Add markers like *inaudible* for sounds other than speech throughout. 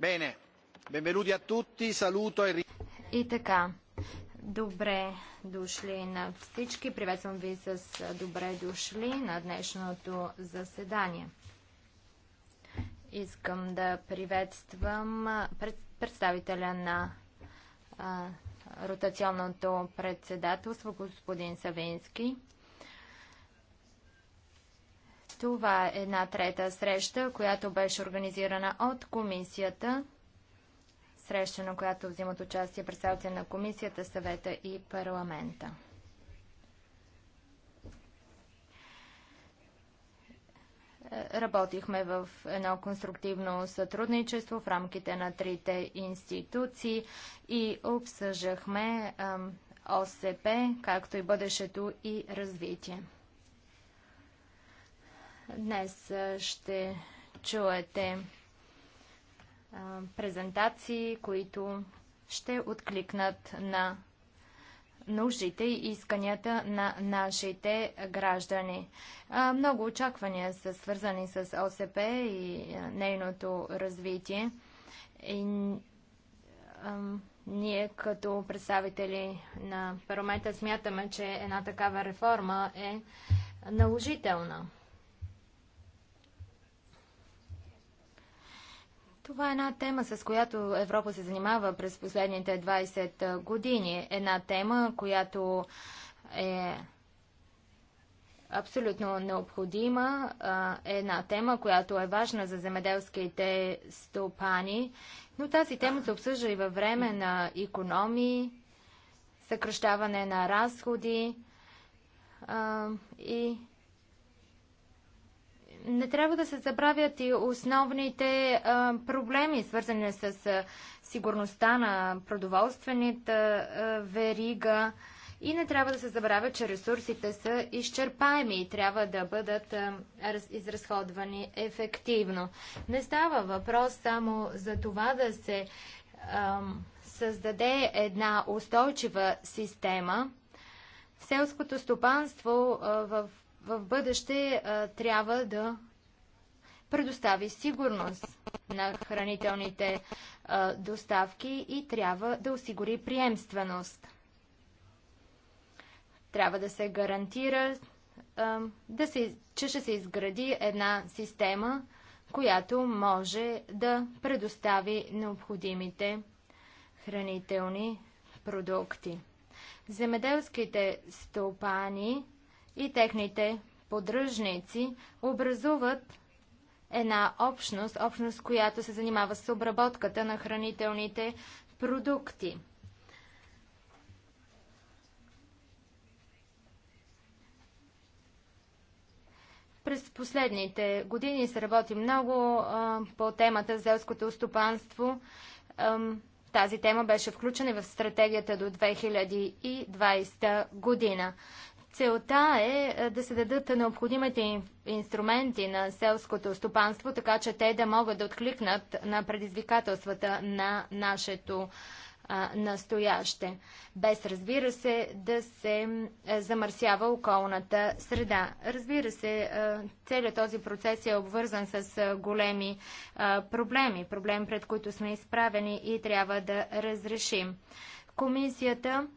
Bene, benvenuti a tutti, saluto e И така, добре дошли на всички. Приветствам ви с добре дошли на днешното заседание. Искам да приветствам представителя на ротационното председателство, господин Савински. Това е една трета среща, която беше организирана от комисията. Среща, на която взимат участие представители на комисията, съвета и парламента. Работихме в едно конструктивно сътрудничество в рамките на трите институции и обсъждахме ОСП, както и бъдещето и развитие. Днес ще чуете презентации, които ще откликнат на нуждите и исканията на нашите граждани. много очаквания са свързани с ОСП и нейното развитие. И, ние като представители на парламента смятаме, че една такава реформа е наложителна. Това е една тема, с която Европа се занимава през последните 20 години. Една тема, която е абсолютно необходима. Е една тема, която е важна за земеделските стопани, но тази тема се обсъжда и във време на економии, съкръщаване на разходи и не трябва да се забравят и основните а, проблеми, свързани с а, сигурността на продоволствените а, верига. И не трябва да се забравя, че ресурсите са изчерпаеми и трябва да бъдат а, изразходвани ефективно. Не става въпрос само за това да се а, създаде една устойчива система. Селското стопанство в в бъдеще а, трябва да предостави сигурност на хранителните а, доставки и трябва да осигури приемственост. Трябва да се гарантира а, да се, че ще се изгради една система, която може да предостави необходимите хранителни продукти. Земеделските стопани и техните поддръжници образуват една общност, общност, която се занимава с обработката на хранителните продукти. През последните години се работи много а, по темата зелското стопанство. Тази тема беше включена в стратегията до 2020 година. Целта е, е да се дадат необходимите инструменти на селското стопанство, така че те да могат да откликнат на предизвикателствата на нашето настояще, без разбира се да се е, замърсява околната среда. Разбира се, е, целият този процес е обвързан с големи проблеми, проблем пред които сме изправени и трябва да разрешим. Комисията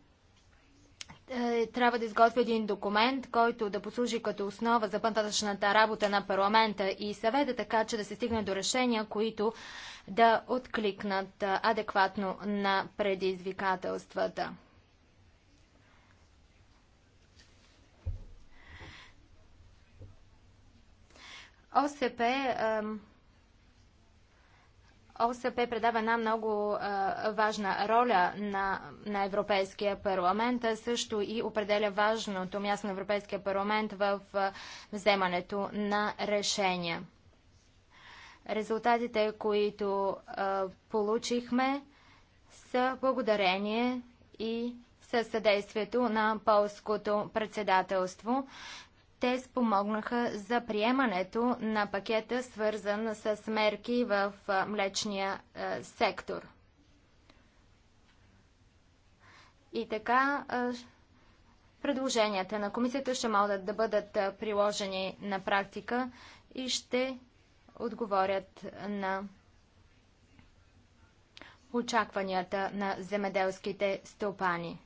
е, трябва да изготви един документ, който да послужи като основа за пътатъчната работа на парламента и съвета, така че да се стигне до решения, които да откликнат е, адекватно на предизвикателствата. ОСП ОСП предава една много а, важна роля на, на Европейския парламент, а също и определя важното място на Европейския парламент в а, вземането на решения. Резултатите, които а, получихме, са благодарение и със съдействието на полското председателство. Те спомогнаха за приемането на пакета, свързан с мерки в млечния сектор. И така предложенията на комисията ще могат да бъдат приложени на практика и ще отговорят на очакванията на земеделските стопани.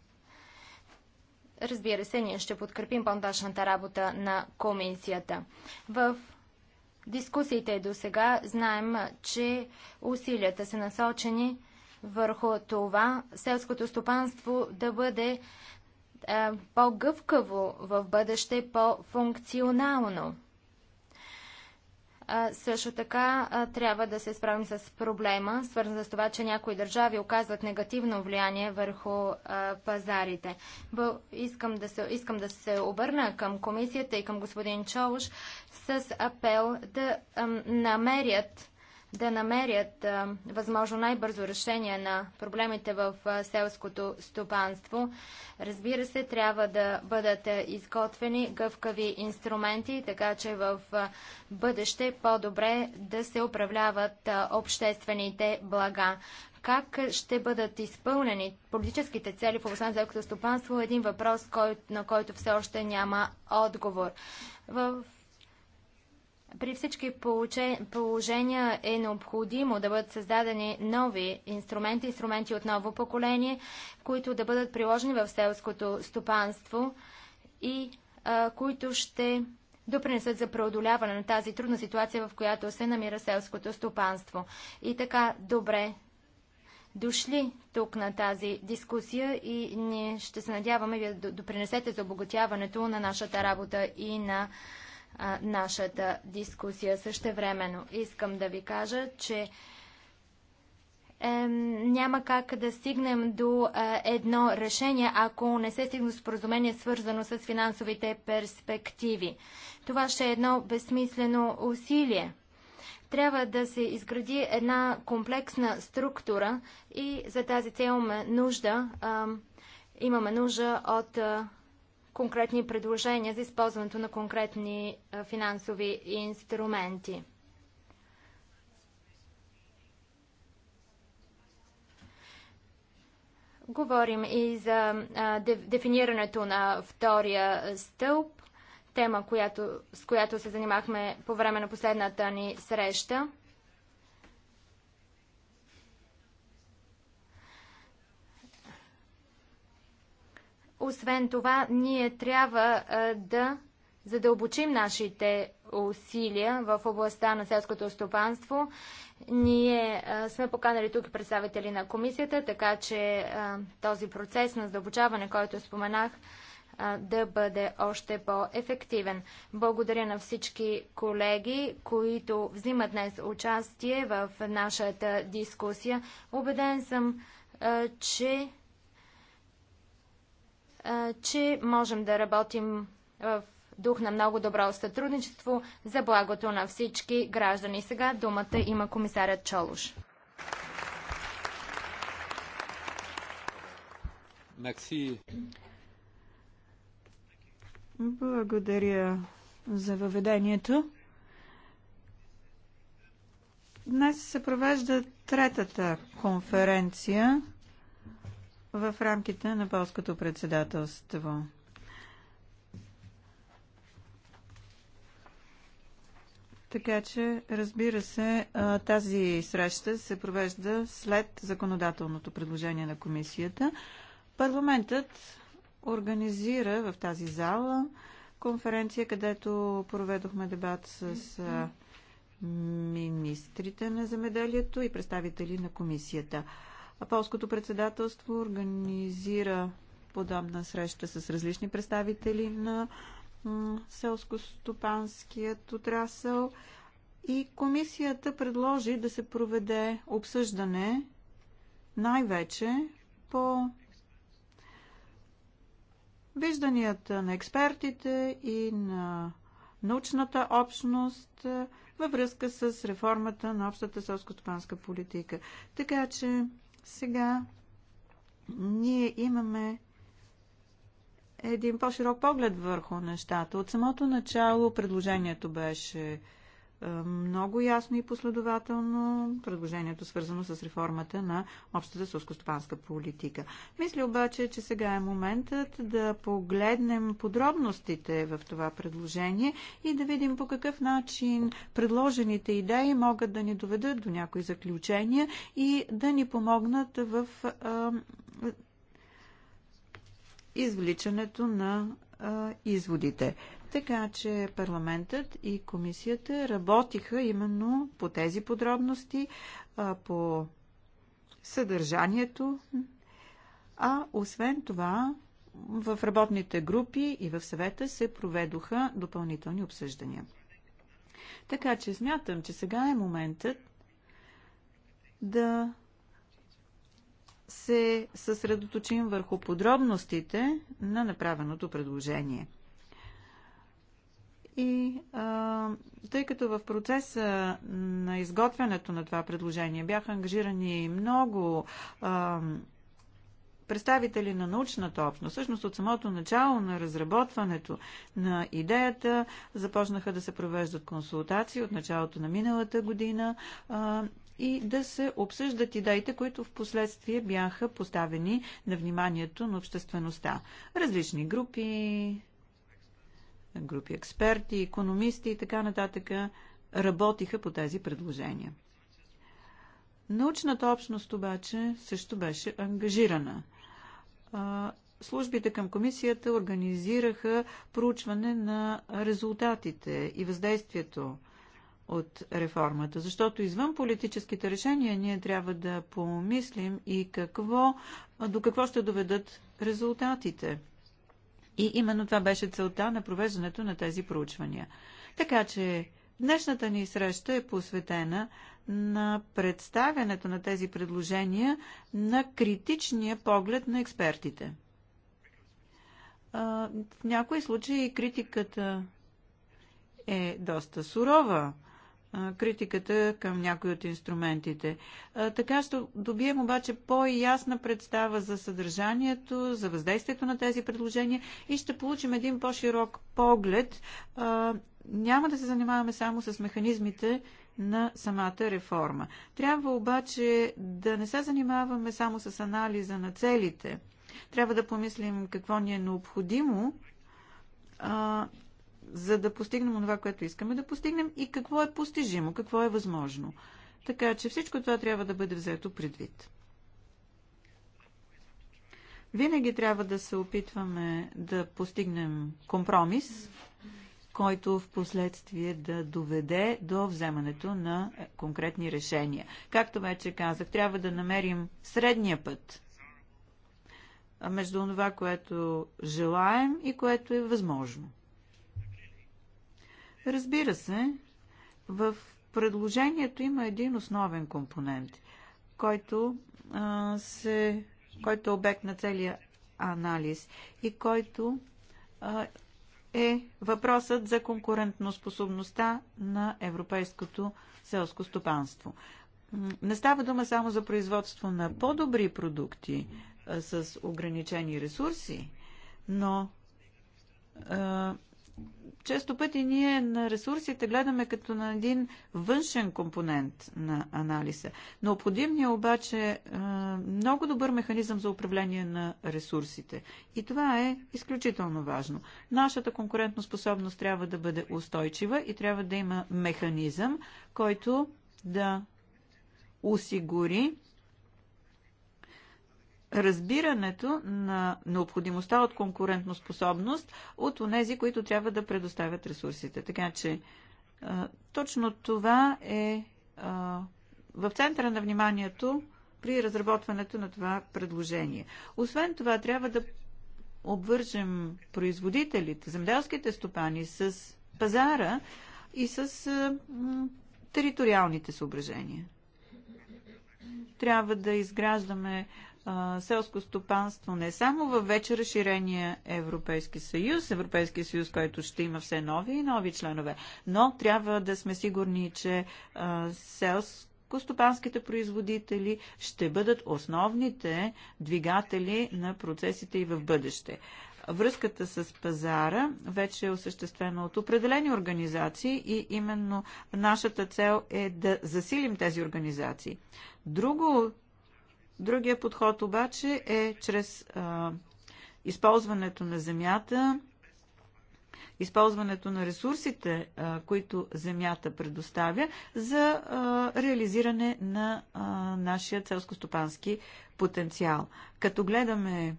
Разбира се, ние ще подкрепим по-нататъчната работа на комисията. В дискусиите до сега знаем, че усилията са насочени върху това селското стопанство да бъде е, по-гъвкаво в бъдеще, по-функционално също така трябва да се справим с проблема, свързан с това, че някои държави оказват негативно влияние върху пазарите. искам, да се, искам да се обърна към комисията и към господин Чолуш с апел да намерят да намерят възможно най-бързо решение на проблемите в селското стопанство. Разбира се, трябва да бъдат изготвени гъвкави инструменти, така че в бъдеще по-добре да се управляват обществените блага. Как ще бъдат изпълнени политическите цели в областта на селското стопанство е един въпрос, на който все още няма отговор. В при всички положения е необходимо да бъдат създадени нови инструменти, инструменти от ново поколение, които да бъдат приложени в селското стопанство и а, които ще допринесат за преодоляване на тази трудна ситуация, в която се намира селското стопанство. И така, добре дошли тук на тази дискусия и ние ще се надяваме вие да допринесете за обогатяването на нашата работа и на а, нашата дискусия. Същевременно искам да ви кажа, че е, няма как да стигнем до е, едно решение, ако не се стигне поразумение, свързано с финансовите перспективи. Това ще е едно безсмислено усилие. Трябва да се изгради една комплексна структура и за тази цел нужда, е, имаме нужда от конкретни предложения за използването на конкретни финансови инструменти. Говорим и за дефинирането на втория стълб, тема, която, с която се занимахме по време на последната ни среща. Освен това, ние трябва да задълбочим нашите усилия в областта на селското стопанство. Ние а, сме поканали тук представители на комисията, така че а, този процес на задълбочаване, който споменах, а, да бъде още по-ефективен. Благодаря на всички колеги, които взимат днес участие в нашата дискусия. Обеден съм, че че можем да работим в дух на много добро сътрудничество за благото на всички граждани. Сега думата има комисарят Чолуш. Merci. Благодаря за въведението. Днес се провежда третата конференция в рамките на полското председателство. Така че, разбира се, тази среща се провежда след законодателното предложение на комисията. Парламентът организира в тази зала конференция, където проведохме дебат с министрите на земеделието и представители на комисията. Полското председателство организира подобна среща с различни представители на селско-стопанският отрасъл и комисията предложи да се проведе обсъждане най-вече по вижданията на експертите и на научната общност е, във връзка с реформата на общата селско-стопанска политика. Така че сега ние имаме един по-широк поглед върху нещата. От самото начало предложението беше е, много ясно и последователно предложението свързано с реформата на общата сълскостопанска политика. Мисля обаче, че сега е моментът да погледнем подробностите в това предложение и да видим по какъв начин предложените идеи могат да ни доведат до някои заключения и да ни помогнат в а, извличането на а, изводите. Така че парламентът и комисията работиха именно по тези подробности, по съдържанието, а освен това в работните групи и в съвета се проведоха допълнителни обсъждания. Така че смятам, че сега е моментът да се съсредоточим върху подробностите на направеното предложение. И а, тъй като в процеса на изготвянето на това предложение бяха ангажирани много а, представители на научната общност, всъщност от самото начало на разработването на идеята започнаха да се провеждат консултации от началото на миналата година а, и да се обсъждат идеите, които в последствие бяха поставени на вниманието на обществеността. Различни групи, групи експерти, економисти и така нататък работиха по тези предложения. Научната общност обаче също беше ангажирана. Службите към комисията организираха проучване на резултатите и въздействието от реформата, защото извън политическите решения ние трябва да помислим и какво, до какво ще доведат резултатите. И именно това беше целта на провеждането на тези проучвания. Така че днешната ни среща е посветена на представянето на тези предложения на критичния поглед на експертите. В някои случаи критиката е доста сурова, критиката към някои от инструментите. Така ще добием обаче по-ясна представа за съдържанието, за въздействието на тези предложения и ще получим един по-широк поглед. Няма да се занимаваме само с механизмите на самата реформа. Трябва обаче да не се занимаваме само с анализа на целите. Трябва да помислим какво ни е необходимо за да постигнем това, което искаме да постигнем и какво е постижимо, какво е възможно. Така че всичко това трябва да бъде взето предвид. Винаги трябва да се опитваме да постигнем компромис, който в последствие да доведе до вземането на конкретни решения. Както вече казах, трябва да намерим средния път между това, което желаем и което е възможно. Разбира се, в предложението има един основен компонент, който, а, се, който е обект на целия анализ и който а, е въпросът за конкурентноспособността на европейското селско стопанство. Не става дума само за производство на по-добри продукти а, с ограничени ресурси, но а, често пъти ние на ресурсите гледаме като на един външен компонент на анализа. Необходим ни е обаче много добър механизъм за управление на ресурсите. И това е изключително важно. Нашата конкурентоспособност трябва да бъде устойчива и трябва да има механизъм, който да осигури разбирането на необходимостта от конкурентноспособност от онези, които трябва да предоставят ресурсите. Така че точно това е в центъра на вниманието при разработването на това предложение. Освен това, трябва да обвържем производителите, земеделските стопани с пазара и с териториалните съображения. Трябва да изграждаме селско стопанство не само в вече разширения Европейски съюз, Европейски съюз, който ще има все нови и нови членове, но трябва да сме сигурни, че селско Костопанските производители ще бъдат основните двигатели на процесите и в бъдеще. Връзката с пазара вече е осъществена от определени организации и именно нашата цел е да засилим тези организации. Друго Другия подход обаче е чрез а, използването на земята, използването на ресурсите, а, които земята предоставя, за а, реализиране на а, нашия стопански потенциал. Като гледаме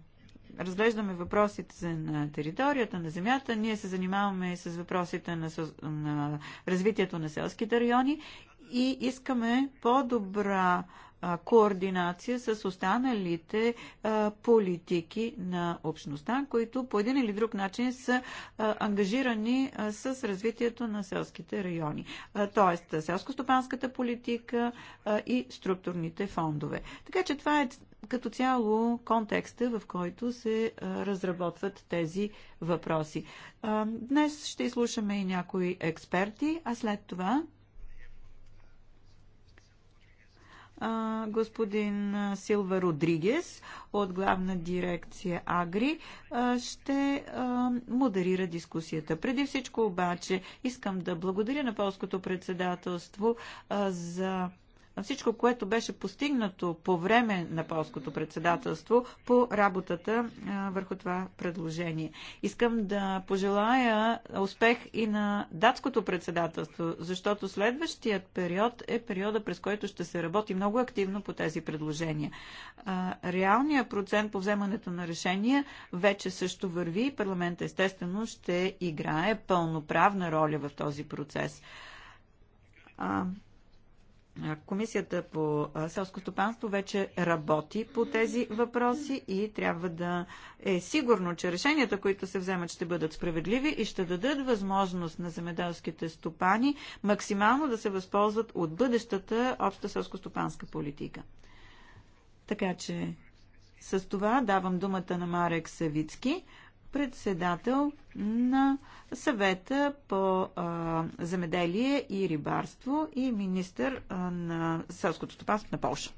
разглеждаме въпросите на територията, на земята, ние се занимаваме и с въпросите на, на развитието на селските райони и искаме по-добра координация с останалите политики на общността, които по един или друг начин са ангажирани с развитието на селските райони. Тоест, селско-стопанската политика и структурните фондове. Така че това е като цяло контекста, в който се разработват тези въпроси. Днес ще изслушаме и някои експерти, а след това господин Силва Родригес от главна дирекция Агри ще модерира дискусията. Преди всичко обаче искам да благодаря на полското председателство за всичко, което беше постигнато по време на полското председателство по работата върху това предложение. Искам да пожелая успех и на датското председателство, защото следващият период е периода, през който ще се работи много активно по тези предложения. Реалният процент по вземането на решения вече също върви и парламента естествено ще играе пълноправна роля в този процес. Комисията по селско стопанство вече работи по тези въпроси и трябва да е сигурно, че решенията, които се вземат, ще бъдат справедливи и ще дадат възможност на земеделските стопани максимално да се възползват от бъдещата обща селско-стопанска политика. Така че с това давам думата на Марек Савицки председател на съвета по а, земеделие и рибарство и министър а, на селското стопанство на Польша.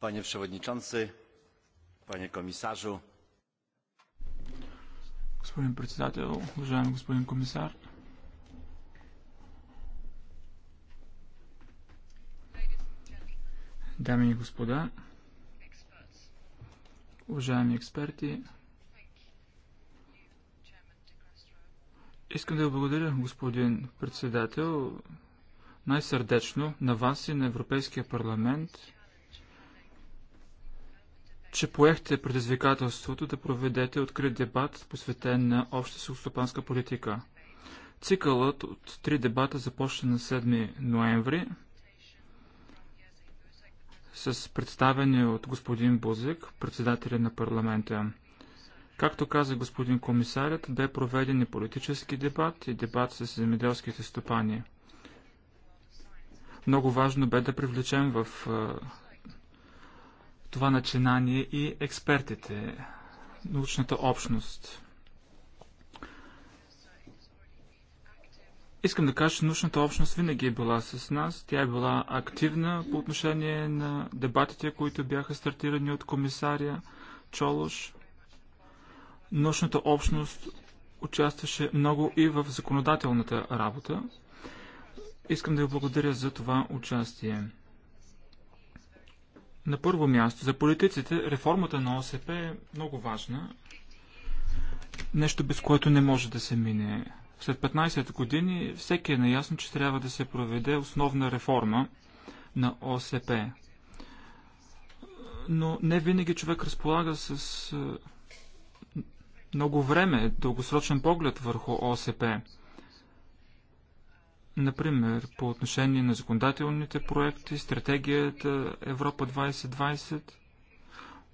Пане przewodniczący, пане комисажо. Господин председател, уважаеми господин комисар, дами и господа, уважаеми експерти, искам да благодаря, господин председател, най-сърдечно на вас и на Европейския парламент, че поехте предизвикателството да проведете открит дебат, посветен на обща сухостопанска политика. Цикълът от три дебата започна на 7 ноември – с представени от господин Бузик, председателя на парламента. Както каза господин комисарят, бе проведен и политически дебат и дебат с земеделските стопани. Много важно бе да привлечем в това начинание и експертите, научната общност. Искам да кажа, че научната общност винаги е била с нас. Тя е била активна по отношение на дебатите, които бяха стартирани от комисаря Чолош. Научната общност участваше много и в законодателната работа. Искам да ви благодаря за това участие. На първо място, за политиците реформата на ОСП е много важна. Нещо без което не може да се мине. След 15 години всеки е наясно, че трябва да се проведе основна реформа на ОСП. Но не винаги човек разполага с е, много време, дългосрочен поглед върху ОСП. Например, по отношение на законодателните проекти, стратегията Европа 2020,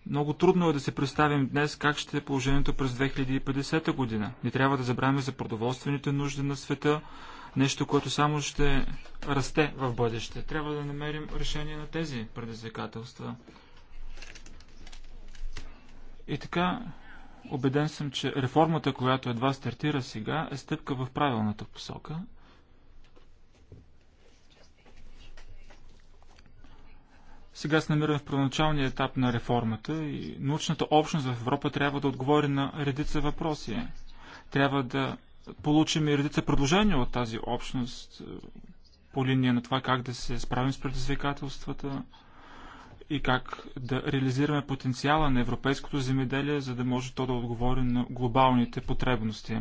много трудно е да се представим днес как ще е положението през 2050 година. Не трябва да забравяме за продоволствените нужди на света, нещо, което само ще расте в бъдеще. Трябва да намерим решение на тези предизвикателства. И така, убеден съм, че реформата, която едва стартира сега, е стъпка в правилната посока – Сега се намираме в първоначалния етап на реформата и научната общност в Европа трябва да отговори на редица въпроси. Трябва да получим и редица предложения от тази общност е, по линия на това как да се справим с предизвикателствата и как да реализираме потенциала на европейското земеделие, за да може то да отговори на глобалните потребности.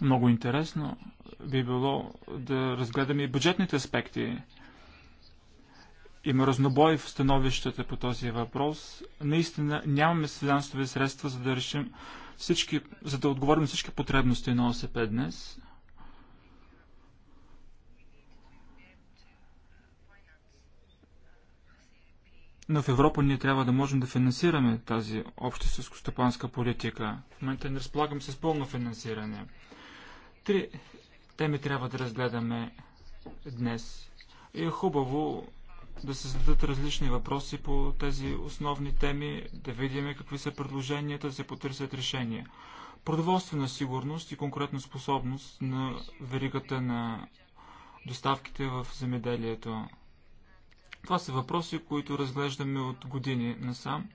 Много интересно би било да разгледаме и бюджетните аспекти. Има разнобой в становищата по този въпрос. Наистина нямаме финансови средства, за да решим всички, за да отговорим всички потребности на ОСП днес. Но в Европа ние трябва да можем да финансираме тази обща селскостопанска политика. В момента не разполагам с пълно финансиране. Три теми трябва да разгледаме днес. И е хубаво да се зададат различни въпроси по тези основни теми, да видим какви са предложенията, да се потърсят решения. Продоволствена сигурност и конкретна способност на веригата на доставките в земеделието. Това са въпроси, които разглеждаме от години насам.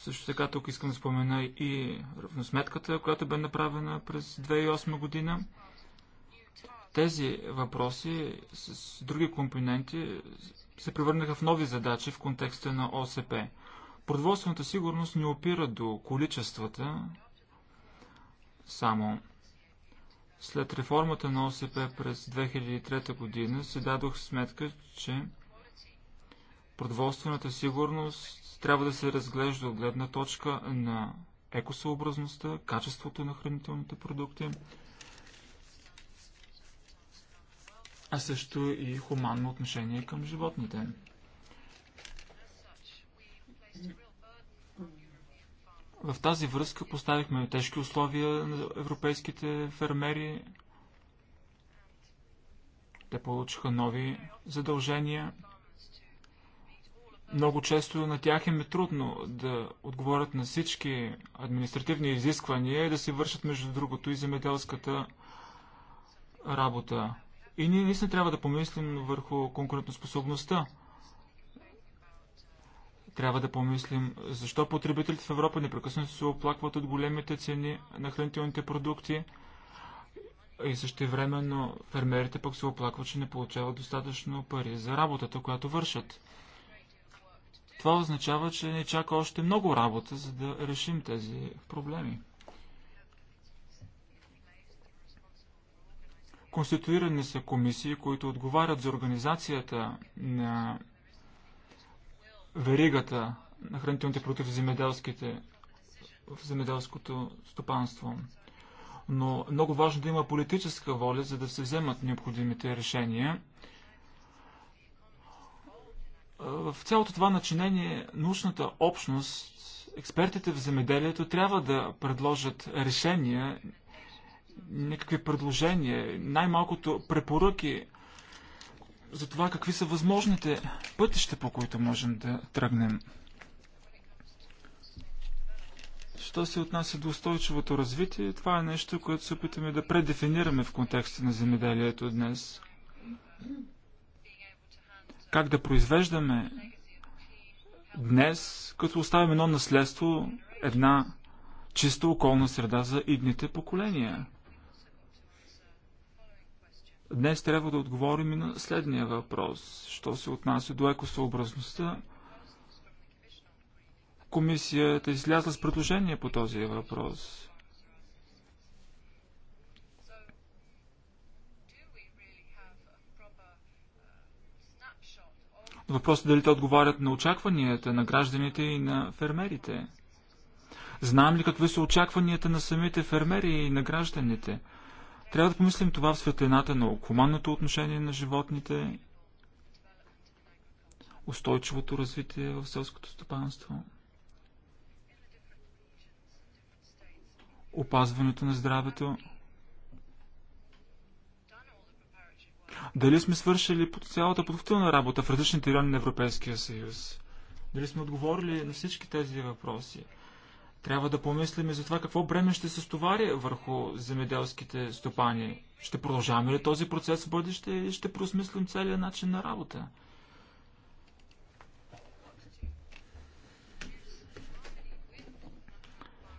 Също така тук искам да спомена и равносметката, която бе направена през 2008 година. Тези въпроси с други компоненти се превърнаха в нови задачи в контекста на ОСП. Продоволствената сигурност не опира до количествата само. След реформата на ОСП през 2003 година се дадох сметка, че Продоволствената сигурност трябва да се разглежда от гледна точка на екосъобразността, качеството на хранителните продукти, а също и хуманно отношение към животните. В тази връзка поставихме тежки условия на европейските фермери. Те получиха нови задължения. Много често на тях им е трудно да отговорят на всички административни изисквания и да си вършат между другото и земеделската работа. И ние наистина трябва да помислим върху конкурентоспособността. Трябва да помислим защо потребителите в Европа непрекъснато се оплакват от големите цени на хранителните продукти и също времено фермерите пък се оплакват, че не получават достатъчно пари за работата, която вършат. Това означава, че ни чака още много работа, за да решим тези проблеми. Конституирани са комисии, които отговарят за организацията на веригата на хранителните продукти в, земеделските, в земеделското стопанство. Но много важно да има политическа воля, за да се вземат необходимите решения – в цялото това начинение научната общност, експертите в земеделието трябва да предложат решения, някакви предложения, най-малкото препоръки за това какви са възможните пътища, по които можем да тръгнем. Що се отнася до устойчивото развитие, това е нещо, което се опитаме да предефинираме в контекста на земеделието днес как да произвеждаме днес, като оставим едно наследство, една чиста околна среда за идните поколения. Днес трябва да отговорим и на следния въпрос, що се отнася до екосъобразността. Комисията излязла с предложение по този въпрос. Въпросът е дали те отговарят на очакванията на гражданите и на фермерите. Знаем ли какви са очакванията на самите фермери и на гражданите? Трябва да помислим това в светлината на хуманното отношение на животните, устойчивото развитие в селското стопанство, опазването на здравето. Дали сме свършили цялата подготвителна работа в различните райони на Европейския съюз? Дали сме отговорили на всички тези въпроси? Трябва да помислим и за това какво бреме ще се стовари върху земеделските стопани. Ще продължаваме ли този процес в бъдеще и ще преосмислим целият начин на работа?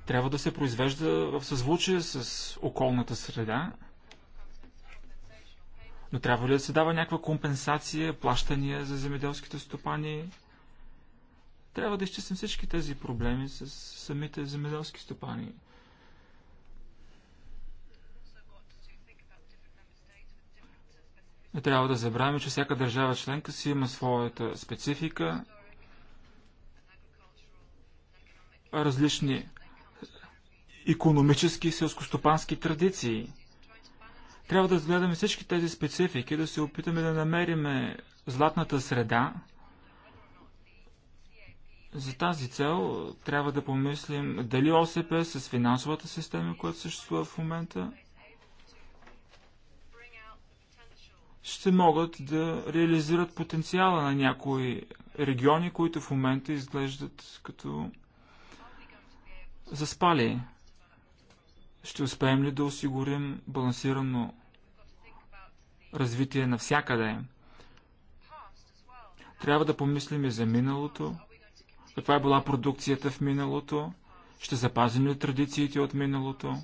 Трябва да се произвежда в съзвучие с околната среда, но трябва ли да се дава някаква компенсация, плащания за земеделските стопани? Трябва да изчистим всички тези проблеми с самите земеделски стопани. Не трябва да забравяме, че всяка държава членка си има своята специфика, различни економически и селскостопански традиции. Трябва да разгледаме всички тези специфики, да се опитаме да намерим златната среда. За тази цел трябва да помислим дали ОСП е с финансовата система, която съществува в момента, ще могат да реализират потенциала на някои региони, които в момента изглеждат като заспали. Ще успеем ли да осигурим балансирано развитие навсякъде. Трябва да помислим и за миналото, каква е била продукцията в миналото, ще запазим ли традициите от миналото,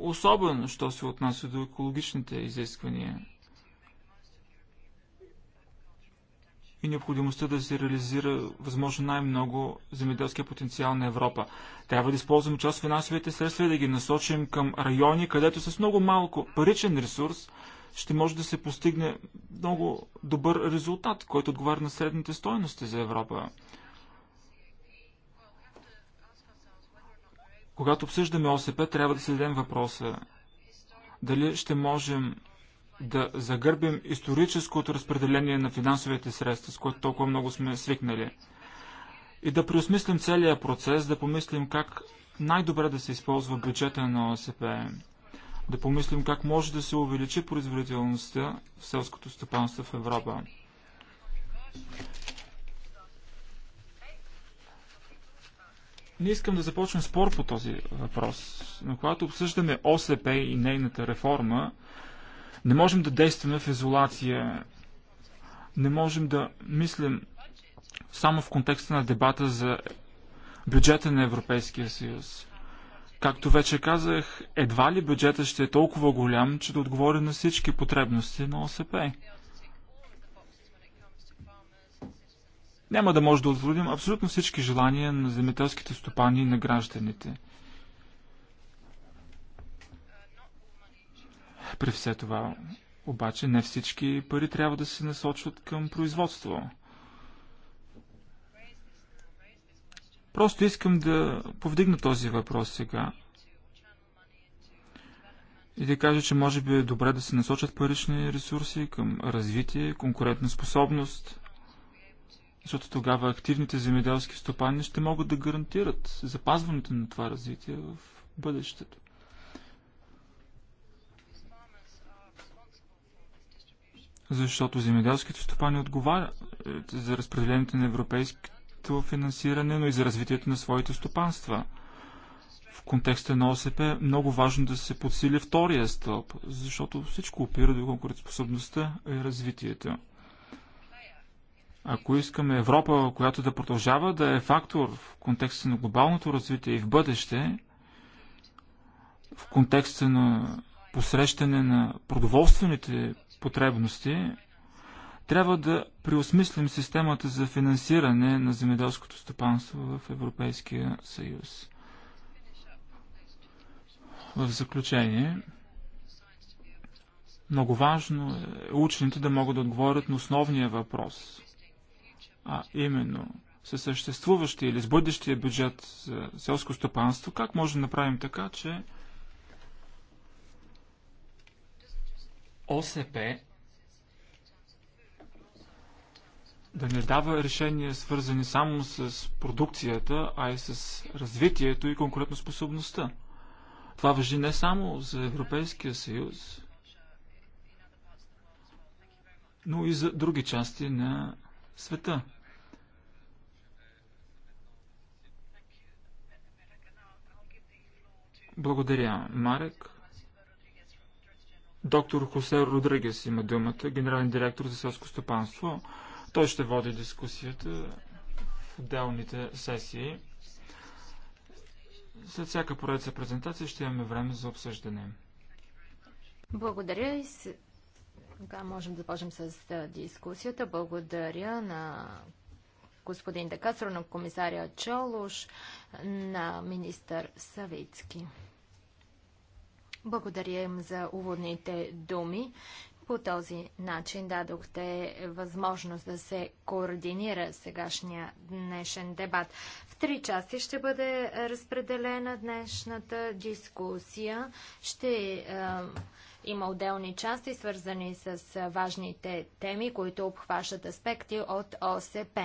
особено, що се отнася до екологичните изисквания. и необходимостта да се реализира възможно най-много земеделския потенциал на Европа. Трябва да използваме част от финансовите средства и да ги насочим към райони, където с много малко паричен ресурс ще може да се постигне много добър резултат, който отговаря на средните стоености за Европа. Когато обсъждаме ОСП, трябва да се дадем въпроса дали ще можем да загърбим историческото разпределение на финансовите средства, с което толкова много сме свикнали. И да преосмислим целият процес, да помислим как най-добре да се използва бюджета на ОСП. Да помислим как може да се увеличи производителността в селското стопанство в Европа. Не искам да започнем спор по този въпрос, но когато обсъждаме ОСП и нейната реформа, не можем да действаме в изолация. Не можем да мислим само в контекста на дебата за бюджета на Европейския съюз. Както вече казах, едва ли бюджетът ще е толкова голям, че да отговори на всички потребности на ОСП. Няма да може да отводим абсолютно всички желания на земетелските стопани и на гражданите – При все това, обаче, не всички пари трябва да се насочват към производство. Просто искам да повдигна този въпрос сега и да кажа, че може би е добре да се насочат парични ресурси към развитие, конкурентна способност, защото тогава активните земеделски стопани ще могат да гарантират запазването на това развитие в бъдещето. защото земеделските стопани отговарят е, за разпределението на европейското финансиране, но и за развитието на своите стопанства. В контекста на ОСП е много важно да се подсили втория стълб, защото всичко опира до конкурентоспособността и развитието. Ако искаме Европа, която да продължава да е фактор в контекста на глобалното развитие и в бъдеще, в контекста на посрещане на продоволствените потребности, трябва да преосмислим системата за финансиране на земеделското стопанство в Европейския съюз. В заключение, много важно е учените да могат да отговорят на основния въпрос, а именно със съществуващия или с бъдещия бюджет за селско стопанство, как може да направим така, че ОСП да не дава решения свързани само с продукцията, а и с развитието и конкурентоспособността. Това въжи не само за Европейския съюз, но и за други части на света. Благодаря, Марек. Доктор Хосе Родригес има думата, генерален директор за селско стопанство. Той ще води дискусията в отделните сесии. След всяка поредица презентация ще имаме време за обсъждане. Благодаря и сега можем да започнем с дискусията. Благодаря на господин Декасро, на комисаря Чолуш, на министър Савицки. Благодаря им за уводните думи. По този начин дадохте възможност да се координира сегашния днешен дебат. В три части ще бъде разпределена днешната дискусия. Ще е, има отделни части, свързани с важните теми, които обхващат аспекти от ОСП.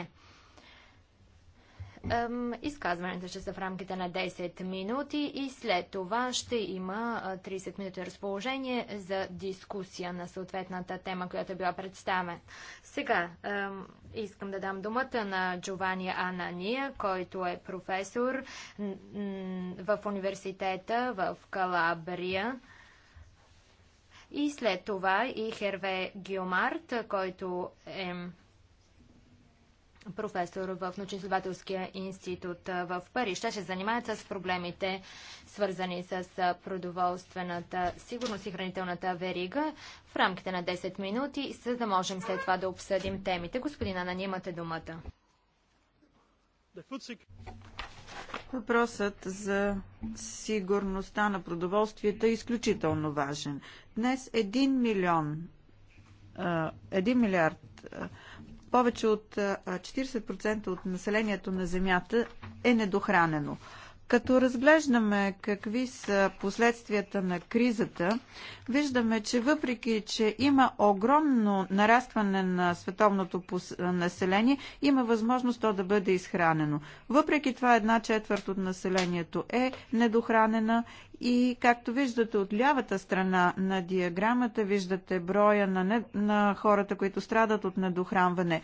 Изказването ще са в рамките на 10 минути и след това ще има 30 минути разположение за дискусия на съответната тема, която е била представена. Сега искам да дам думата на Джовани Анания, който е професор в университета в Калабрия. И след това и Херве Гилмарт, който е професор в научно-изследователския институт в Париж. Ще се занимават с проблемите, свързани с продоволствената сигурност и хранителната верига в рамките на 10 минути, за да можем след това да обсъдим темите. Господина Анани, имате думата. Въпросът за сигурността на продоволствието е изключително важен. Днес 1 милион, 1 милиард повече от 40% от населението на Земята е недохранено. Като разглеждаме какви са последствията на кризата, виждаме, че въпреки, че има огромно нарастване на световното население, има възможност то да бъде изхранено. Въпреки това една четвърт от населението е недохранена и както виждате от лявата страна на диаграмата, виждате броя на, не, на хората, които страдат от недохранване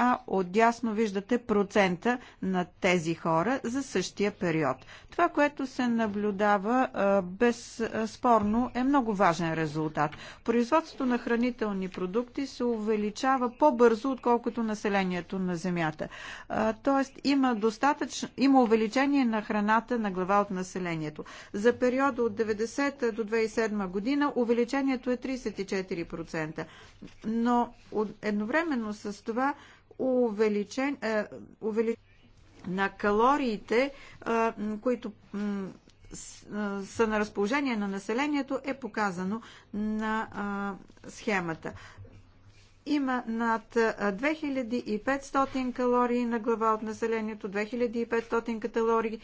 а отдясно виждате процента на тези хора за същия период. Това, което се наблюдава безспорно е много важен резултат. Производството на хранителни продукти се увеличава по-бързо, отколкото населението на Земята. Тоест има, достатъчно, има увеличение на храната на глава от населението. За периода от 90 до 2007 година увеличението е 34%. Но едновременно с това увеличен, е, увелич... на калориите, е, които е, са на разположение на населението, е показано на схемата има над 2500 калории на глава от населението. 2500 калории,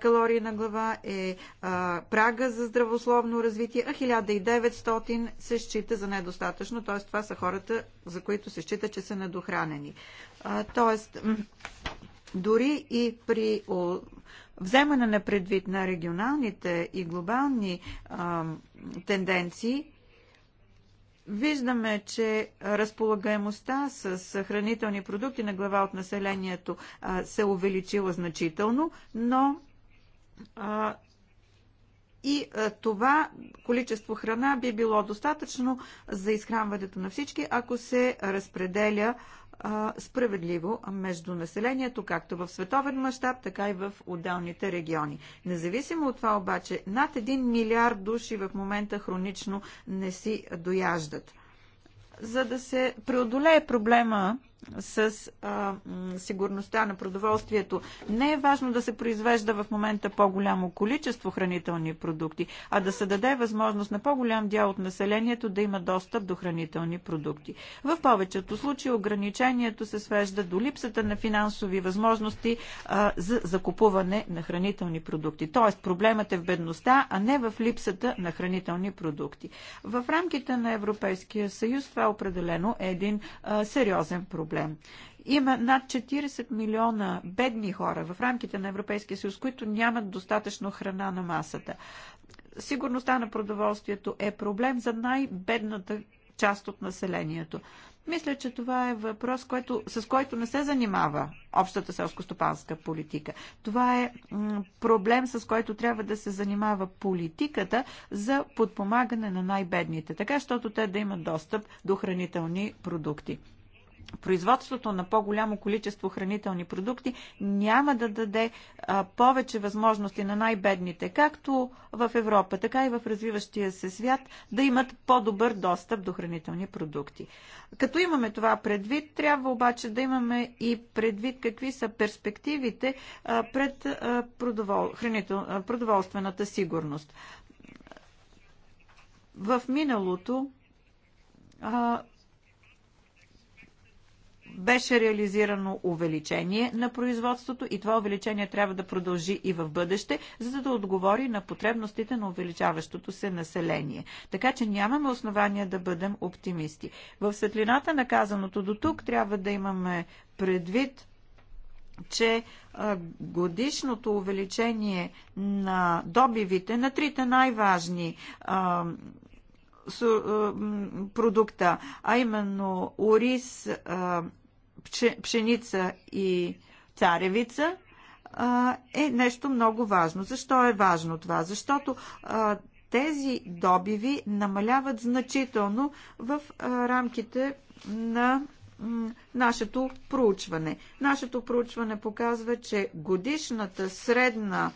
калории на глава е а, прага за здравословно развитие, а 1900 се счита за недостатъчно. Т.е. това са хората, за които се счита, че са недохранени. Тоест, дори и при вземане на предвид на регионалните и глобални а, тенденции, Виждаме, че разполагаемостта с хранителни продукти на глава от населението се увеличила значително, но и това количество храна би било достатъчно за изхранването на всички, ако се разпределя справедливо между населението, както в световен мащаб, така и в отделните региони. Независимо от това обаче, над 1 милиард души в момента хронично не си дояждат. За да се преодолее проблема с а, сигурността на продоволствието. Не е важно да се произвежда в момента по-голямо количество хранителни продукти, а да се даде възможност на по-голям дял от населението да има достъп до хранителни продукти. В повечето случаи ограничението се свежда до липсата на финансови възможности а, за закупуване на хранителни продукти. Тоест проблемът е в бедността, а не в липсата на хранителни продукти. В рамките на Европейския съюз това определено е един а, сериозен проблем проблем. Има над 40 милиона бедни хора в рамките на Европейския съюз, които нямат достатъчно храна на масата. Сигурността на продоволствието е проблем за най-бедната част от населението. Мисля, че това е въпрос, който, с който не се занимава общата селско-стопанска политика. Това е проблем, с който трябва да се занимава политиката за подпомагане на най-бедните, така, защото те да имат достъп до хранителни продукти производството на по-голямо количество хранителни продукти няма да даде а, повече възможности на най-бедните, както в Европа, така и в развиващия се свят, да имат по-добър достъп до хранителни продукти. Като имаме това предвид, трябва обаче да имаме и предвид какви са перспективите а, пред а, продовол, хранител, а, продоволствената сигурност. В миналото беше реализирано увеличение на производството и това увеличение трябва да продължи и в бъдеще, за да отговори на потребностите на увеличаващото се население. Така че нямаме основания да бъдем оптимисти. В светлината на казаното до тук трябва да имаме предвид, че годишното увеличение на добивите на трите най-важни продукта, а именно ориз, пшеница и царевица е нещо много важно. Защо е важно това? Защото тези добиви намаляват значително в рамките на нашето проучване. Нашето проучване показва, че годишната средна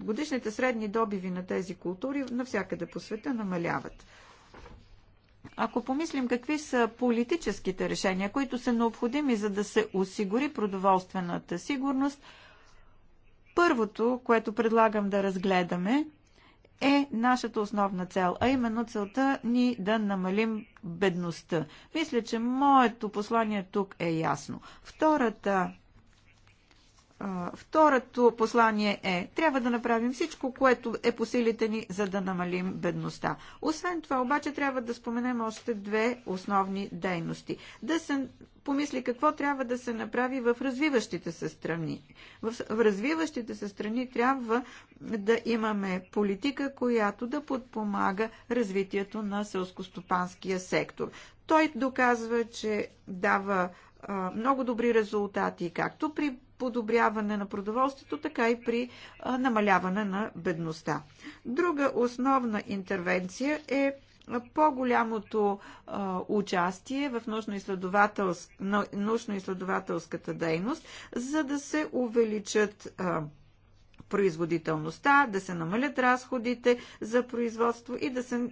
годишните средни добиви на тези култури навсякъде по света намаляват. Ако помислим какви са политическите решения, които са необходими за да се осигури продоволствената сигурност, първото, което предлагам да разгледаме, е нашата основна цел, а именно целта ни да намалим бедността. Мисля, че моето послание тук е ясно. Втората Второто послание е, трябва да направим всичко, което е по силите ни, за да намалим бедността. Освен това, обаче, трябва да споменем още две основни дейности. Да се помисли какво трябва да се направи в развиващите се страни. В, развиващите се страни трябва да имаме политика, която да подпомага развитието на селскостопанския сектор. Той доказва, че дава много добри резултати, както при подобряване на продоволствието, така и при намаляване на бедността. Друга основна интервенция е по-голямото участие в научно-изследователската дейност, за да се увеличат а, производителността, да се намалят разходите за производство и да се,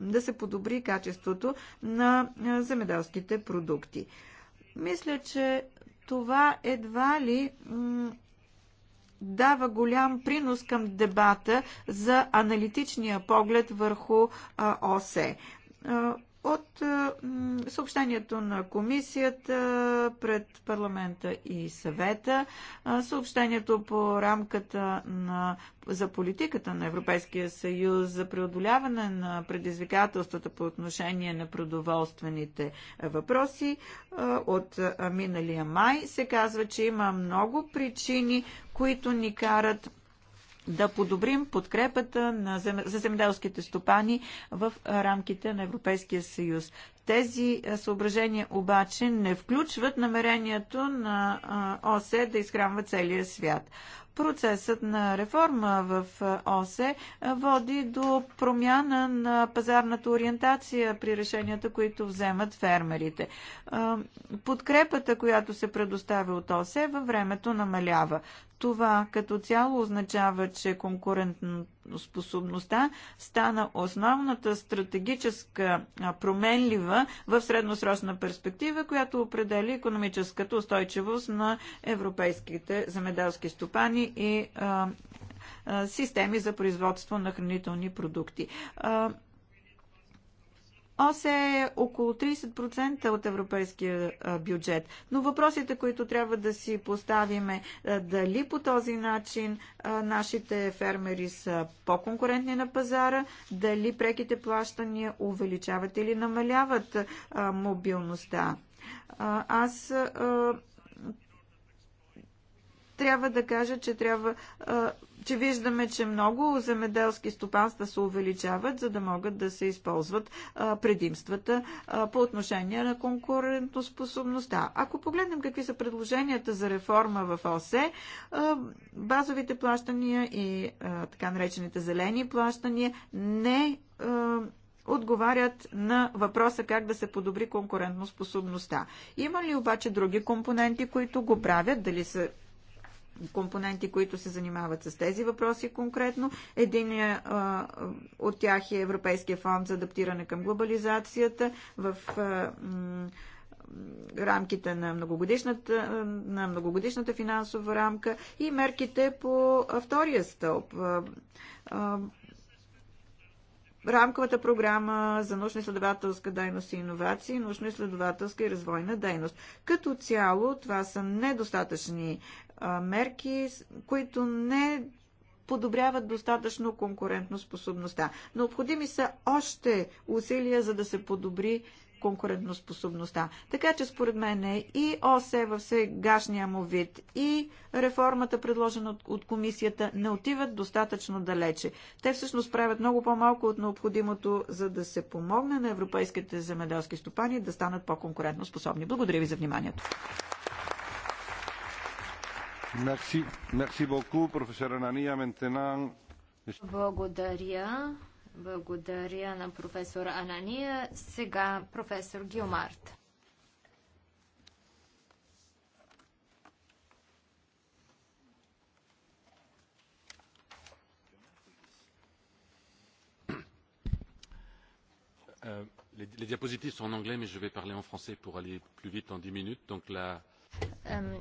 да се подобри качеството на земеделските продукти. Мисля, че това едва ли дава голям принос към дебата за аналитичния поглед върху ОСЕ от е, съобщението на комисията пред парламента и съвета, е, съобщението по рамката на, за политиката на Европейския съюз за преодоляване на предизвикателствата по отношение на продоволствените въпроси е, от миналия май, се казва, че има много причини, които ни карат да подобрим подкрепата на зем... за земеделските стопани в рамките на Европейския съюз. Тези съображения обаче не включват намерението на ОСЕ да изхранва целия свят. Процесът на реформа в ОСЕ води до промяна на пазарната ориентация при решенията, които вземат фермерите. Подкрепата, която се предоставя от ОСЕ, във времето намалява. Това като цяло означава, че конкурентоспособността стана основната стратегическа променлива в средносрочна перспектива, която определи економическата устойчивост на европейските замеделски стопани и а, а, системи за производство на хранителни продукти. А, ОСЕ е около 30% от европейския бюджет. Но въпросите, които трябва да си поставиме, дали по този начин нашите фермери са по-конкурентни на пазара, дали преките плащания увеличават или намаляват мобилността. Аз трябва да кажа, че, трябва, че виждаме, че много земеделски стопанства се увеличават, за да могат да се използват предимствата по отношение на конкурентоспособността. Ако погледнем какви са предложенията за реформа в ОСЕ, базовите плащания и така наречените зелени плащания не отговарят на въпроса как да се подобри конкурентноспособността. Има ли обаче други компоненти, които го правят, дали са компоненти, които се занимават с тези въпроси конкретно. Един е, а, от тях е Европейския фонд за адаптиране към глобализацията в а, рамките на многогодишната, на многогодишната финансова рамка и мерките по втория стълб. Рамковата програма за научно-изследователска дейност и иновации, научно-изследователска и развойна дейност. Като цяло това са недостатъчни мерки, които не подобряват достатъчно конкурентноспособността. Необходими са още усилия, за да се подобри конкурентоспособността. Така че според мен е и ОСЕ в сегашния му вид, и реформата, предложена от, от комисията, не отиват достатъчно далече. Те всъщност правят много по-малко от необходимото, за да се помогне на европейските земеделски стопани да станат по-конкурентно способни. Благодаря ви за вниманието. Благодаря. Благодаря на професор Анания. Сега професор Гилмарт. Les, les diapositives sont en anglais, mais je vais parler en français pour aller plus vite en 10 minutes. Donc la... Um...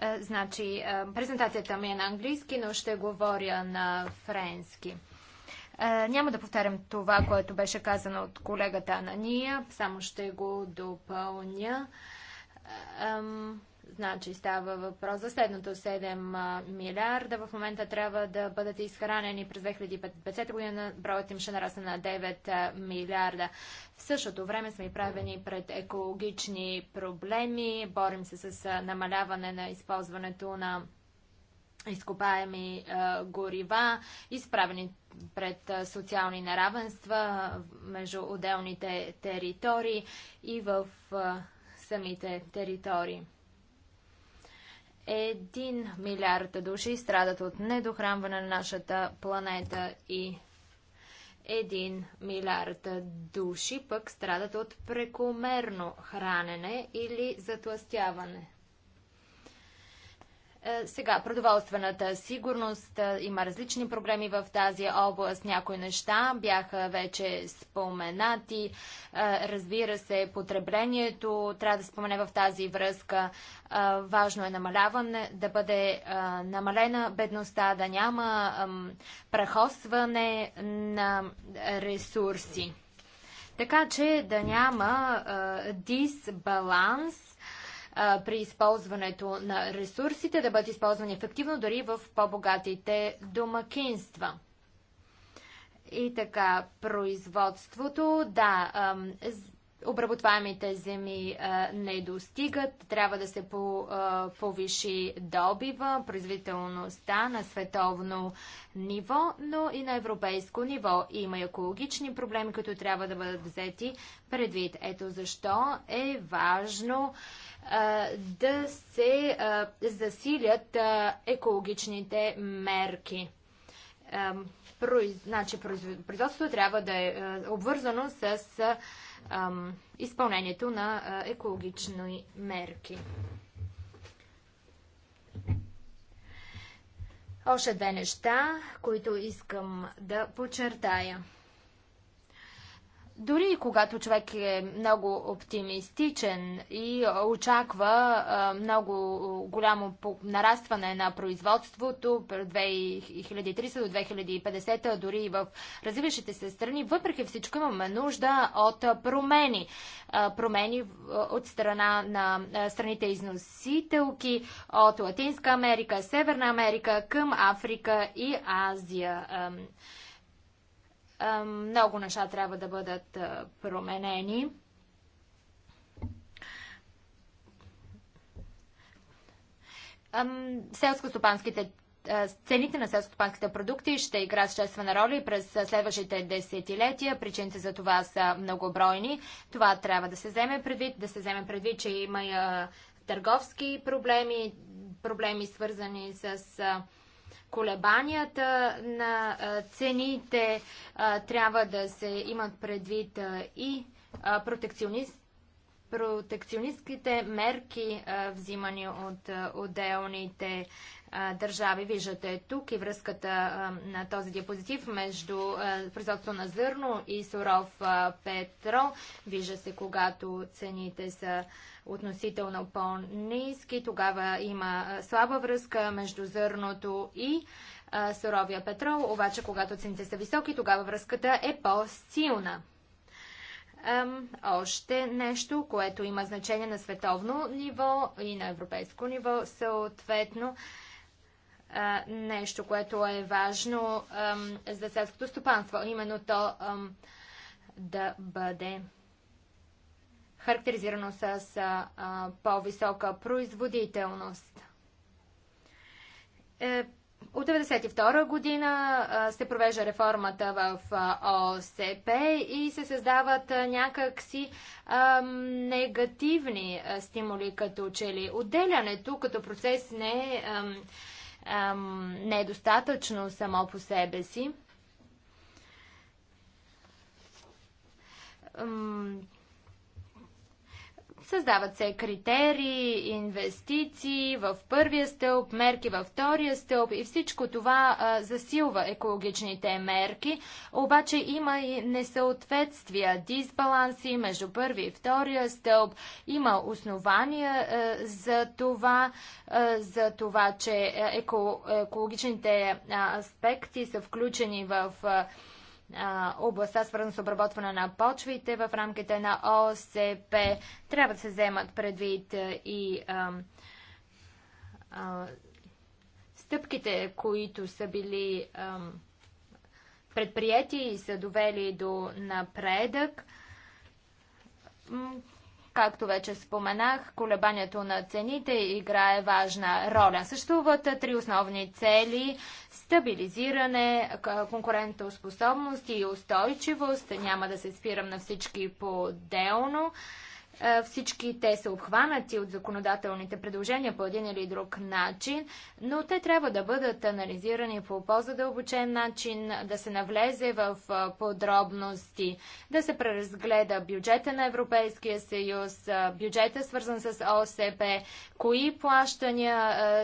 Е, значи, е, презентацията ми е на английски, но ще говоря на френски. Е, няма да повтарям това, което беше казано от колегата Анания, само ще го допълня. Значи става въпрос за следното 7 милиарда. В момента трябва да бъдат изхранени през 2050 година. Броят им ще нарасне на 9 милиарда. В същото време сме правени пред екологични проблеми. Борим се с намаляване на използването на изкопаеми горива, изправени пред социални неравенства между отделните територии и в самите територии. Един милиард души страдат от недохранване на нашата планета и един милиард души пък страдат от прекомерно хранене или затластяване. Е, сега, продоволствената сигурност е, има различни проблеми в тази област. Някои неща бяха вече споменати. Е, разбира се, потреблението трябва да спомене в тази връзка. Важно е намаляване, да бъде намалена бедността, да няма прахосване на ресурси. Така че да няма дисбаланс при използването на ресурсите да бъдат използвани ефективно дори в по-богатите домакинства. И така, производството, да, обработваемите земи не достигат, трябва да се повиши добива, производителността на световно ниво, но и на европейско ниво. Има и екологични проблеми, които трябва да бъдат взети предвид. Ето защо е важно да се засилят екологичните мерки. Значи, производството трябва да е обвързано с изпълнението на екологични мерки. Още две неща, които искам да подчертая. Дори когато човек е много оптимистичен и очаква а, много голямо нарастване на производството 2030 до 2050, дори и в развиващите се страни, въпреки всичко имаме нужда от промени. А, промени от страна на страните износителки от Латинска Америка, Северна Америка към Африка и Азия. Много неща трябва да бъдат променени. Селско-стопанските цените на селскостопанските продукти ще играят съществена роля и през следващите десетилетия. Причините за това са многобройни. Това трябва да се вземе предвид, да се вземе предвид, че има търговски проблеми, проблеми свързани с колебанията на цените трябва да се имат предвид и протекционист, протекционистските мерки, взимани от отделните държави. Виждате тук и връзката на този диапозитив между производство на зърно и суров петрол. Вижда се, когато цените са относително по-низки, тогава има слаба връзка между зърното и суровия петрол, обаче когато цените са високи, тогава връзката е по-силна. Още нещо, което има значение на световно ниво и на европейско ниво, съответно, нещо, което е важно за селското стопанство. Именно то да бъде характеризирано с по-висока производителност. Е, от 1992 година се провежда реформата в ОСП и се създават някакси негативни стимули като че ли. Отделянето като процес не е ам, само по себе си. Ам, Създават се критерии, инвестиции в първия стълб, мерки във втория стълб и всичко това а, засилва екологичните мерки. Обаче има и несъответствия, дисбаланси между първи и втория стълб. Има основания а, за това, а, за това, че еко, екологичните аспекти са включени в а, областта, свързана с обработване на почвите в рамките на ОСП. Трябва да се вземат предвид и а, а, стъпките, които са били а, предприяти и са довели до напредък Както вече споменах, колебанието на цените играе важна роля. Съществуват три основни цели стабилизиране, конкурентоспособност и устойчивост. Няма да се спирам на всички по-делно. Е, всички те са обхванати от законодателните предложения по един или друг начин, но те трябва да бъдат анализирани по по-задълбочен начин, да се навлезе в е, подробности, да се преразгледа бюджета на Европейския съюз, е, бюджета свързан с ОСП, кои плащания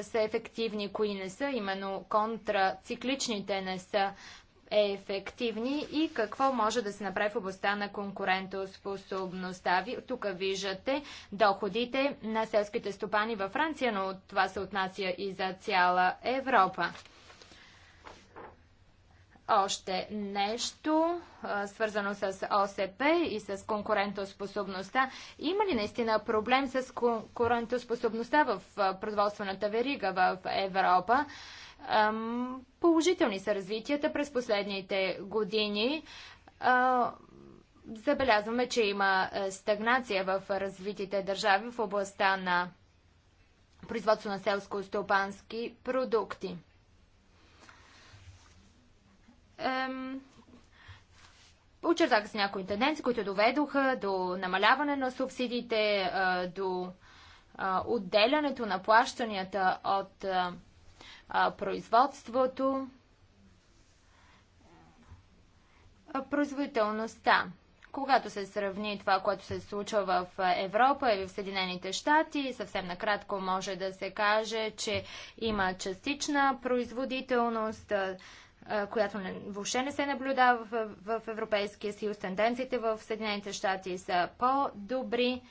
са ефективни, кои не са, именно контрацикличните не са е ефективни и какво може да се направи в областта на конкурентоспособността. тук виждате доходите на селските стопани във Франция, но това се отнася и за цяла Европа. Още нещо, свързано с ОСП и с конкурентоспособността. Има ли наистина проблем с конкурентоспособността в производствената верига в Европа? Положителни са развитията през последните години. Забелязваме, че има стагнация в развитите държави в областта на производство на селско-стопански продукти. Очертаха се някои тенденции, които доведоха до намаляване на субсидиите, до отделянето на плащанията от производството, производителността. Когато се сравни това, което се случва в Европа или в Съединените щати, съвсем накратко може да се каже, че има частична производителност, която въобще не се наблюдава в, в Европейския съюз. Тенденциите в Съединените щати са по-добри.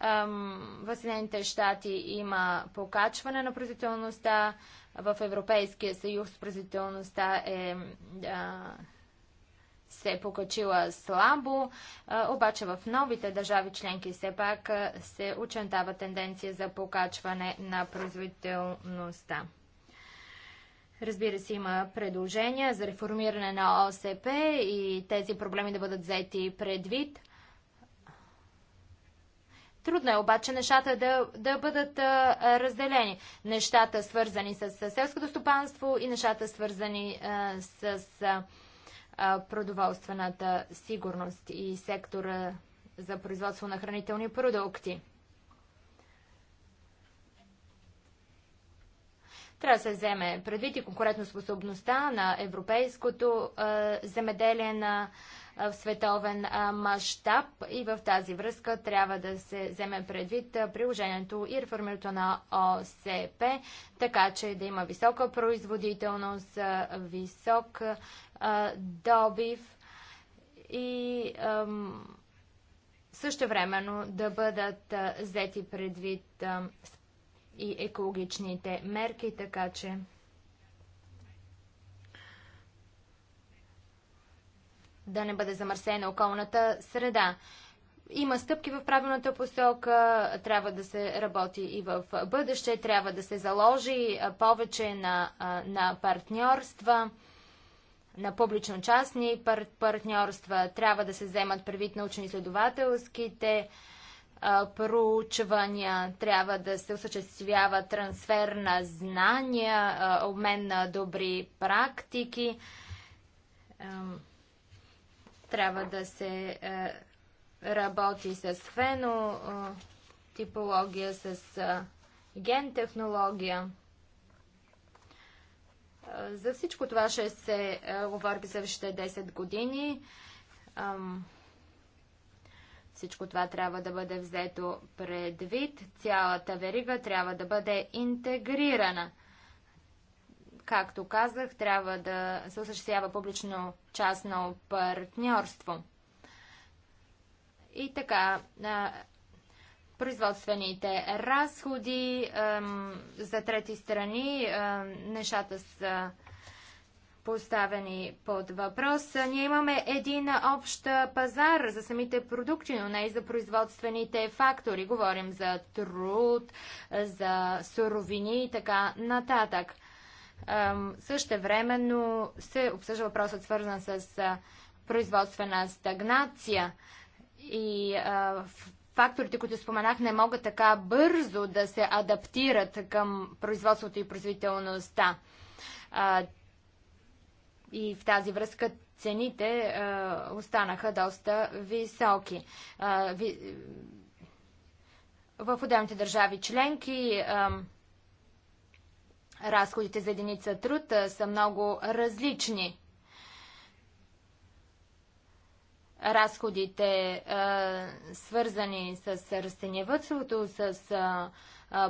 В Съединените щати има покачване на производителността, в Европейския съюз производителността е се е покачила слабо, обаче в новите държави членки все пак се очентава тенденция за покачване на производителността. Разбира се, има предложения за реформиране на ОСП и тези проблеми да бъдат взети предвид – Трудно е обаче нещата да, да бъдат а, разделени. Нещата свързани с, с селското стопанство и нещата свързани а, с а, продоволствената сигурност и сектора за производство на хранителни продукти. Трябва да се вземе предвид и конкурентоспособността на европейското а, земеделие на а, в световен мащаб и в тази връзка трябва да се вземе предвид приложението и реформирането на ОСП, така че да има висока производителност, висок добив и също времено да бъдат взети предвид и екологичните мерки, така че да не бъде замърсена околната среда. Има стъпки в правилната посока, трябва да се работи и в бъдеще, трябва да се заложи повече на, на партньорства, на публично-частни пар партньорства, трябва да се вземат предвид научно-изследователските проучвания, трябва да се осъществява трансфер на знания, обмен на добри практики. Трябва да се е, работи с фено е, типология, с е, ген технология. Е, за всичко това ще се е, говори за вещите 10 години. Всичко това трябва да бъде взето предвид. Цялата верига трябва да бъде интегрирана. Както казах, трябва да се осъществява публично-частно партньорство. И така, производствените разходи за трети страни, нещата са поставени под въпрос. Ние имаме един общ пазар за самите продукти, но не и за производствените фактори. Говорим за труд, за суровини и така нататък. Също времено се обсъжда въпросът свързан с производствена стагнация и факторите, които споменах, не могат така бързо да се адаптират към производството и производителността. и в тази връзка цените останаха доста високи. в отделните държави членки а, разходите за единица труд са много различни. Разходите, свързани с растениевътството, с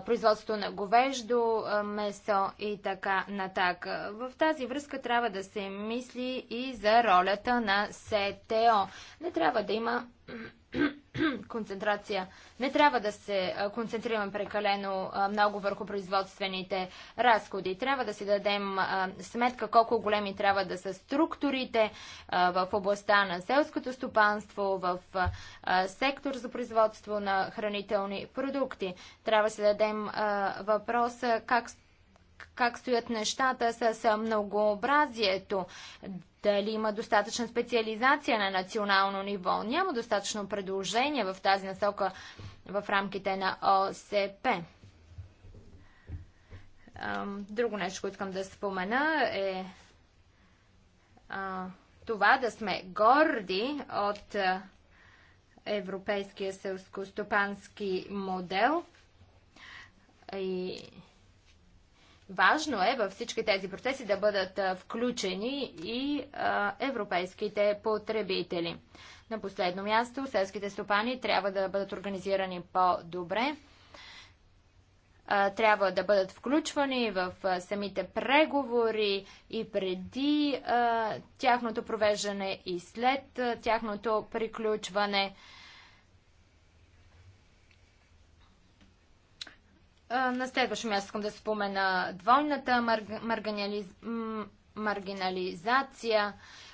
производството на говеждо, месо и така натак. В тази връзка трябва да се мисли и за ролята на СТО. Не трябва да има *coughs* концентрация. Не трябва да се концентрираме прекалено много върху производствените разходи. Трябва да си дадем сметка колко големи трябва да са структурите в областта на селското стопанство, в сектор за производство на хранителни продукти. Трябва да си дадем въпроса как как стоят нещата с многообразието, дали има достатъчна специализация на национално ниво. Няма достатъчно предложение в тази насока в рамките на ОСП. Друго нещо, което искам да спомена е това да сме горди от европейския селско-стопански модел и Важно е във всички тези процеси да бъдат включени и европейските потребители. На последно място, селските стопани трябва да бъдат организирани по-добре. Трябва да бъдат включвани в самите преговори и преди тяхното провеждане и след тяхното приключване. На следващо място искам да спомена двойната марг... маргинализация.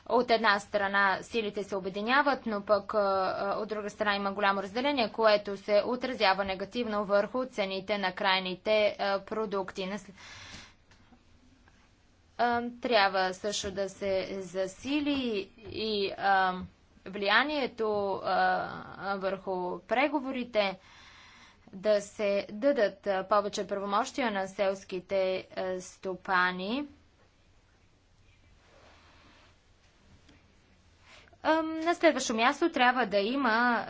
От една страна силите се обединяват, но пък от друга страна има голямо разделение, което се отразява негативно върху цените на крайните продукти. Трябва също да се засили и влиянието върху преговорите да се дадат повече правомощия на селските стопани. На следващо място трябва да има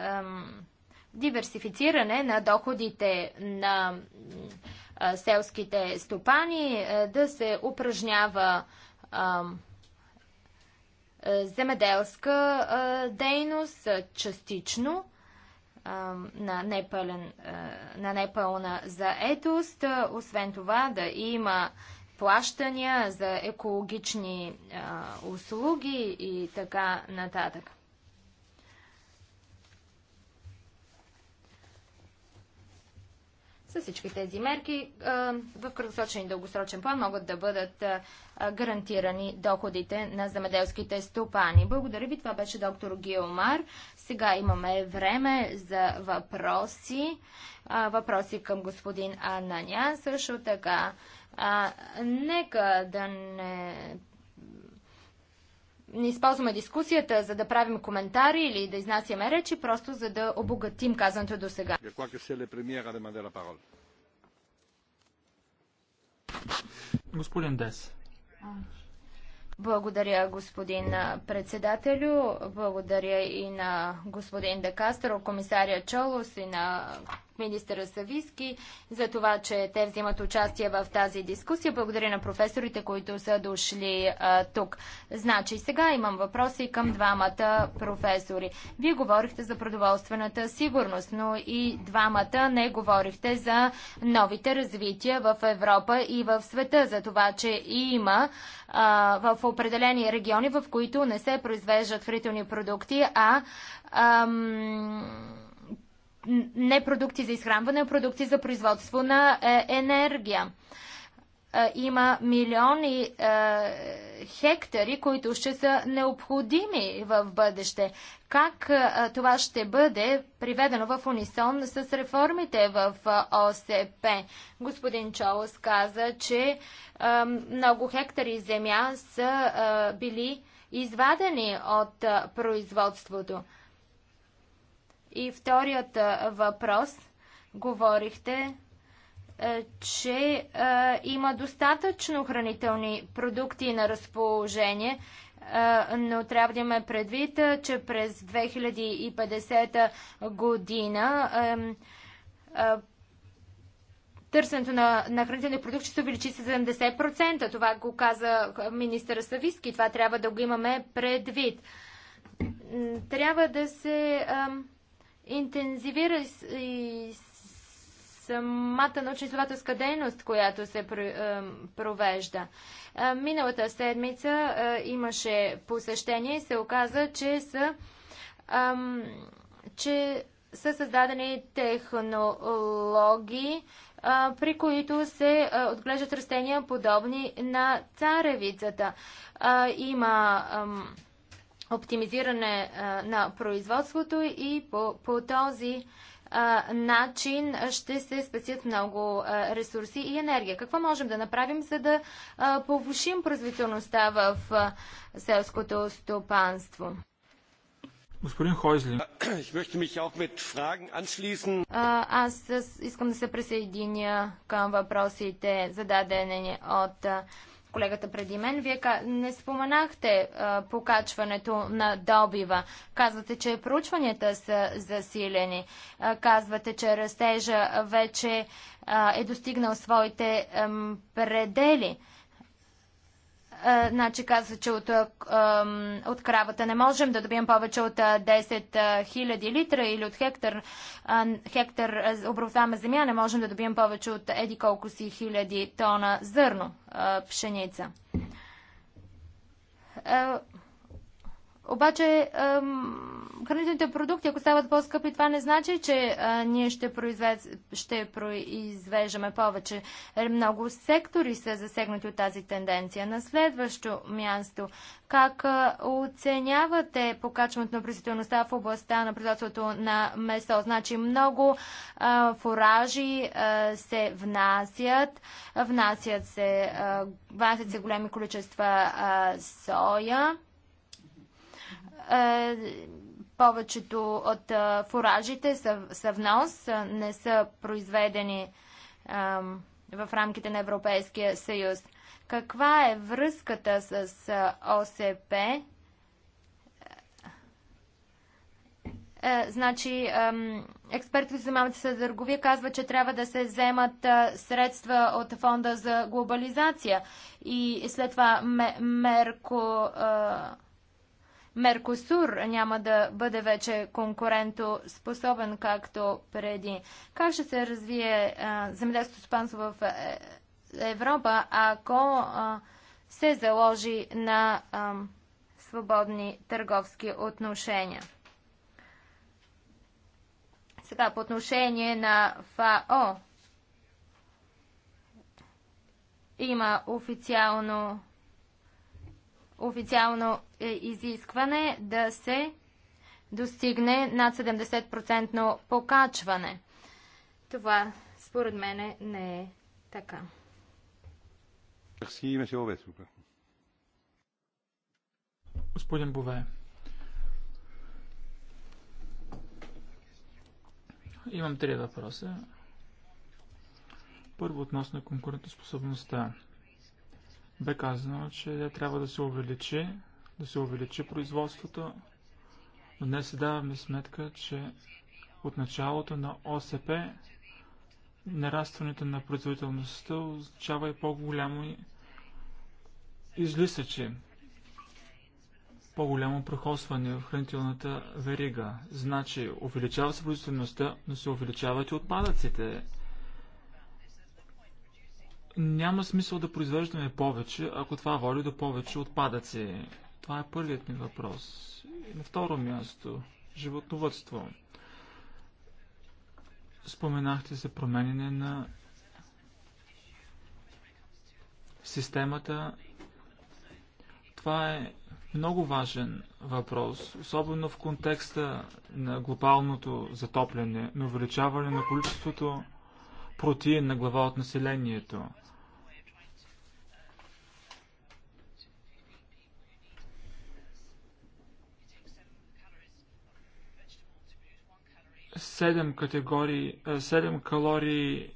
диверсифициране на доходите на селските стопани, да се упражнява земеделска дейност частично на, непълен, на непълна заетост. Освен това да има плащания за екологични услуги и така нататък. С всички тези мерки в краткосрочен и дългосрочен план могат да бъдат гарантирани доходите на замеделските стопани. Благодаря ви, това беше доктор Гилмар. Сега имаме време за въпроси. Въпроси към господин Ананя. също така. нека да не не използваме дискусията, за да правим коментари или да изнасяме речи, просто за да обогатим казаното до сега. Господин Дес. Благодаря, господин председателю. Благодаря и на господин Декастро, комисария Чолос и на министъра Сависки за това, че те взимат участие в тази дискусия. Благодаря на професорите, които са дошли а, тук. Значи, сега имам въпроси към двамата професори. Вие говорихте за продоволствената сигурност, но и двамата не говорихте за новите развития в Европа и в света, за това, че има а, в определени региони, в които не се произвеждат хранителни продукти, а ам, не продукти за изхранване, а продукти за производство на е, енергия. Е, има милиони е, хектари, които ще са необходими в бъдеще. Как това ще бъде приведено в унисон с реформите в ОСП? Господин Чолос каза, че много хектари земя са били извадени от производството. И вторият въпрос, говорихте, е, че е, има достатъчно хранителни продукти на разположение, е, но трябва да имаме предвид, че през 2050 година търсенето на, на хранителни продукти се увеличи с 70%. Това го каза министър Сависки. Това трябва да го имаме предвид. Трябва да се ам, Интензивира и самата научно-изследователска дейност, която се е, провежда. Е, миналата седмица е, имаше посещение и се оказа, че са, че са създадени технологии, при които се отглеждат растения подобни на царевицата. Има оптимизиране на производството и по, по този начин ще се спасят много ресурси и енергия. Какво можем да направим, за да повушим производителността в селското стопанство? Господин Хойзли. Аз искам да се присъединя към въпросите, зададени от колегата преди мен. Вие не споменахте а, покачването на добива. Казвате, че проучванията са засилени. А, казвате, че растежа вече а, е достигнал своите предели. Значи каза, че от, от кравата не можем да добием повече от 10 000 литра или от хектар, хектар обработваме земя, не можем да добием повече от еди колко си хиляди тона зърно, пшеница обаче хранителните продукти, ако стават по-скъпи, това не значи, че ние ще, произвед, ще произвеждаме повече. Много сектори са засегнати от тази тенденция. На следващо място, как оценявате покачването на производителността в областта на производството на месо? Значи много фуражи се внасят, внасят се, внасят се големи количества соя е, повечето от е, фуражите са, са внос, е, не са произведени в рамките на Европейския съюз. Каква е връзката с ОСП? значи експерти които занимават се търговия, казват, че трябва да се вземат средства от фонда за глобализация и след това Мерко Меркосур няма да бъде вече конкурентоспособен както преди. Как ще се развие земеделското спанство в е, Европа, ако се заложи на свободни търговски отношения? Сега по отношение на ФАО има официално официално е изискване да се достигне над 70% покачване. Това според мен не е така. Господин Бове, имам три въпроса. Първо относно конкурентоспособността. Бе казано, че трябва да се увеличи да се увеличи производството, но днес се даваме сметка, че от началото на ОСП нарастването на производителността означава и по-голямо излисъче, по-голямо прохосване в хранителната верига. Значи, увеличава се производителността, но се увеличават и отпадъците. Няма смисъл да произвеждаме повече, ако това води до повече отпадъци. Това е първият ми въпрос. И на второ място, животновътство. Споменахте за променене на системата. Това е много важен въпрос, особено в контекста на глобалното затопляне, на увеличаване на количеството протеин на глава от населението. 7 категории, 7 е, калории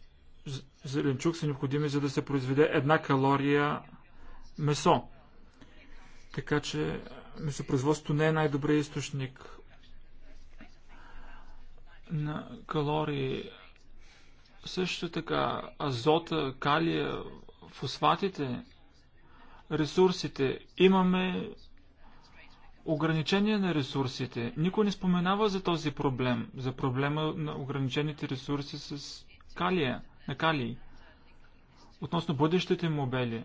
зеленчук са необходими, за да се произведе една калория месо. Така че е, месопроизводството не е най-добрият източник на калории. Също така азота, калия, фосфатите, ресурсите. Имаме Ограничение на ресурсите. Никой не споменава за този проблем, за проблема на ограничените ресурси с калия, на калий. Относно бъдещите мобели,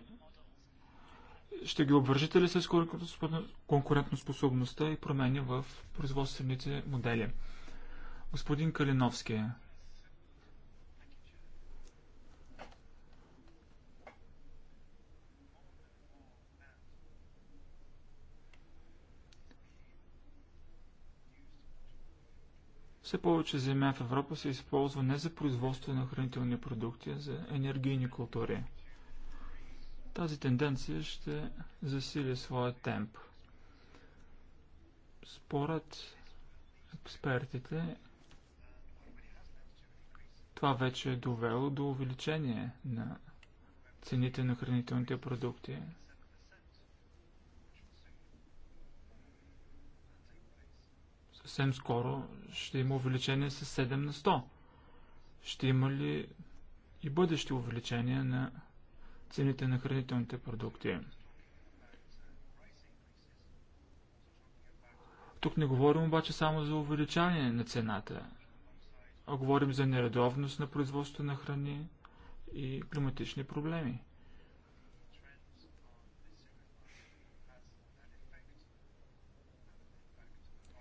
ще ги обвържите ли с конкурентоспособността и промени в производствените модели? Господин Калиновски, Все повече земя в Европа се използва не за производство на хранителни продукти, а за енергийни култури. Тази тенденция ще засили своя темп. Според експертите, това вече е довело до увеличение на цените на хранителните продукти. съвсем скоро ще има увеличение с 7 на 100. Ще има ли и бъдещи увеличения на цените на хранителните продукти? Тук не говорим обаче само за увеличаване на цената, а говорим за нередовност на производството на храни и климатични проблеми.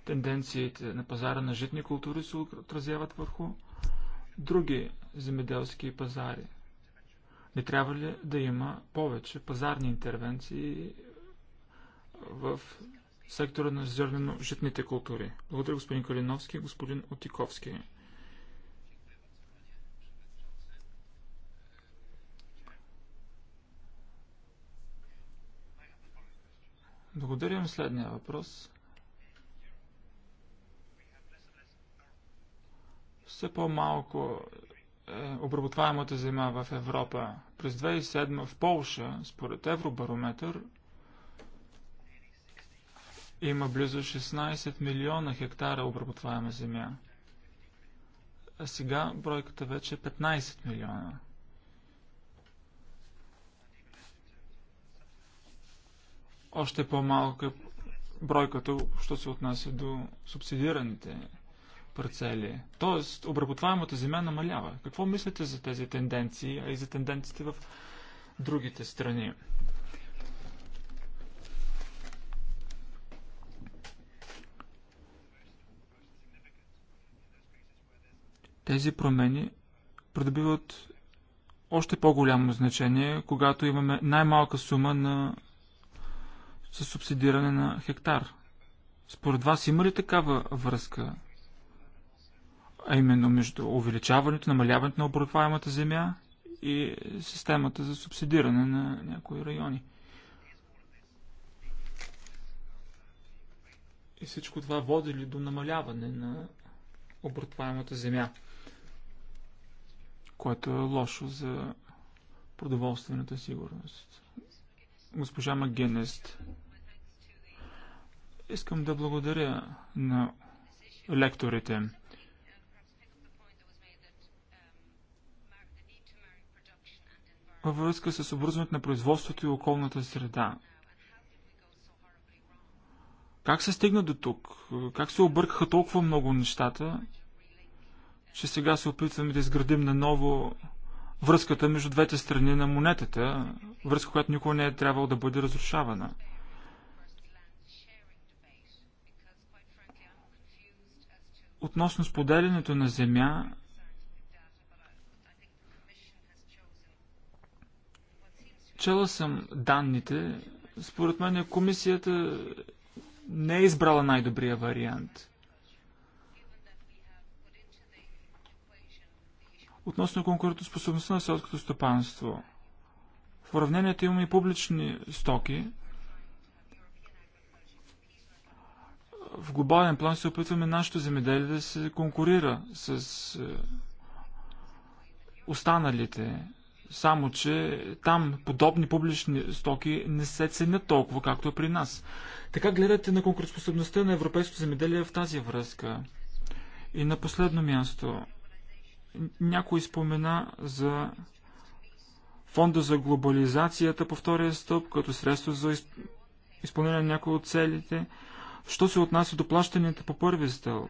Тенденциите на пазара на житни култури се отразяват върху други земеделски пазари. Не трябва ли да има повече пазарни интервенции в сектора на зърнено-житните култури? Благодаря господин Калиновски и господин Отиковски. Благодаря им следния въпрос. все по-малко е обработваемата земя в Европа. През 2007 в Полша, според Евробарометър, има близо 16 милиона хектара обработваема земя. А сега бройката вече е 15 милиона. Още по-малко е бройката, що се отнася до субсидираните парцели. Тоест, обработваемата земя намалява. Какво мислите за тези тенденции, а и за тенденциите в другите страни? Тези промени придобиват още по-голямо значение, когато имаме най-малка сума на със субсидиране на хектар. Според вас има ли такава връзка? а именно между увеличаването, намаляването на обработваемата земя и системата за субсидиране на някои райони. И всичко това води ли до намаляване на обработваемата земя, което е лошо за продоволствената сигурност. Госпожа Магенест, искам да благодаря на лекторите. във връзка с обвързването на производството и околната среда. Как се стигна до тук? Как се объркаха толкова много нещата, че сега се опитваме да изградим наново връзката между двете страни на монетата, връзка, която никога не е трябвало да бъде разрушавана. Относно споделянето на земя, Чела съм данните. Според мен комисията не е избрала най-добрия вариант. Относно конкурентоспособността на селското стопанство. В уравнението имаме и публични стоки. В глобален план се опитваме нашето земеделие да се конкурира с е, останалите само, че там подобни публични стоки не се ценят толкова, както е при нас. Така гледате на конкурентоспособността на европейското земеделие в тази връзка. И на последно място, някой спомена за фонда за глобализацията по втория стъп, като средство за изпълнение на някои от целите. Що се отнася до плащанията по първи стълб?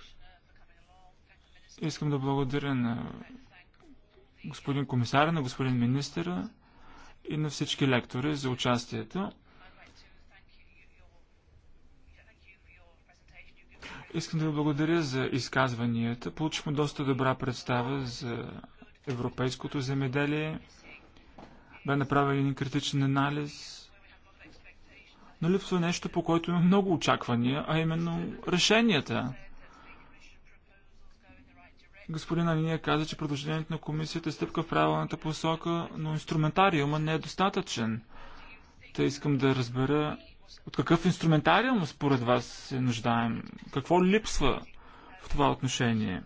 Искам да благодаря на господин комисар, на господин министъра и на всички лектори за участието. Искам да ви благодаря за изказванията. Получихме доста добра представа за европейското земеделие. Бе направен един критичен анализ. Но липсва нещо, по което има много очаквания, а именно решенията. Господин Ания каза, че предложението на комисията е стъпка в правилната посока, но инструментариума не е достатъчен. Та искам да разбера от какъв инструментариум според вас се нуждаем? Какво липсва в това отношение?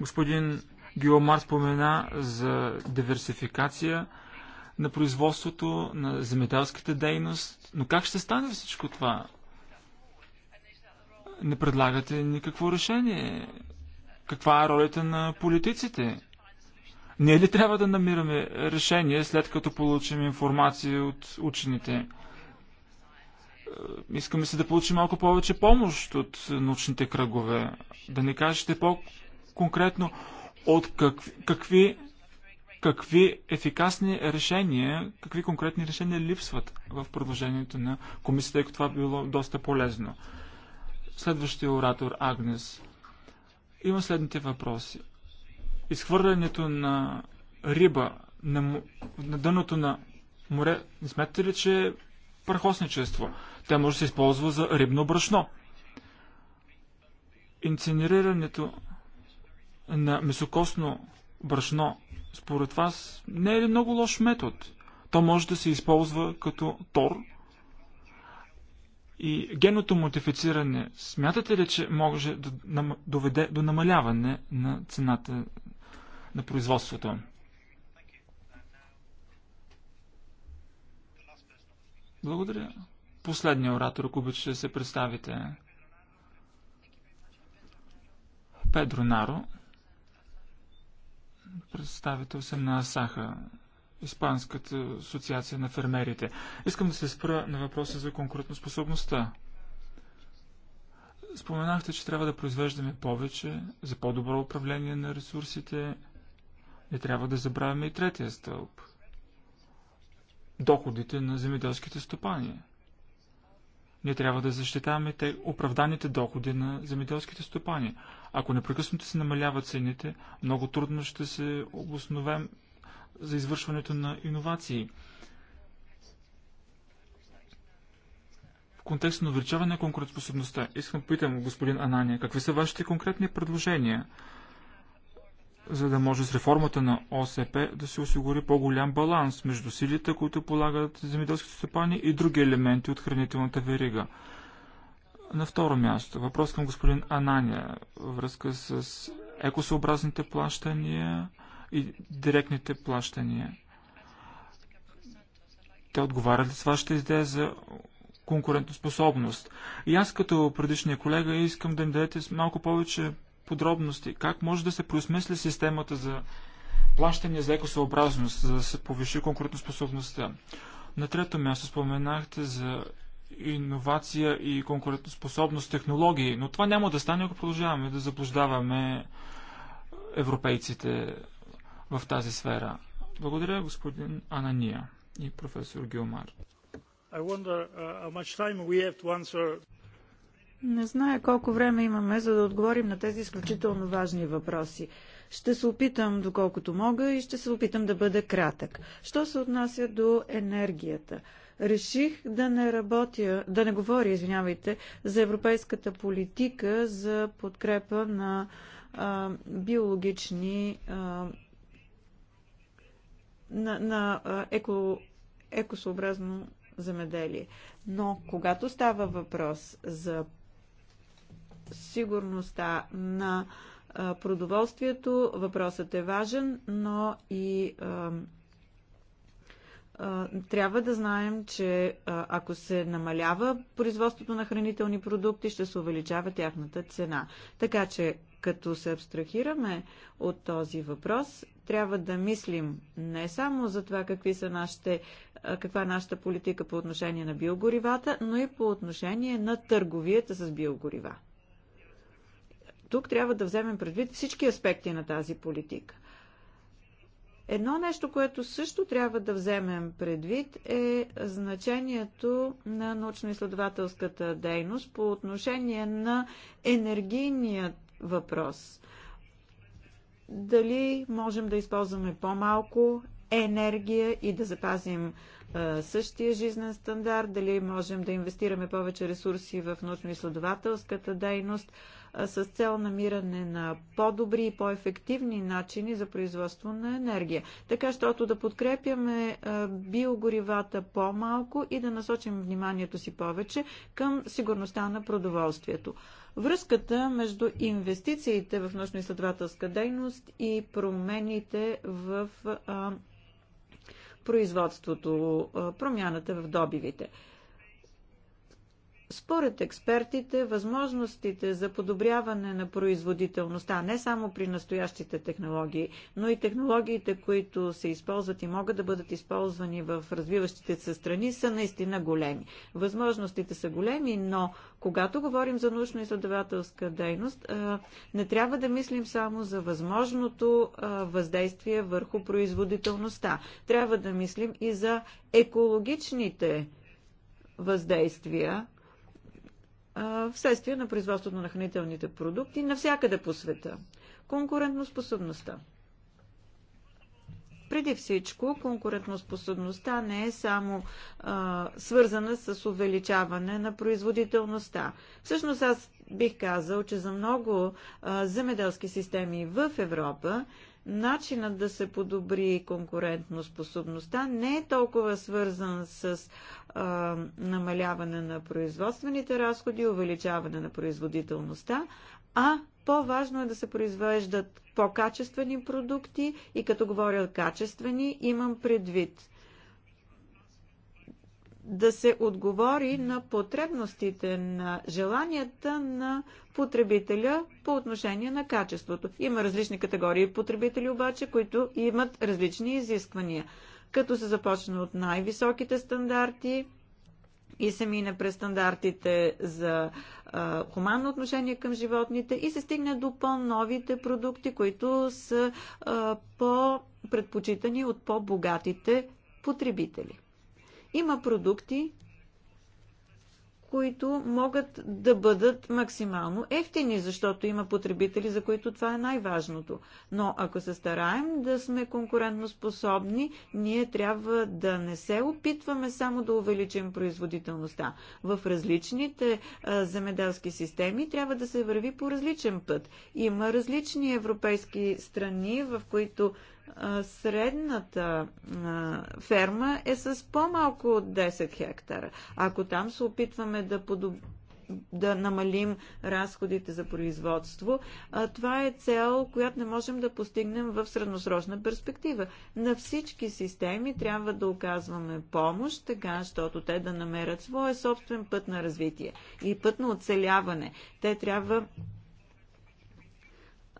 Господин Гиломар спомена за диверсификация на производството, на земеделската дейност, но как ще стане всичко това? Не предлагате никакво решение каква е ролята на политиците? Ние ли трябва да намираме решение, след като получим информация от учените? Е, искаме се да получим малко повече помощ от научните кръгове. Да ни кажете по-конкретно от как, какви, какви ефикасни решения, какви конкретни решения липсват в продължението на комисията, ако това било доста полезно. Следващия оратор Агнес има следните въпроси. Изхвърлянето на риба на, на дъното на море, не смятате ли, че е прахосничество? Тя може да се използва за рибно брашно. Инцинирирането на месокосно брашно, според вас, не е ли много лош метод? То може да се използва като тор – и генното модифициране, смятате ли, че може да доведе до намаляване на цената на производството? Благодаря. Последния оратор, ако обичате да се представите. Педро Наро, представител съм на Асаха, Испанската асоциация на фермерите. Искам да се спра на въпроса за конкурентоспособността. Споменахте, че трябва да произвеждаме повече за по-добро управление на ресурсите. Не трябва да забравяме и третия стълб доходите на земеделските стопани. Ние трябва да защитаваме те оправданите доходи на земеделските стопани. Ако непрекъснато се намаляват цените, много трудно ще се обосновем за извършването на иновации. В контекст на увеличаване на конкурентоспособността, искам да питам господин Анания, какви са вашите конкретни предложения, за да може с реформата на ОСП да се осигури по-голям баланс между силите, които полагат земеделските стопани и други елементи от хранителната верига. На второ място, въпрос към господин Анания, връзка с екосъобразните плащания, и директните плащания. Те отговарят ли с вашата идея за конкурентоспособност? И аз като предишния колега искам да им дадете малко повече подробности. Как може да се преосмисли системата за плащане за екосъобразност, за да се повиши конкурентоспособността? На трето място споменахте за иновация и конкурентоспособност технологии, но това няма да стане, ако продължаваме да заблуждаваме европейците в тази сфера. Благодаря господин Анания и професор Гилмар. Uh, не зная колко време имаме, за да отговорим на тези изключително важни въпроси. Ще се опитам доколкото мога и ще се опитам да бъда кратък. Що се отнася до енергията? Реших да не работя, да не говоря, извинявайте, за европейската политика за подкрепа на а, биологични а, на, на еко, екосообразно земеделие. Но когато става въпрос за сигурността на продоволствието, въпросът е важен, но и а, а, трябва да знаем, че а, ако се намалява производството на хранителни продукти, ще се увеличава тяхната цена. Така че, като се абстрахираме от този въпрос, трябва да мислим не само за това какви са нашите, каква е нашата политика по отношение на биогоривата, но и по отношение на търговията с биогорива. Тук трябва да вземем предвид всички аспекти на тази политика. Едно нещо, което също трябва да вземем предвид е значението на научно-изследователската дейност по отношение на енергийният въпрос – дали можем да използваме по-малко енергия и да запазим а, същия жизнен стандарт, дали можем да инвестираме повече ресурси в научно-изследователската дейност, с цел намиране на по-добри и по-ефективни начини за производство на енергия. Така, щото да подкрепяме биогоривата по-малко и да насочим вниманието си повече към сигурността на продоволствието. Връзката между инвестициите в научно-изследователска дейност и промените в производството, промяната в добивите. Според експертите, възможностите за подобряване на производителността, не само при настоящите технологии, но и технологиите, които се използват и могат да бъдат използвани в развиващите се страни, са наистина големи. Възможностите са големи, но когато говорим за научно-изследователска дейност, не трябва да мислим само за възможното въздействие върху производителността. Трябва да мислим и за екологичните въздействия вследствие на производството на хранителните продукти навсякъде по света. Конкурентноспособността. Преди всичко, конкурентноспособността не е само а, свързана с увеличаване на производителността. Всъщност аз бих казал, че за много а, земеделски системи в Европа начинът да се подобри конкурентно способността не е толкова свързан с а, намаляване на производствените разходи, увеличаване на производителността, а по-важно е да се произвеждат по-качествени продукти и като говоря качествени, имам предвид да се отговори на потребностите, на желанията на потребителя по отношение на качеството. Има различни категории потребители обаче, които имат различни изисквания. Като се започне от най-високите стандарти и се мине през стандартите за а, хуманно отношение към животните и се стигне до по-новите продукти, които са по-предпочитани от по-богатите потребители. Има продукти, които могат да бъдат максимално ефтини, защото има потребители, за които това е най-важното. Но ако се стараем да сме конкурентоспособни, ние трябва да не се опитваме само да увеличим производителността. В различните а, земеделски системи трябва да се върви по различен път. Има различни европейски страни, в които средната ферма е с по-малко от 10 хектара. Ако там се опитваме да подобрим да намалим разходите за производство. А, това е цел, която не можем да постигнем в средносрочна перспектива. На всички системи трябва да оказваме помощ, така, защото те да намерят своя собствен път на развитие и път на оцеляване. Те трябва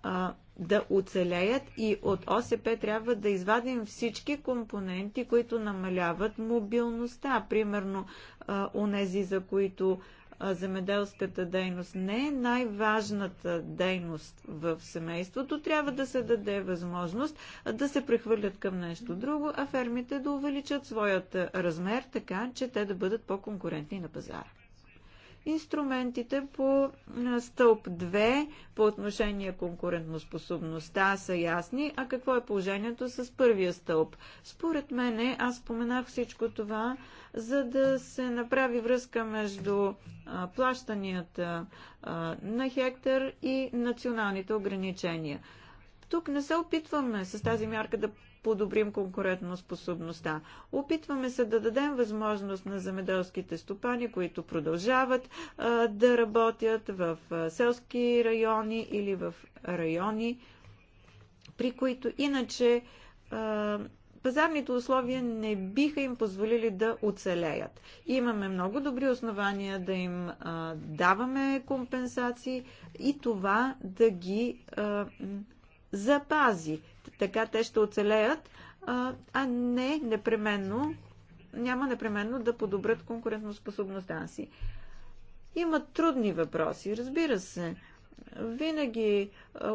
а, да оцелеят и от ОСП трябва да извадим всички компоненти, които намаляват мобилността. Примерно, онези, за които земеделската дейност не е най-важната дейност в семейството, трябва да се даде възможност да се прехвърлят към нещо друго, а фермите да увеличат своят размер, така че те да бъдат по-конкурентни на пазара. Инструментите по стълб 2 по отношение конкурентноспособността са ясни, а какво е положението с първия стълб? Според мен, аз споменах всичко това, за да се направи връзка между плащанията на хектар и националните ограничения. Тук не се опитваме с тази мярка да подобрим конкурентно способността. Опитваме се да дадем възможност на земеделските стопани, които продължават а, да работят в а, селски райони или в райони, при които иначе а, пазарните условия не биха им позволили да оцелеят. Имаме много добри основания да им а, даваме компенсации и това да ги а, запази. Така те ще оцелеят, а не непременно, няма непременно да подобрят конкурентоспособността си. Има трудни въпроси, разбира се. Винаги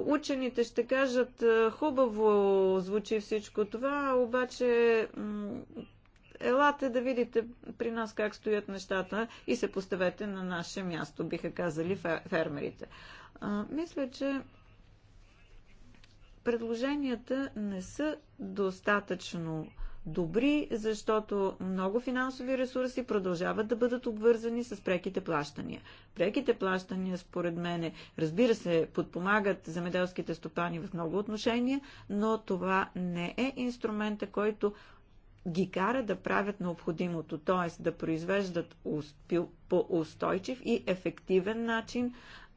учените ще кажат, хубаво звучи всичко това, обаче елате да видите при нас как стоят нещата и се поставете на наше място, биха казали фермерите. А, мисля, че Предложенията не са достатъчно добри, защото много финансови ресурси продължават да бъдат обвързани с преките плащания. Преките плащания, според мене, разбира се, подпомагат земеделските стопани в много отношения, но това не е инструмента, който ги кара да правят необходимото, т.е. да произвеждат по устойчив и ефективен начин,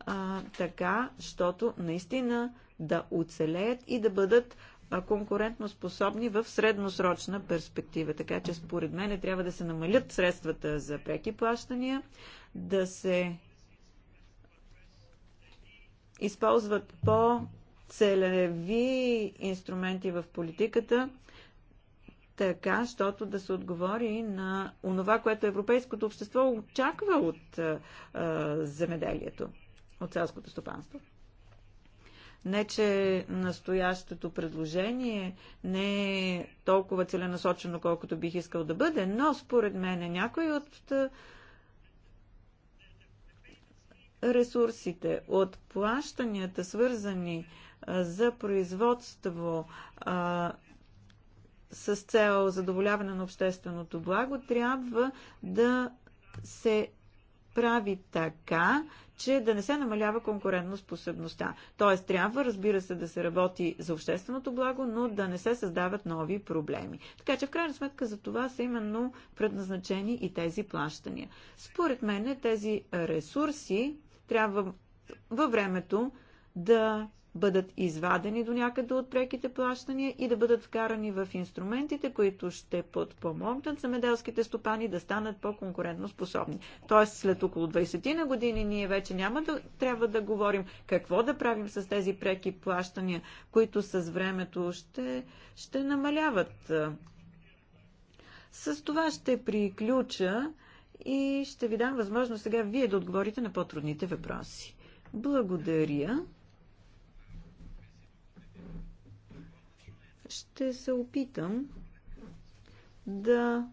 а, така, защото наистина да оцелеят и да бъдат конкурентно способни в средносрочна перспектива. Така че според мен е, трябва да се намалят средствата за преки плащания, да се използват по-целеви инструменти в политиката, така, щото да се отговори на онова, което европейското общество очаква от а, земеделието от селското стопанство. Не, че настоящото предложение не е толкова целенасочено, колкото бих искал да бъде, но според мен някои от е, ресурсите, от плащанията, свързани е, за производство а, е, с цел задоволяване на общественото благо, трябва да се прави така, че да не се намалява конкурентоспособността. Тоест, трябва, разбира се, да се работи за общественото благо, но да не се създават нови проблеми. Така че, в крайна сметка, за това са именно предназначени и тези плащания. Според мен, тези ресурси трябва във времето да бъдат извадени до някъде от преките плащания и да бъдат вкарани в инструментите, които ще подпомогнат земеделските стопани да станат по-конкурентно способни. Тоест, след около 20 на години ние вече няма да трябва да говорим какво да правим с тези преки плащания, които с времето ще, ще намаляват. С това ще приключа и ще ви дам възможност сега вие да отговорите на по-трудните въпроси. Благодаря. ще се опитам да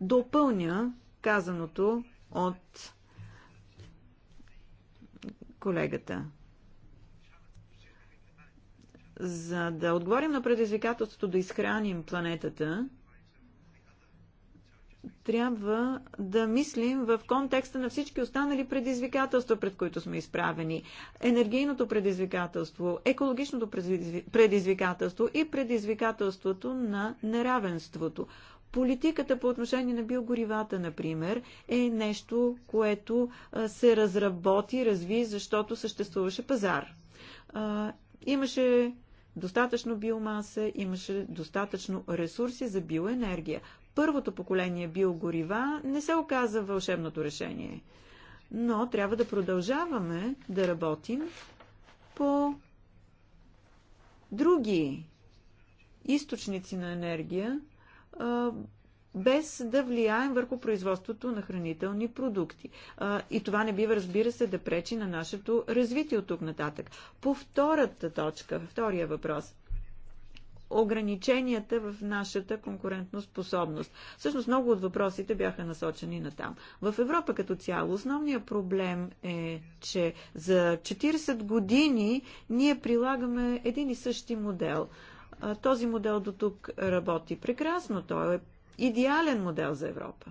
допълня казаното от колегата. За да отговорим на предизвикателството да изхраним планетата, трябва да мислим в контекста на всички останали предизвикателства, пред които сме изправени. Енергийното предизвикателство, екологичното предизвикателство и предизвикателството на неравенството. Политиката по отношение на биогоривата, например, е нещо, което се разработи, разви, защото съществуваше пазар. Имаше достатъчно биомаса, имаше достатъчно ресурси за биоенергия първото поколение биогорива не се оказа вълшебното решение. Но трябва да продължаваме да работим по други източници на енергия, без да влияем върху производството на хранителни продукти. И това не бива, разбира се, да пречи на нашето развитие от тук нататък. По втората точка, втория въпрос ограниченията в нашата конкурентно способност. Всъщност много от въпросите бяха насочени на там. В Европа като цяло основният проблем е, че за 40 години ние прилагаме един и същи модел. Този модел до тук работи прекрасно. Той е идеален модел за Европа.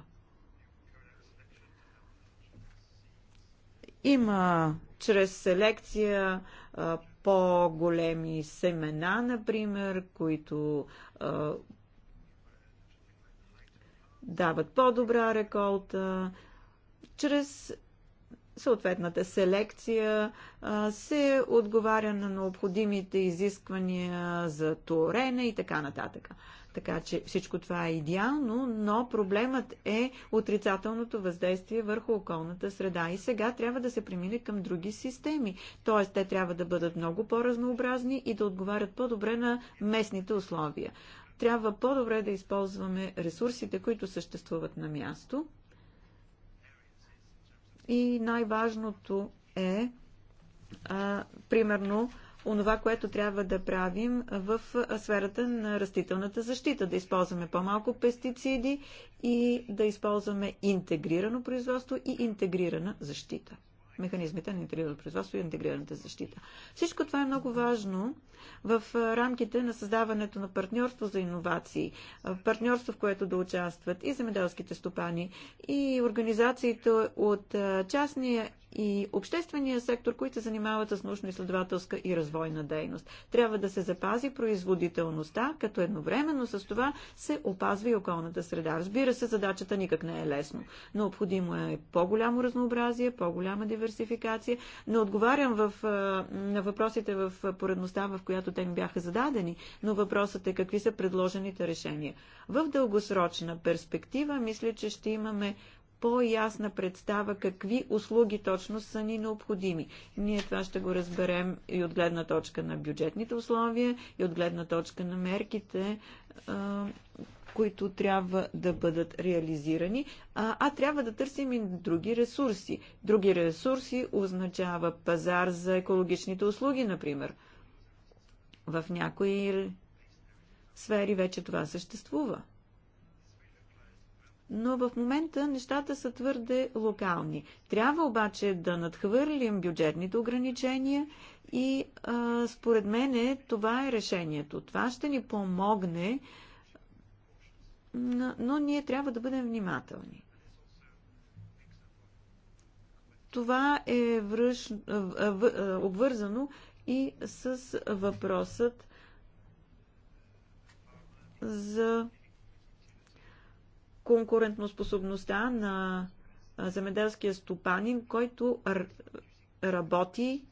Има чрез селекция по-големи семена, например, които а, дават по-добра реколта. Чрез съответната селекция а, се отговаря на необходимите изисквания за торене и така нататък. Така че всичко това е идеално, но проблемът е отрицателното въздействие върху околната среда. И сега трябва да се премине към други системи. Тоест, те трябва да бъдат много по-разнообразни и да отговарят по-добре на местните условия. Трябва по-добре да използваме ресурсите, които съществуват на място. И най-важното е, а, примерно, онова, което трябва да правим в сферата на растителната защита. Да използваме по-малко пестициди и да използваме интегрирано производство и интегрирана защита. Механизмите на интегрирано производство и интегрираната защита. Всичко това е много важно, в рамките на създаването на партньорство за иновации, партньорство, в което да участват и земеделските стопани, и организациите от частния и обществения сектор, които се занимават с научно-изследователска и развойна дейност. Трябва да се запази производителността, като едновременно с това се опазва и околната среда. Разбира се, задачата никак не е лесно. Необходимо е по-голямо разнообразие, по-голяма диверсификация. Не отговарям в, на въпросите в поредността, в която която те ми бяха зададени, но въпросът е какви са предложените решения. В дългосрочна перспектива мисля, че ще имаме по-ясна представа какви услуги точно са ни необходими. Ние това ще го разберем и от гледна точка на бюджетните условия, и от гледна точка на мерките, които трябва да бъдат реализирани, а, а трябва да търсим и други ресурси. Други ресурси означава пазар за екологичните услуги, например. В някои сфери вече това съществува. Но в момента нещата са твърде локални. Трябва обаче да надхвърлим бюджетните ограничения и а, според мене това е решението. Това ще ни помогне, но ние трябва да бъдем внимателни. Това е връж... обвързано и с въпросът за конкурентноспособността на земеделския стопанин, който работи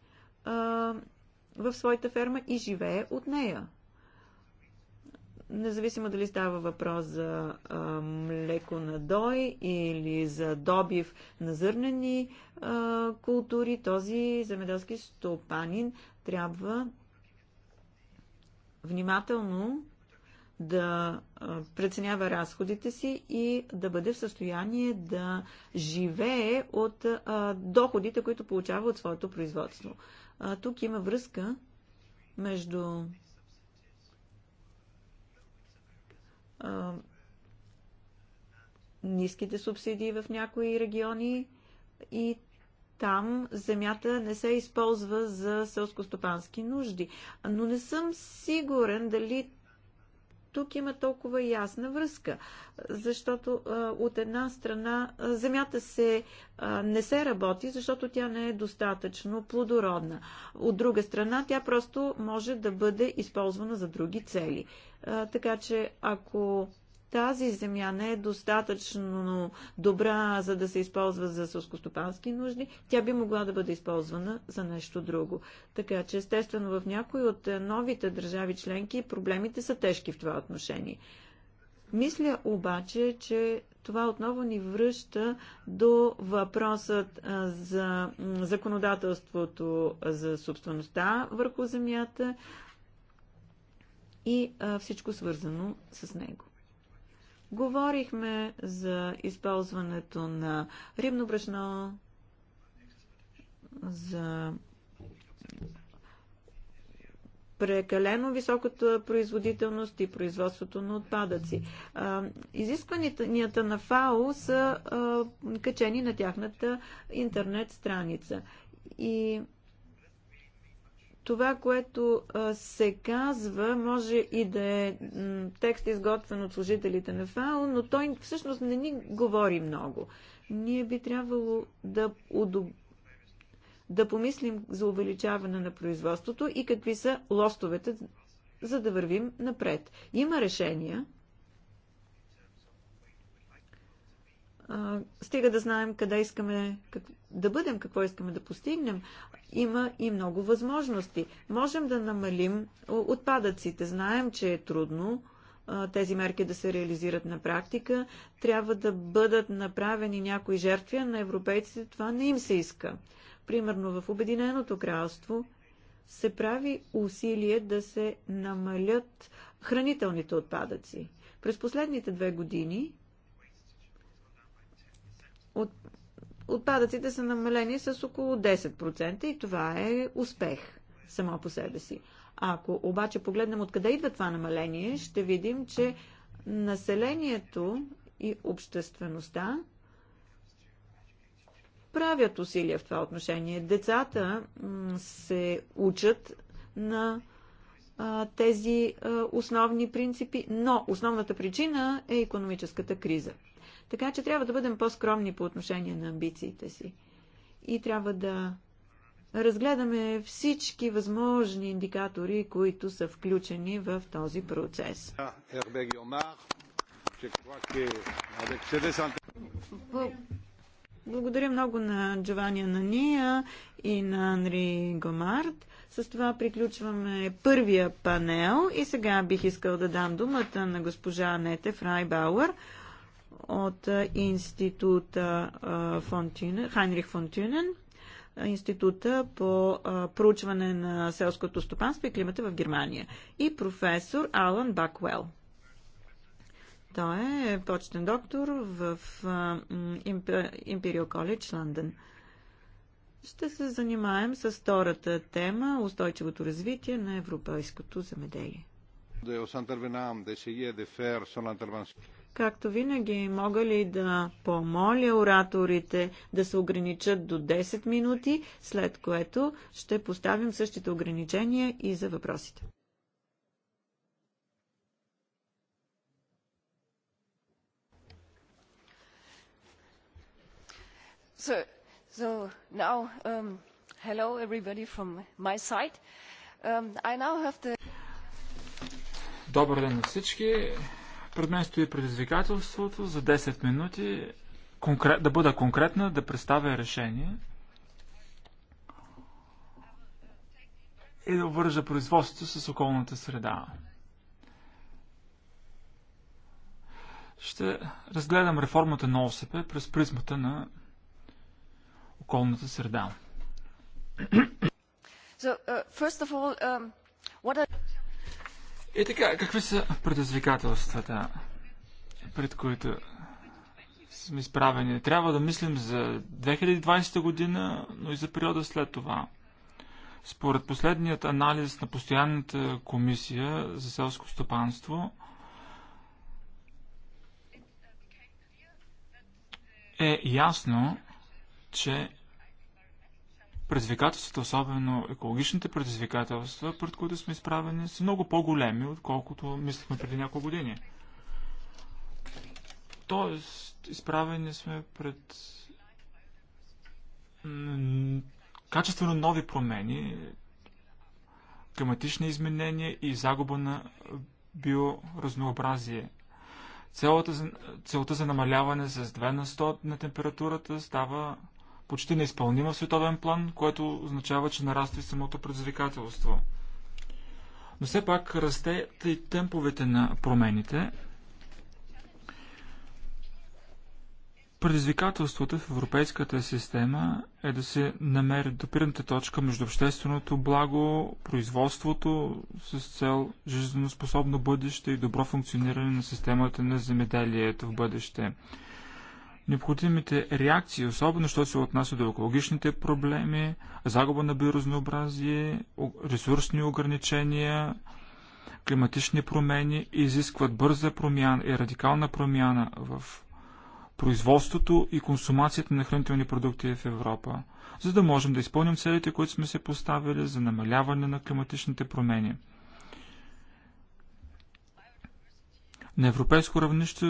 в своята ферма и живее от нея. Независимо дали става въпрос за а, млеко на дой или за добив на зърнени а, култури, този земеделски стопанин трябва внимателно да преценява разходите си и да бъде в състояние да живее от доходите, които получава от своето производство. Тук има връзка между ниските субсидии в някои региони и там земята не се използва за селскостопански нужди. Но не съм сигурен дали тук има толкова ясна връзка, защото а, от една страна земята се, а, не се работи, защото тя не е достатъчно плодородна. От друга страна, тя просто може да бъде използвана за други цели. А, така че, ако тази земя не е достатъчно добра, за да се използва за сълскостопански нужди, тя би могла да бъде използвана за нещо друго. Така че, естествено, в някои от е, новите държави членки проблемите са тежки в това отношение. Мисля обаче, че това отново ни връща до въпросът е, за законодателството за собствеността върху земята и е, всичко свързано с него. Говорихме за използването на рибно брашно, за прекалено високата производителност и производството на отпадъци. Изискванията на ФАО са качени на тяхната интернет страница. И това, което се казва, може и да е текст изготвен от служителите на ФАО, но той всъщност не ни говори много. Ние би трябвало да, удоб... да помислим за увеличаване на производството и какви са лостовете, за да вървим напред. Има решения, стига да знаем къде искаме, как, да бъдем, какво искаме да постигнем, има и много възможности. Можем да намалим отпадъците. Знаем, че е трудно тези мерки да се реализират на практика. Трябва да бъдат направени някои жертви, а на европейците това не им се иска. Примерно в Обединеното кралство се прави усилие да се намалят хранителните отпадъци. През последните две години от отпадъците са намалени с около 10% и това е успех само по себе си. Ако обаче погледнем откъде идва това намаление, ще видим, че населението и обществеността правят усилия в това отношение. Децата се учат на а, тези а, основни принципи, но основната причина е економическата криза. Така че трябва да бъдем по-скромни по отношение на амбициите си. И трябва да разгледаме всички възможни индикатори, които са включени в този процес. Благодаря много на Джовани Нания и на Анри Гомарт. С това приключваме първия панел и сега бих искал да дам думата на госпожа Анете Фрайбауър от института Фонтюнен, Хайнрих Фонтюнен, Института по проучване на селското стопанство и климата в Германия и професор Алан Баквел. Той е почетен доктор в Imperial College, Лондон. Ще се занимаем с втората тема – устойчивото развитие на европейското земеделие. Както винаги, мога ли да помоля ораторите да се ограничат до 10 минути, след което ще поставим същите ограничения и за въпросите. So, so now, um, hello everybody from my side. Um, I now have the... Добър ден на всички. Пред мен стои предизвикателството за 10 минути конкрет, да бъда конкретна, да представя решение и да вържа производството с околната среда. Ще разгледам реформата на ОСП през призмата на околната среда. So, uh, all, um, are... И е така, какви са предизвикателствата, пред които сме изправени? Трябва да мислим за 2020 година, но и за периода след това. Според последният анализ на постоянната комисия за селско стопанство е ясно, че Предизвикателствата, особено екологичните предизвикателства, пред които сме изправени, са много по-големи, отколкото мислихме преди няколко години. Тоест, изправени сме пред качествено нови промени, климатични изменения и загуба на биоразнообразие. Целата, целта за намаляване с 2 на 100 на температурата става почти неизпълнима в световен план, което означава, че нараства и самото предизвикателство. Но все пак расте и темповете на промените. Предизвикателството в европейската система е да се намери допирната точка между общественото благо, производството с цел жизненоспособно бъдеще и добро функциониране на системата на земеделието в бъдеще необходимите реакции, особено що се отнася до екологичните проблеми, загуба на биоразнообразие, ресурсни ограничения, климатични промени изискват бърза промяна и радикална промяна в производството и консумацията на хранителни продукти в Европа, за да можем да изпълним целите, които сме се поставили за намаляване на климатичните промени – На европейско равнище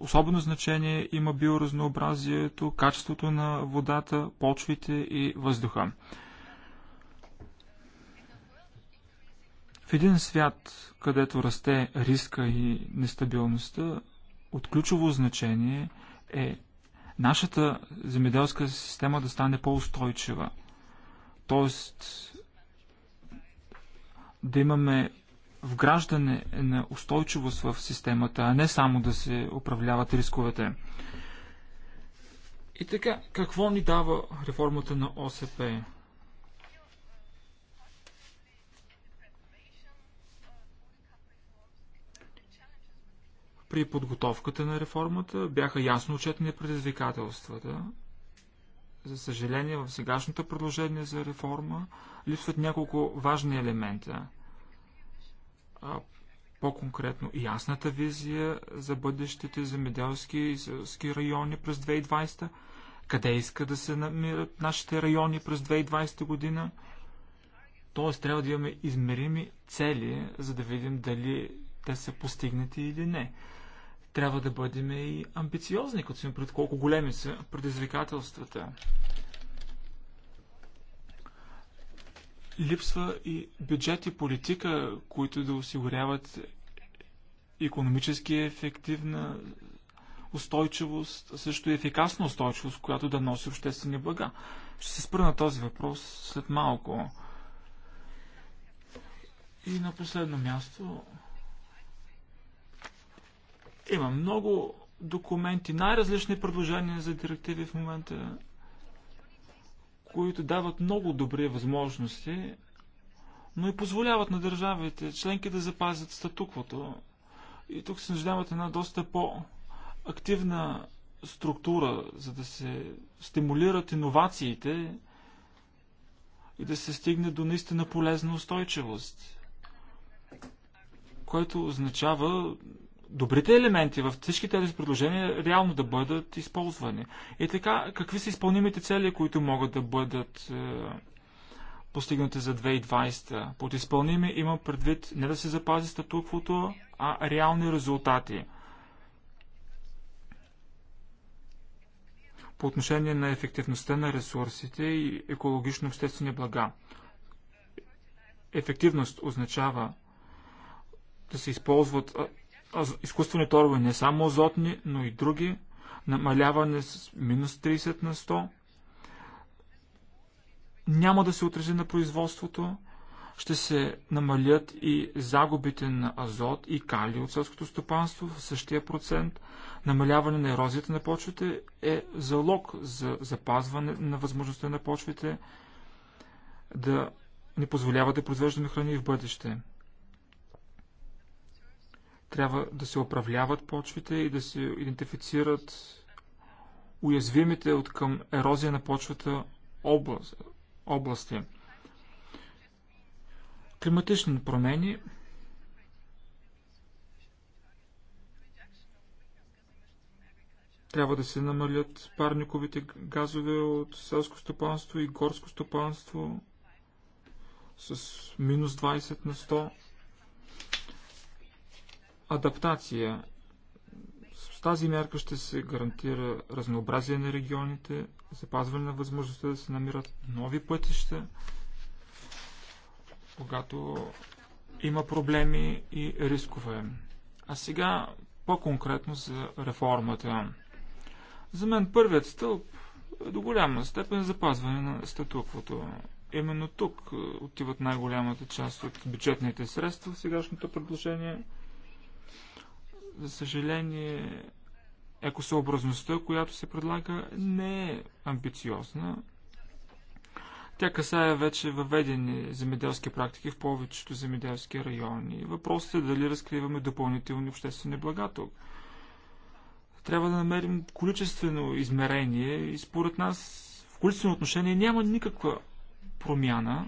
особено значение има биоразнообразието, качеството на водата, почвите и въздуха. В един свят, където расте риска и нестабилността, от ключово значение е нашата земеделска система да стане по-устойчива. Тоест да имаме вграждане на устойчивост в системата, а не само да се управляват рисковете. И така, какво ни дава реформата на ОСП? При подготовката на реформата бяха ясно отчетени предизвикателствата. За съжаление, в сегашното предложение за реформа липсват няколко важни елемента – по-конкретно и ясната визия за бъдещите земеделски и селски райони през 2020, къде иска да се намират нашите райони през 2020 година. Тоест трябва да имаме измерими цели, за да видим дали те са постигнати или не. Трябва да бъдем и амбициозни, като сме пред колко големи са предизвикателствата. Липсва и бюджет и политика, които да осигуряват економически ефективна устойчивост, също и ефикасна устойчивост, която да носи обществени блага. Ще се спра на този въпрос след малко. И на последно място има много документи, най-различни предложения за директиви в момента които дават много добри възможности, но и позволяват на държавите членки да запазят статуквото. И тук се нуждават една доста по-активна структура, за да се стимулират иновациите и да се стигне до наистина полезна устойчивост, което означава добрите елементи в всички тези предложения реално да бъдат използвани. И така, какви са изпълнимите цели, които могат да бъдат е, постигнати за 2020? Под изпълними има предвид не да се запази статуквото, а реални резултати. По отношение на ефективността на ресурсите и екологично обществени блага. Ефективност означава да се използват изкуствени торове, не само азотни, но и други, намаляване с минус 30 на 100, няма да се отрази на производството, ще се намалят и загубите на азот и калий от селското стопанство в същия процент. Намаляване на ерозията на почвите е залог за запазване на възможността на почвите да ни позволява да произвеждаме храни в бъдеще. Трябва да се управляват почвите и да се идентифицират уязвимите от към ерозия на почвата област, области. Климатични промени трябва да се намалят парниковите газове от селско стопанство и горско стопанство с минус 20 на 100 адаптация. С тази мярка ще се гарантира разнообразие на регионите, запазване на възможността да се намират нови пътища, когато има проблеми и рискове. А сега по-конкретно за реформата. За мен първият стълб е до голяма степен запазване на статуквото. Именно тук отиват най-голямата част от бюджетните средства в сегашното предложение – за съжаление, екосъобразността, която се предлага, не е амбициозна. Тя касае вече въведени земеделски практики в повечето земеделски райони. Въпросът е дали разкриваме допълнителни обществени блага тук. Трябва да намерим количествено измерение и според нас в количествено отношение няма никаква промяна.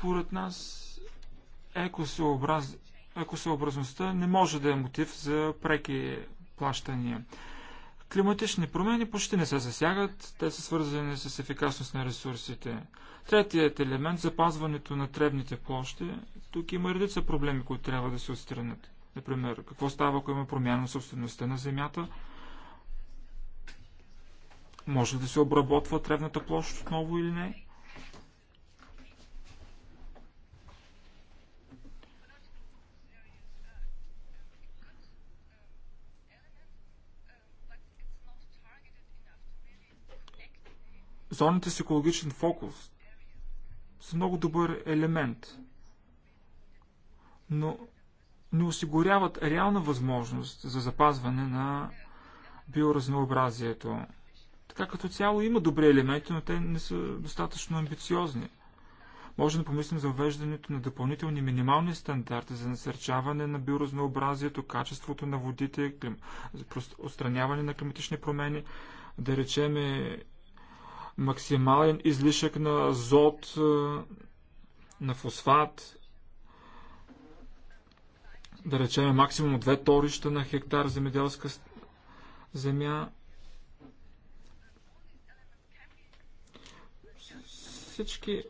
Според нас екосъобраз... екосъобразността не може да е мотив за преки плащания. Климатични промени почти не се засягат, те са свързани с ефикасност на ресурсите. Третият елемент – запазването на тревните площи. Тук има редица проблеми, които трябва да се отстранят. Например, какво става, ако има промяна на собствеността на земята? Може да се обработва тревната площ отново или не? зоните с екологичен фокус са много добър елемент, но не осигуряват реална възможност за запазване на биоразнообразието. Така като цяло има добри елементи, но те не са достатъчно амбициозни. Може да помислим за въвеждането на допълнителни минимални стандарти за насърчаване на биоразнообразието, качеството на водите, клим... отстраняване на климатични промени, да речеме максимален излишък на азот, е, на фосфат, да речем максимум две торища на хектар земеделска земя. Всички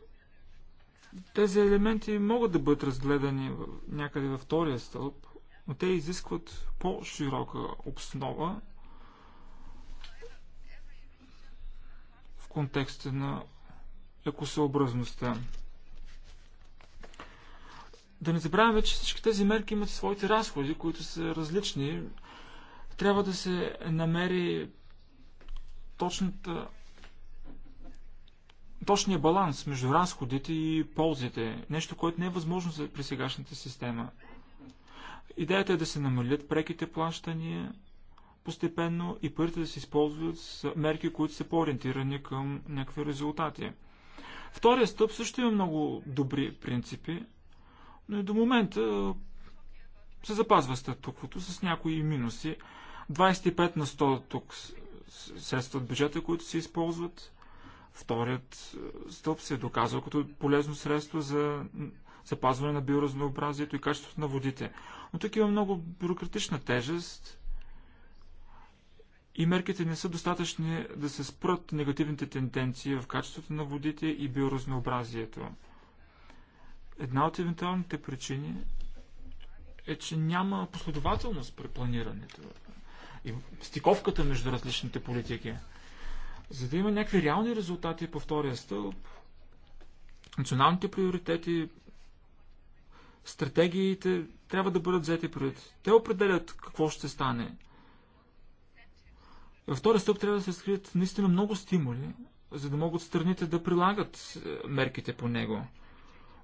тези елементи могат да бъдат разгледани някъде във втория стълб, но те изискват по-широка основа, контекста на екосъобразността. Да не забравяме, че всички тези мерки имат своите разходи, които са различни. Трябва да се намери точната точния баланс между разходите и ползите. Нещо, което не е възможно при сегашната система. Идеята е да се намалят преките плащания, постепенно и парите да се използват с мерки, които са по-ориентирани към някакви резултати. Втория стъп също има много добри принципи, но и до момента се запазва статуквото с някои минуси. 25 на 100 тук средства от бюджета, които се използват. Вторият е, стълб се е доказал като полезно средство за запазване на биоразнообразието и качеството на водите. Но тук има много бюрократична тежест и мерките не са достатъчни да се спрат негативните тенденции в качеството на водите и биоразнообразието. Една от евентуалните причини е, че няма последователност при планирането и стиковката между различните политики. За да има някакви реални резултати по втория стълб, националните приоритети, стратегиите трябва да бъдат взети пред. Те определят какво ще стане – във втори стъп трябва да се скрият наистина много стимули, за да могат страните да прилагат е, мерките по него.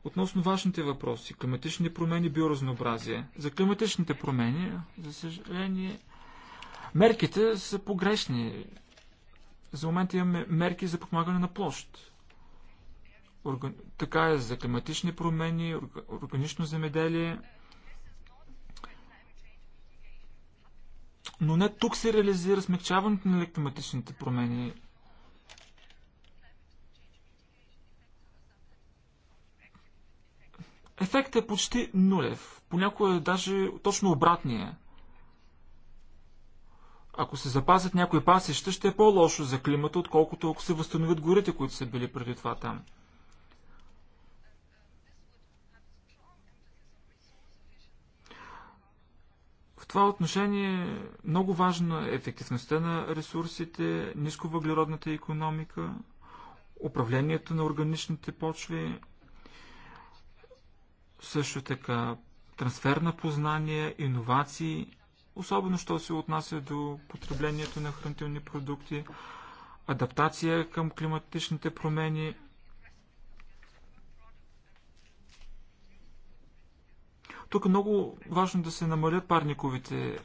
Относно важните въпроси, климатични промени, биоразнообразие. За климатичните промени, за съжаление, мерките са погрешни. За момента имаме мерки за подмагане на площ. Така е за климатични промени, органично земеделие – Но не тук се реализира смягчаването на климатичните промени. Ефектът е почти нулев. Понякога е даже точно обратния. Ако се запазят някои пасища, ще е по-лошо за климата, отколкото ако се възстановят горите, които са били преди това там. това отношение много важна е ефективността на ресурсите, нисковъглеродната економика, управлението на органичните почви, също така трансфер на познания, иновации, особено що се отнася до потреблението на хранителни продукти, адаптация към климатичните промени – Тук е много важно да се намалят парниковите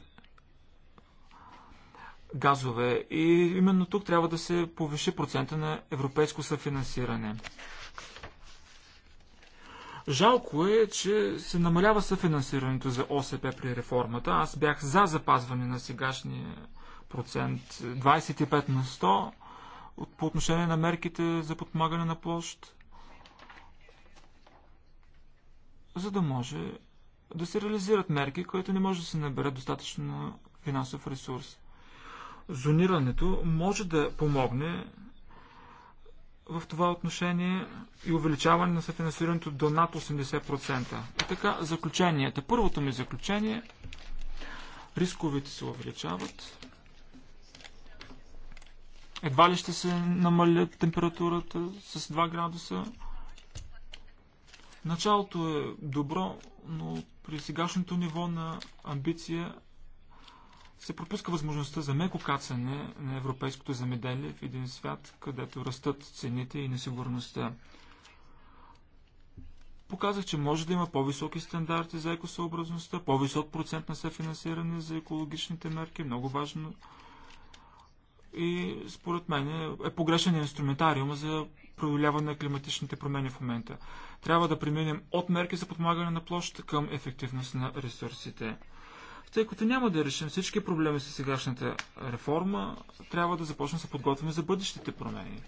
газове и именно тук трябва да се повиши процента на европейско съфинансиране. Жалко е, че се намалява съфинансирането за ОСП при реформата. Аз бях за запазване на сегашния процент 25 на 100 по отношение на мерките за подпомагане на площ, за да може да се реализират мерки, които не може да се набере достатъчно финансов ресурс. Зонирането може да помогне в това отношение и увеличаване на съфинансирането до над 80%. И така, заключенията. Първото ми заключение рисковите се увеличават. Едва ли ще се намалят температурата с 2 градуса. Началото е добро, но при сегашното ниво на амбиция се пропуска възможността за меко кацане на европейското замеделие в един свят, където растат цените и несигурността. Показах, че може да има по-високи стандарти за екосъобразността, по-висок процент на съфинансиране за екологичните мерки, много важно. И според мен е, е погрешен инструментариум за проявляване на климатичните промени в момента. Трябва да преминем от мерки за подмагане на площ към ефективност на ресурсите. Тъй като няма да решим всички проблеми с сегашната реформа, трябва да започнем да се подготвяме за бъдещите промени.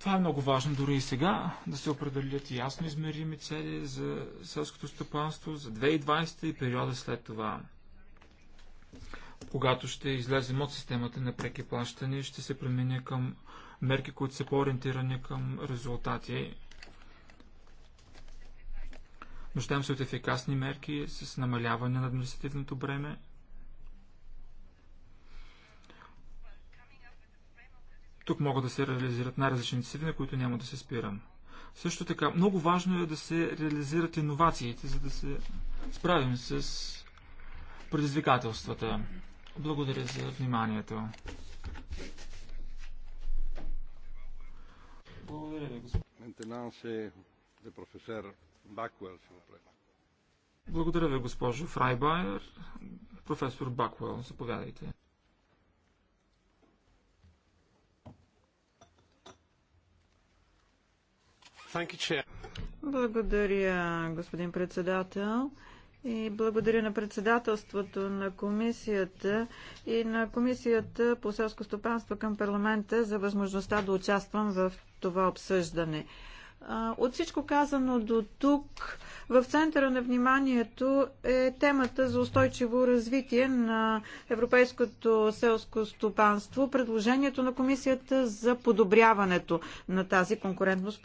Това е много важно дори и сега, да се определят ясно измерими цели за селското стопанство за 2020 и периода след това. Когато ще излезем от системата на преки плащане, ще се премине към мерки, които са по-ориентирани към резултати Нуждаем се от ефикасни мерки с намаляване на административното бреме. Тук могат да се реализират най-различни цели, на които няма да се спирам. Също така, много важно е да се реализират иновациите, за да се справим с предизвикателствата. Благодаря за вниманието. Благодаря ви, господин. Благодаря ви, госпожо Фрайбайер. Професор Бакуел, заповядайте. Благодаря, господин председател. И благодаря на председателството на комисията и на комисията по селско стопанство към парламента за възможността да участвам в това обсъждане. От всичко казано до тук, в центъра на вниманието е темата за устойчиво развитие на европейското селско стопанство, предложението на комисията за подобряването на тази конкурентоспособност.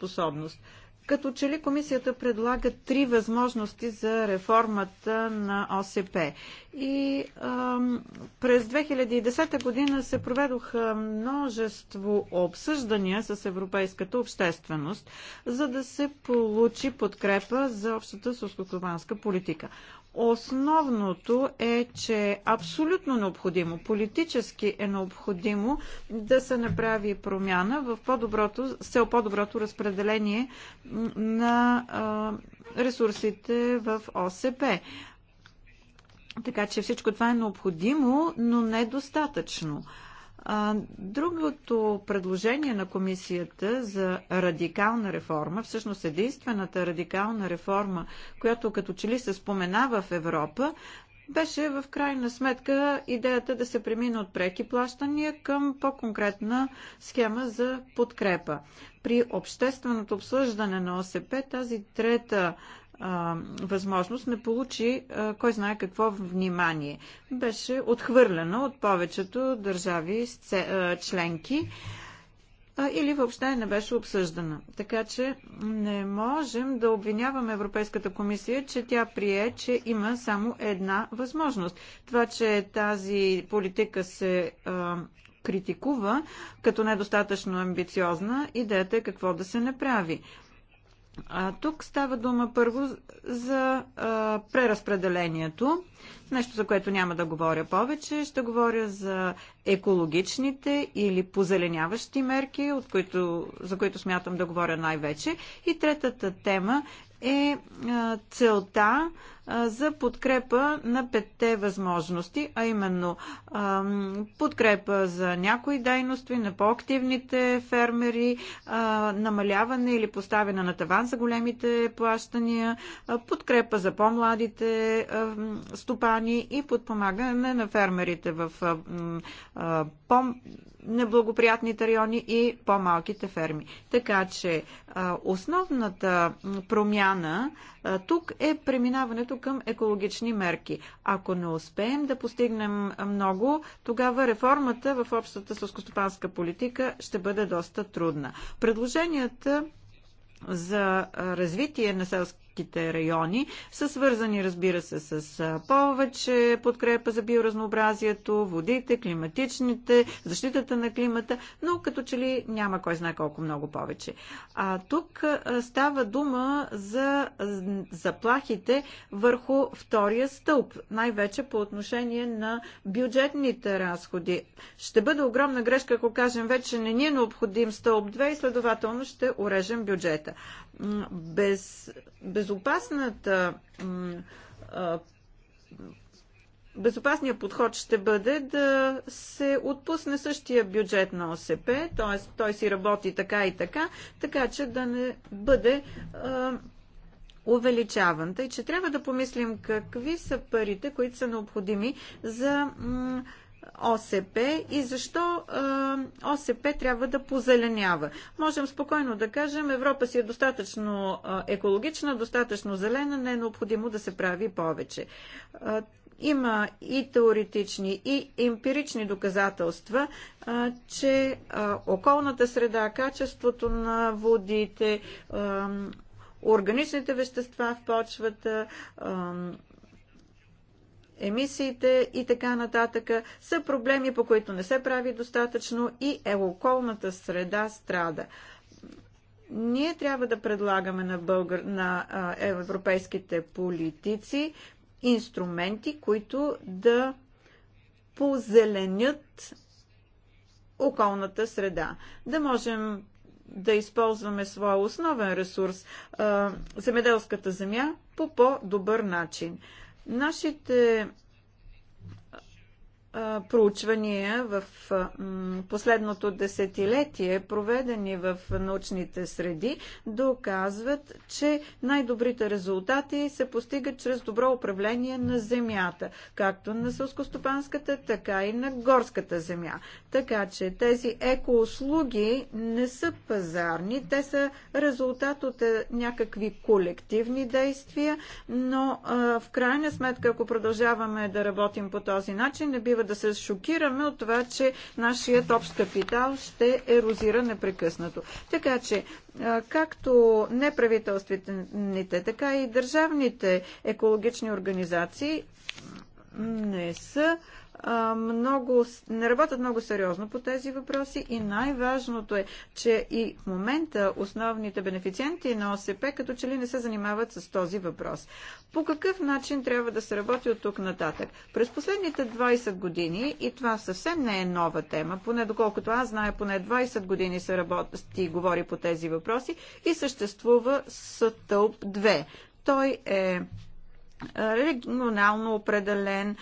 способност. Като че ли комисията предлага три възможности за реформата на ОСП. И ам, през 2010 година се проведоха множество обсъждания с европейската общественост, за да се получи подкрепа за общата сълскостопанска политика. Основното е, че е абсолютно необходимо, политически е необходимо да се направи промяна в по-доброто, все по-доброто разпределение на ресурсите в ОСП. Така че всичко това е необходимо, но недостатъчно. Е Другото предложение на комисията за радикална реформа, всъщност единствената радикална реформа, която като че ли се споменава в Европа, беше в крайна сметка идеята да се премине от преки плащания към по-конкретна схема за подкрепа. При общественото обсъждане на ОСП тази трета а, възможност не получи а, кой знае какво внимание. Беше отхвърлено от повечето държави членки а, или въобще не беше обсъждана. Така че не можем да обвиняваме Европейската комисия, че тя прие, че има само една възможност. Това, че тази политика се а, критикува като недостатъчно амбициозна, идеята е какво да се направи. А, тук става дума първо за а, преразпределението, нещо за което няма да говоря повече. Ще говоря за екологичните или позеленяващи мерки, от които, за които смятам да говоря най-вече. И третата тема е а, целта за подкрепа на петте възможности, а именно подкрепа за някои дейности на по-активните фермери, намаляване или поставяне на таван за големите плащания, подкрепа за по-младите стопани и подпомагане на фермерите в по- неблагоприятните райони и по-малките ферми. Така че основната промяна тук е преминаването към екологични мерки. Ако не успеем да постигнем много, тогава реформата в общата сълскостопанска политика ще бъде доста трудна. Предложенията за развитие на селските селските райони са свързани, разбира се, с повече подкрепа за биоразнообразието, водите, климатичните, защитата на климата, но като че ли няма кой знае колко много повече. А тук става дума за заплахите върху втория стълб, най-вече по отношение на бюджетните разходи. Ще бъде огромна грешка, ако кажем вече не ни е необходим стълб 2 и следователно ще урежем бюджета без, безопасната Безопасният подход ще бъде да се отпусне същия бюджет на ОСП, т.е. той си работи така и така, така че да не бъде а, увеличаван. Тъй, че трябва да помислим какви са парите, които са необходими за ОСП и защо ОСП трябва да позеленява. Можем спокойно да кажем, Европа си е достатъчно екологична, достатъчно зелена, не е необходимо да се прави повече. Има и теоретични, и емпирични доказателства, че околната среда, качеството на водите, органичните вещества в почвата, емисиите и така нататък са проблеми, по които не се прави достатъчно и е околната среда страда. Ние трябва да предлагаме на, българ... на европейските политици инструменти, които да позеленят околната среда. Да можем да използваме своя основен ресурс, земеделската земя, по по-добър начин. Нашите проучвания в последното десетилетие, проведени в научните среди, доказват, че най-добрите резултати се постигат чрез добро управление на земята, както на сълскостопанската, така и на горската земя. Така че тези екоуслуги не са пазарни, те са резултат от е, някакви колективни действия, но в крайна сметка, ако продължаваме да работим по този начин, не бива да се шокираме от това, че нашият общ капитал ще ерозира непрекъснато. Така че, както неправителствените, така и държавните екологични организации не са много, не работят много сериозно по тези въпроси и най-важното е, че и в момента основните бенефициенти на ОСП като че ли не се занимават с този въпрос. По какъв начин трябва да се работи от тук нататък? През последните 20 години, и това съвсем не е нова тема, поне доколкото аз знае, поне 20 години се работи и говори по тези въпроси и съществува стълб 2. Той е регионално определен.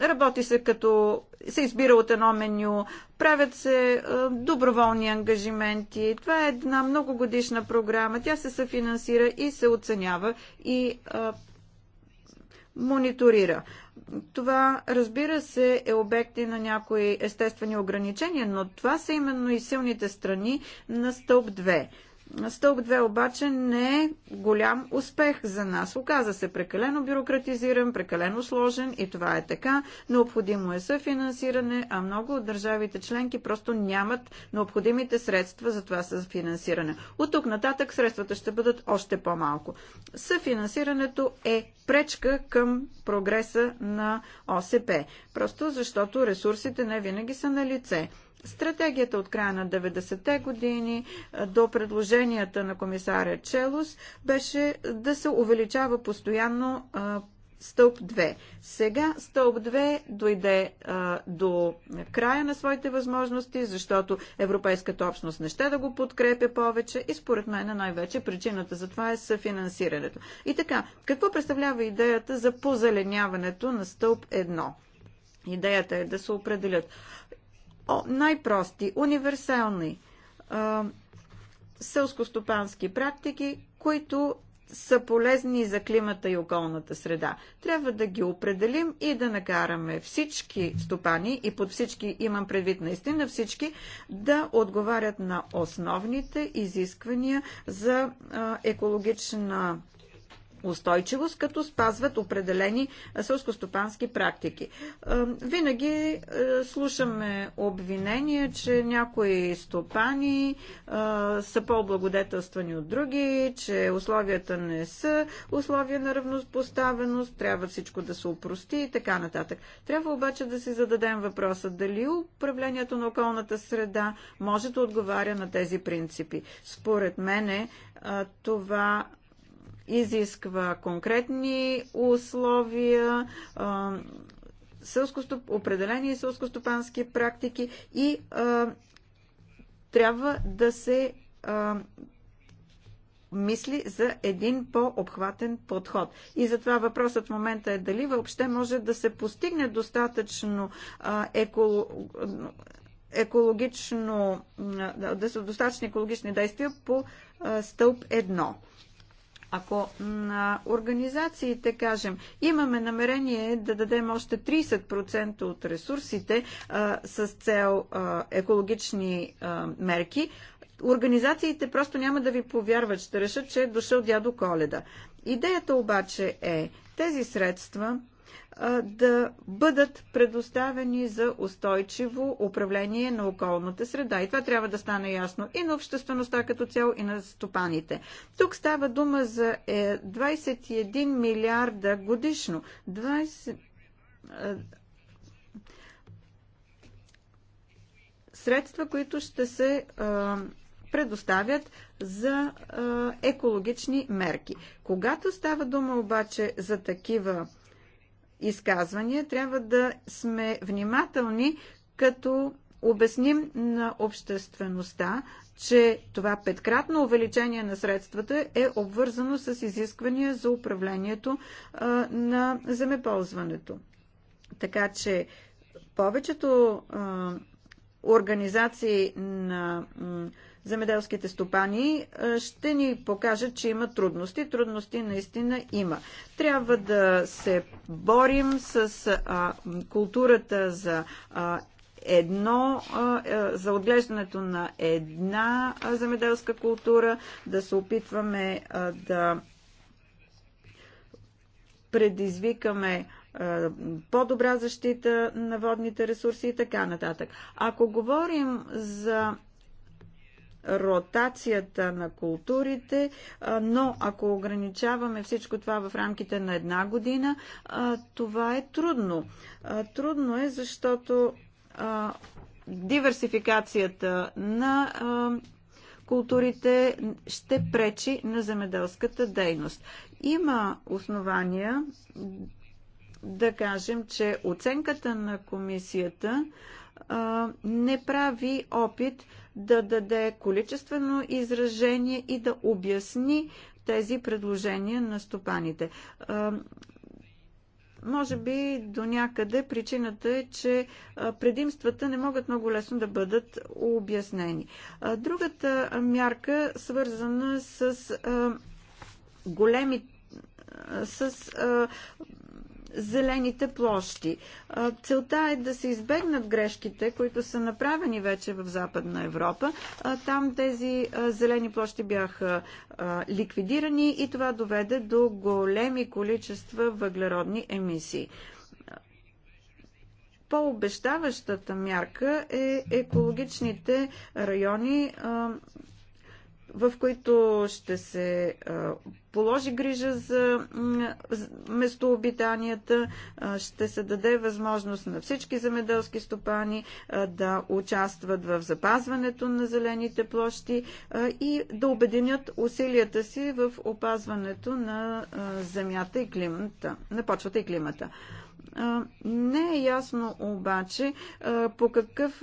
Работи се като се избира от едно меню, правят се доброволни ангажименти. Това е една многогодишна програма. Тя се съфинансира и се оценява и мониторира. Това, разбира се, е обекти на някои естествени ограничения, но това са именно и силните страни на стълб 2. Стълб 2 обаче не е голям успех за нас. Оказа се прекалено бюрократизиран, прекалено сложен и това е така. Необходимо е съфинансиране, а много от държавите членки просто нямат необходимите средства за това съфинансиране. От тук нататък средствата ще бъдат още по-малко. Съфинансирането е пречка към прогреса на ОСП. Просто защото ресурсите не винаги са на лице. Стратегията от края на 90-те години е, до предложенията на комисаря Челус беше да се увеличава постоянно е, стълб 2. Сега стълб 2 дойде а, е, до края на своите възможности, защото Европейската общност не ще да го подкрепя повече и според мен най-вече причината за това е съфинансирането. И така, какво представлява идеята за позеленяването на стълб 1? Идеята е да се определят най-прости, универсални селскостопански практики, които са полезни за климата и околната среда. Трябва да ги определим и да накараме всички стопани, и под всички имам предвид наистина всички, да отговарят на основните изисквания за екологична устойчивост, като спазват определени сълскостопански практики. Винаги слушаме обвинения, че някои стопани са по-благодетелствани от други, че условията не са условия на равнопоставеност, трябва всичко да се упрости и така нататък. Трябва обаче да си зададем въпроса дали управлението на околната среда може да отговаря на тези принципи. Според мене това изисква конкретни условия, определени сълскостопански практики и а, трябва да се а, мисли за един по-обхватен подход. И затова въпросът в момента е дали въобще може да се постигне достатъчно а, еколо екологично, да са достатъчно екологични действия по стълб едно. Ако на организациите кажем, имаме намерение да дадем още 30% от ресурсите с цел екологични мерки, организациите просто няма да ви повярват, ще решат, че е дошъл дядо Коледа. Идеята обаче е тези средства да бъдат предоставени за устойчиво управление на околната среда. И това трябва да стане ясно и на обществеността като цяло, и на стопаните. Тук става дума за 21 е, милиарда годишно. 20... Средства, които ще се предоставят за екологични мерки. Когато става дума обаче за такива изказвания, трябва да сме внимателни, като обясним на обществеността, че това петкратно увеличение на средствата е обвързано с изисквания за управлението а, на земеползването. Така че повечето а, организации на земеделските стопани ще ни покажат, че има трудности. Трудности наистина има. Трябва да се борим с а, културата за а, едно, е, за отглеждането на една земеделска култура, да се опитваме да предизвикаме по-добра защита на водните ресурси и така нататък. Ако говорим за ротацията на културите, но ако ограничаваме всичко това в рамките на една година, това е трудно. Трудно е, защото диверсификацията на културите ще пречи на земеделската дейност. Има основания да кажем, че оценката на комисията не прави опит да даде количествено изражение и да обясни тези предложения на стопаните. Може би до някъде причината е, че предимствата не могат много лесно да бъдат обяснени. Другата мярка, свързана с големи с зелените площи. Целта е да се избегнат грешките, които са направени вече в Западна Европа. Там тези зелени площи бяха ликвидирани и това доведе до големи количества въглеродни емисии. По-обещаващата мярка е екологичните райони в които ще се положи грижа за местообитанията, ще се даде възможност на всички земеделски стопани да участват в запазването на зелените площи и да обединят усилията си в опазването на земята и климата, на почвата и климата. Не е ясно обаче по какъв,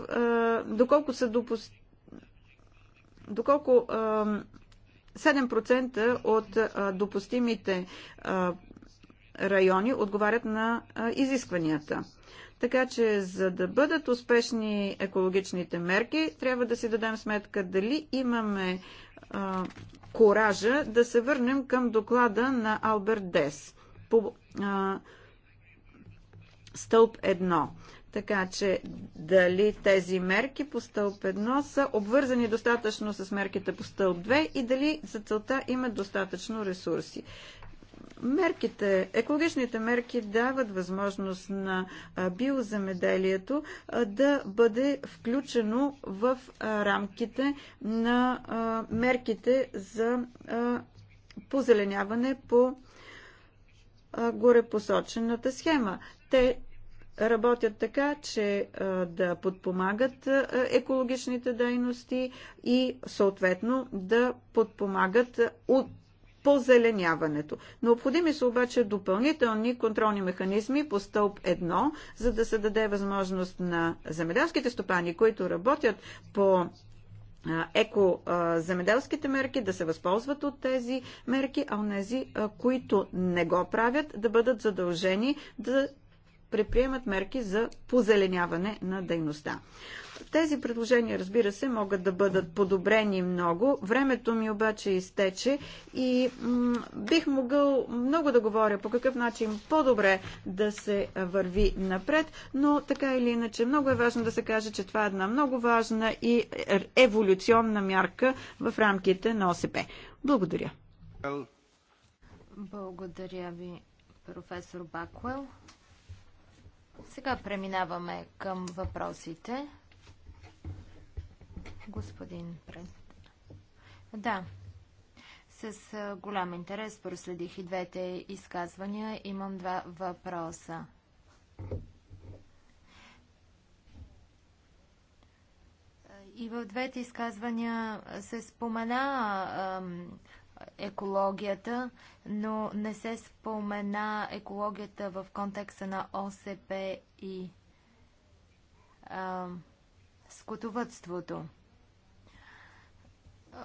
доколко са допустими доколко 7% от допустимите райони отговарят на изискванията. Така че, за да бъдат успешни екологичните мерки, трябва да си дадем сметка дали имаме а, коража да се върнем към доклада на Алберт Дес по а, стълб така че дали тези мерки по стълб 1 са обвързани достатъчно с мерките по стълб 2 и дали за целта имат достатъчно ресурси. Мерките, екологичните мерки дават възможност на биоземеделието да бъде включено в рамките на мерките за позеленяване по горепосочената схема. Те работят така, че да подпомагат екологичните дейности и съответно да подпомагат от позеленяването. Необходими са обаче допълнителни контролни механизми по стълб 1, за да се даде възможност на земеделските стопани, които работят по екоземеделските мерки, да се възползват от тези мерки, а онези, които не го правят, да бъдат задължени да предприемат мерки за позеленяване на дейността. Тези предложения, разбира се, могат да бъдат подобрени много. Времето ми обаче изтече и бих могъл много да говоря по какъв начин по-добре да се върви напред, но така или иначе много е важно да се каже, че това е една много важна и еволюционна мярка в рамките на ОСП. Благодаря. Благодаря ви, професор Бакуел. Сега преминаваме към въпросите. Господин Пред. Да. С голям интерес проследих и двете изказвания. Имам два въпроса. И в двете изказвания се спомена екологията, но не се спомена екологията в контекста на ОСП и а, скотовътството.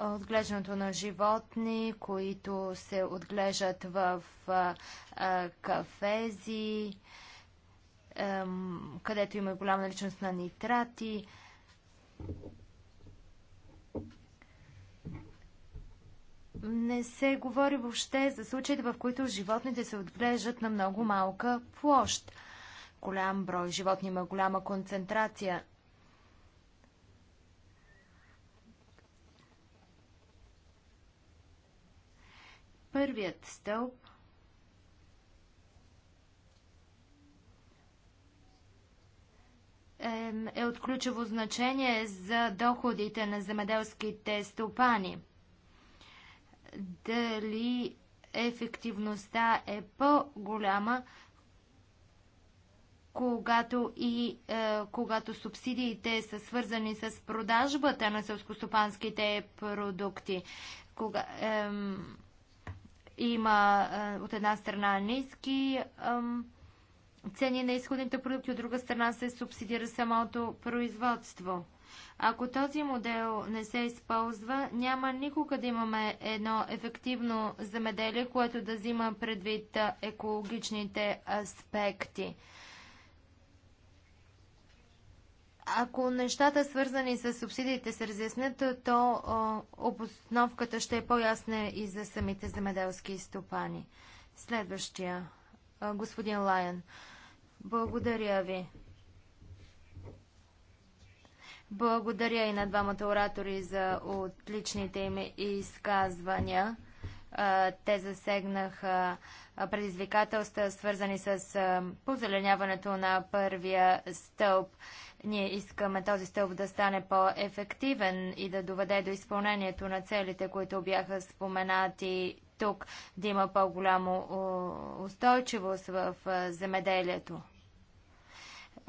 Отглеждането на животни, които се отглеждат в а, а, кафези, а, където има голяма наличност на нитрати. не се говори въобще за случаите, в които животните се отглеждат на много малка площ. Голям брой животни има голяма концентрация. Първият стълб е, е от ключово значение за доходите на земеделските стопани – дали ефективността е по-голяма, когато, и, е, когато субсидиите са свързани с продажбата на селскостопанските продукти. Кога, е, има е, от една страна ниски е, цени на изходните продукти, от друга страна се субсидира самото производство. Ако този модел не се използва, няма никога да имаме едно ефективно земеделие, което да взима предвид екологичните аспекти. Ако нещата свързани с субсидиите се разяснят, то обосновката ще е по-ясна и за самите земеделски стопани. Следващия, господин Лайен. Благодаря ви. Благодаря и на двамата оратори за отличните им изказвания. Те засегнаха предизвикателства, свързани с позеленяването на първия стълб. Ние искаме този стълб да стане по-ефективен и да доведе до изпълнението на целите, които бяха споменати тук, да има по-голямо устойчивост в земеделието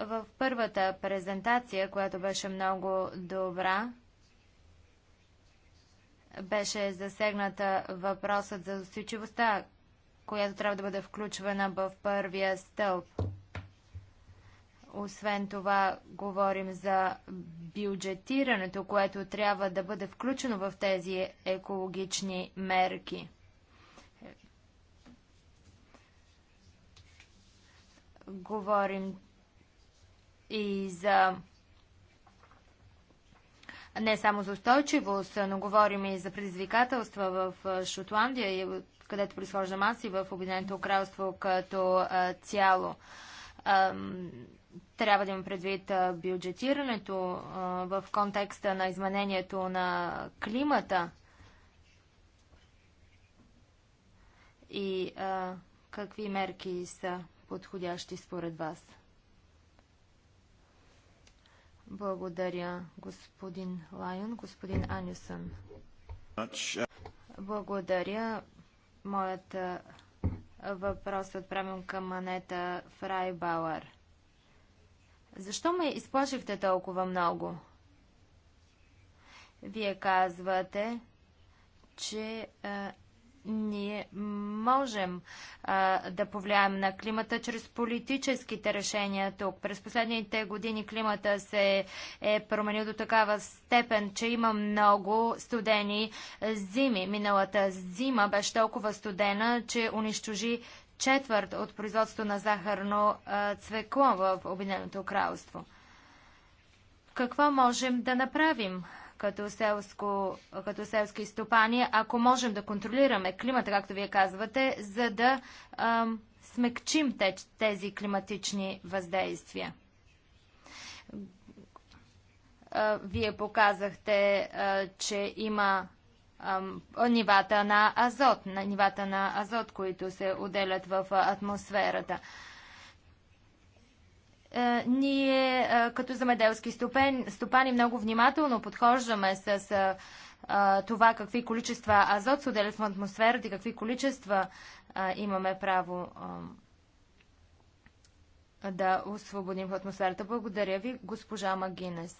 в първата презентация, която беше много добра, беше засегната въпросът за устойчивостта, която трябва да бъде включвана в първия стълб. Освен това, говорим за бюджетирането, което трябва да бъде включено в тези екологични мерки. Говорим и за не само за устойчивост, но говорим и за предизвикателства в Шотландия, където произхождам аз и в Обединеното кралство като цяло. Трябва да им предвид бюджетирането в контекста на изменението на климата и какви мерки са подходящи според вас. Благодаря, господин Лайон, господин Анюсън. Благодаря. Моят въпрос е отправям към Манета Фрайбауър. Защо ме изплашихте толкова много? Вие казвате, че ние можем а, да повлияем на климата чрез политическите решения тук. През последните години климата се е променил до такава степен, че има много студени зими. Миналата зима беше толкова студена, че унищожи четвърт от производството на захарно а, цвекло в Обединеното кралство. Какво можем да направим като, селско, като селски стопани, ако можем да контролираме климата, както вие казвате, за да ам, смекчим тези климатични въздействия. Вие показахте, че има нивата на азот, на нивата на азот, които се отделят в атмосферата. Е, ние е, като замеделски стопани много внимателно подхождаме с е, това какви количества азот се отделят в атмосферата и какви количества имаме право да освободим в атмосферата. Благодаря ви, госпожа Магинес.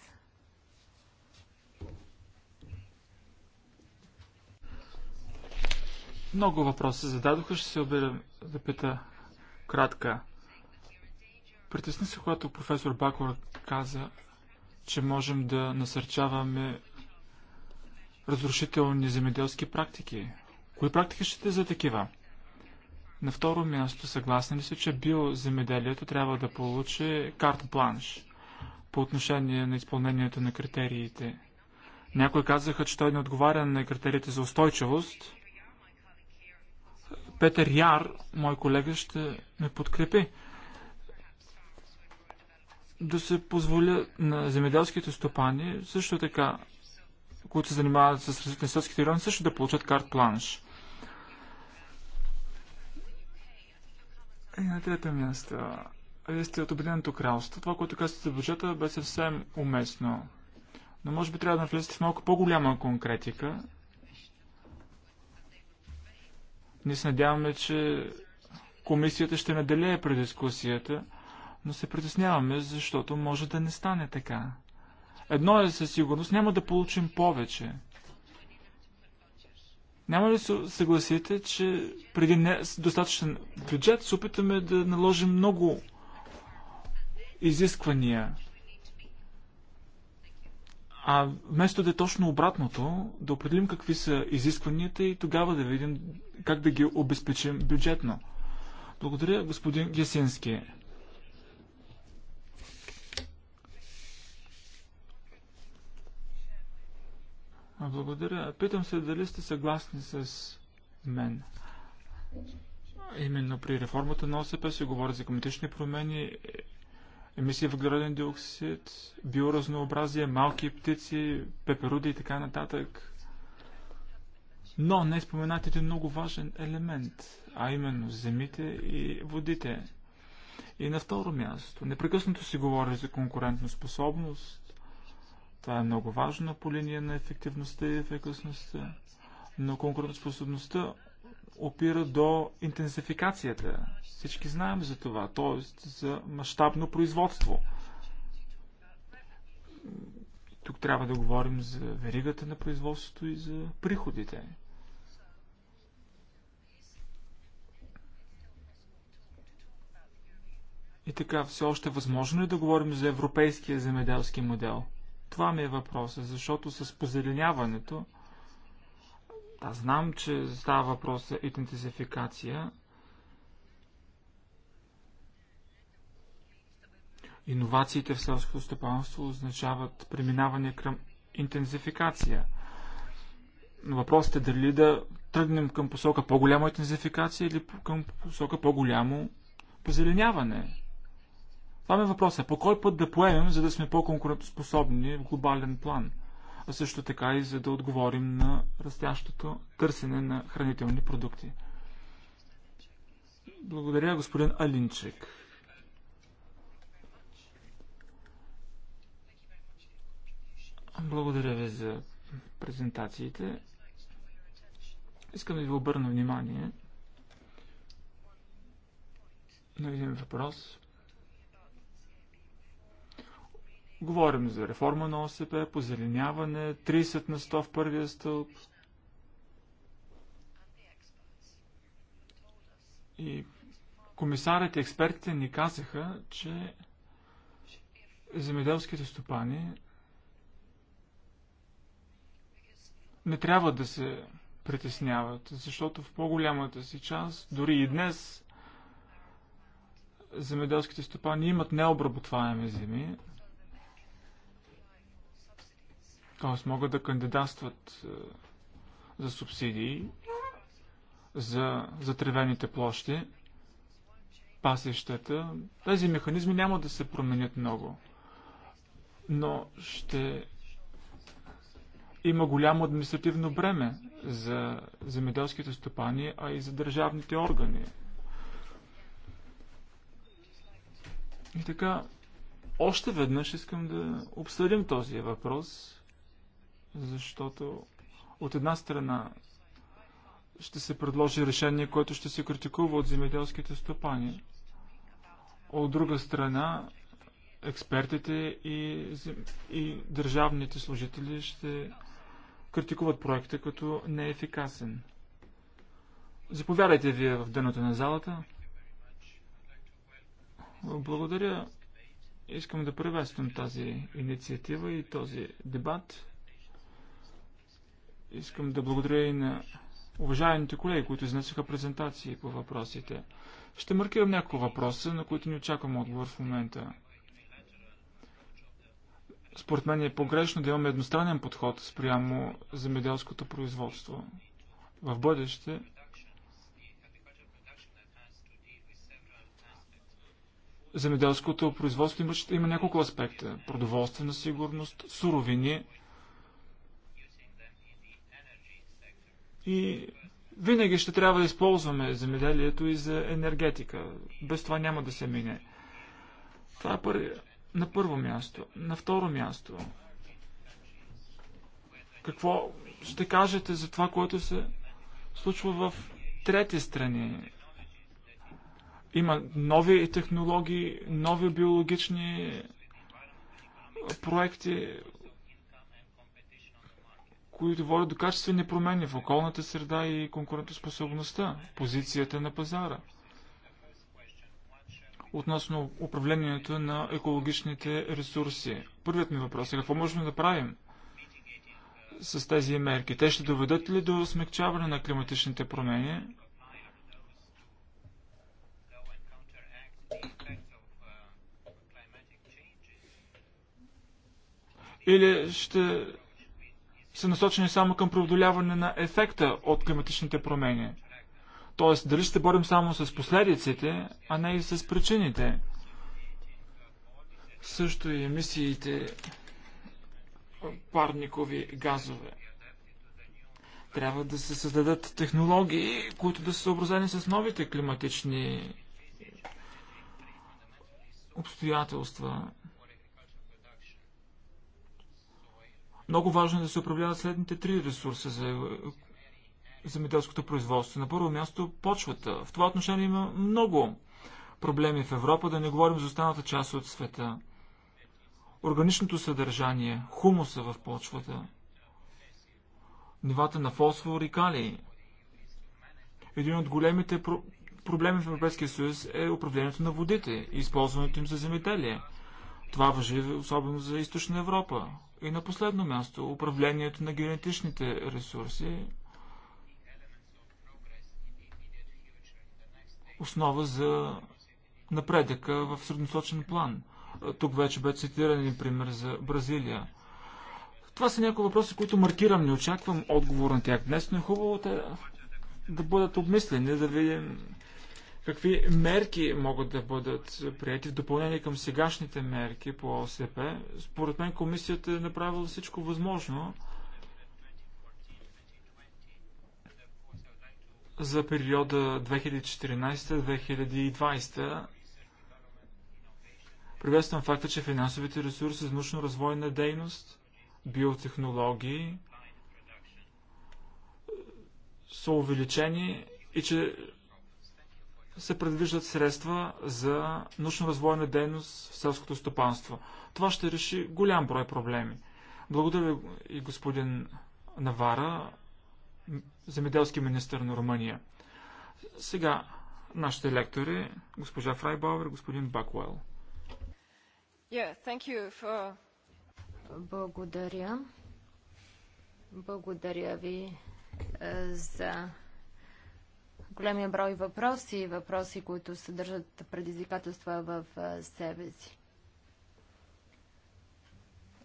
Много въпроси зададоха, ще се обидя да пита кратка. Притесни се, когато професор Бакор каза, че можем да насърчаваме разрушителни земеделски практики. Кои практики ще за такива? На второ място, съгласни ли се, че биоземеделието трябва да получи карт планш по отношение на изпълнението на критериите? Някои казаха, че той не отговаря на критериите за устойчивост. Петър Яр, мой колега, ще ме подкрепи да се позволя на земеделските стопани, също така, които се занимават с развитие на селските райони, също да получат карт планш. И на трето място. Вие сте от Обединеното кралство. Това, което казвате за бюджета, бе съвсем уместно. Но може би трябва да навлезете в малко по-голяма конкретика. Ние се надяваме, че комисията ще наделее при дискусията – но се притесняваме, защото може да не стане така. Едно е със сигурност, няма да получим повече. Няма ли се съгласите, че преди не достатъчен бюджет се опитаме да наложим много изисквания? А вместо да е точно обратното, да определим какви са изискванията и тогава да видим как да ги обезпечим бюджетно. Благодаря, господин Гесински. Благодаря. Питам се дали сте съгласни с мен. Именно при реформата на ОСП се говори за климатични промени, емисия въглероден диоксид, биоразнообразие, малки птици, пеперуди и така нататък. Но не споменате един много важен елемент, а именно земите и водите. И на второ място, непрекъснато се говори за конкурентна способност, това е много важно по линия на ефективността и ефикасността. Но конкурентоспособността опира до интенсификацията. Всички знаем за това, т.е. за мащабно производство. Тук трябва да говорим за веригата на производството и за приходите. И така, все още възможно ли е да говорим за европейския земеделски модел? Това ми е въпросът, защото с позеленяването, аз знам, че става въпрос за идентификация, Иновациите в селското стопанство означават преминаване към интензификация. Въпросът е дали да тръгнем към посока по-голяма интензификация или към посока по-голямо позеленяване. Това ми е въпросът. По кой път да поемем, за да сме по-конкурентоспособни в глобален план? А също така и за да отговорим на растящото търсене на хранителни продукти. Благодаря, господин Алинчек. Благодаря ви за презентациите. Искам да ви обърна внимание на един въпрос. Говорим за реформа на ОСП, позеленяване, 30 на 100 в първия стълб. И комисарите, експертите ни казаха, че земеделските стопани не трябва да се притесняват, защото в по-голямата си част, дори и днес, земеделските стопани имат необработваеми земи, Тоест могат да кандидатстват е, за субсидии за затревените площи, пасещата. Тези механизми няма да се променят много, но ще има голямо административно бреме за земеделските стопани, а и за държавните органи. И така, още веднъж искам да обсъдим този въпрос защото от една страна ще се предложи решение, което ще се критикува от земеделските стопани. От друга страна, експертите и, и държавните служители ще критикуват проекта като неефикасен. Заповядайте вие в дъното на залата. Благодаря. Искам да приветствам тази инициатива и този дебат. Искам да благодаря и на уважаемите колеги, които изнесоха презентации по въпросите. Ще маркирам няколко въпроса, на които не очаквам отговор в момента. Според мен е погрешно да имаме едностранен подход спрямо земеделското производство. В бъдеще земеделското производство има, има няколко аспекта. Продоволствена сигурност, суровини, И винаги ще трябва да използваме земеделието и за енергетика. Без това няма да се мине. Това е пър... на първо място. На второ място. Какво ще кажете за това, което се случва в трети страни? Има нови технологии, нови биологични проекти, които водят до качествени промени в околната среда и конкурентоспособността, позицията на пазара. Относно управлението на екологичните ресурси. Първият ми въпрос е какво можем да правим? с тези мерки? Те ще доведат ли до смягчаване на климатичните промени? Или ще са насочени само към преодоляване на ефекта от климатичните промени. Тоест, дали ще борим само с последиците, а не и с причините. Също и емисиите парникови газове. Трябва да се създадат технологии, които да са съобразени с новите климатични обстоятелства. Много важно е да се управляват следните три ресурса за е, земеделското производство. На първо място почвата. В това отношение има много проблеми в Европа, да не говорим за останата част от света. Органичното съдържание, хумуса в почвата, нивата на фосфор и калий. Един от големите про... проблеми в Европейския съюз е управлението на водите и използването им за земеделие. Това въжи особено за източна Европа. И на последно място, управлението на генетичните ресурси, основа за напредъка в средносочен план. Тук вече бе цитиран пример за Бразилия. Това са някои въпроси, които маркирам, не очаквам отговор на тях днес, но е хубаво те да бъдат обмислени, да видим Какви мерки могат да бъдат прияти в допълнение към сегашните мерки по ОСП? Според мен комисията е направила всичко възможно за периода 2014-2020 Приветствам факта, че финансовите ресурси за научно-развойна дейност, биотехнологии са увеличени и че се предвиждат средства за научно-развойна дейност в селското стопанство. Това ще реши голям брой проблеми. Благодаря и господин Навара, земеделски министр на Румъния. Сега нашите лектори, госпожа Фрайбауер, господин Бакуел. Yeah, for... Благодаря. Благодаря ви е, за големия брой въпроси, въпроси, които съдържат предизвикателства в себе си.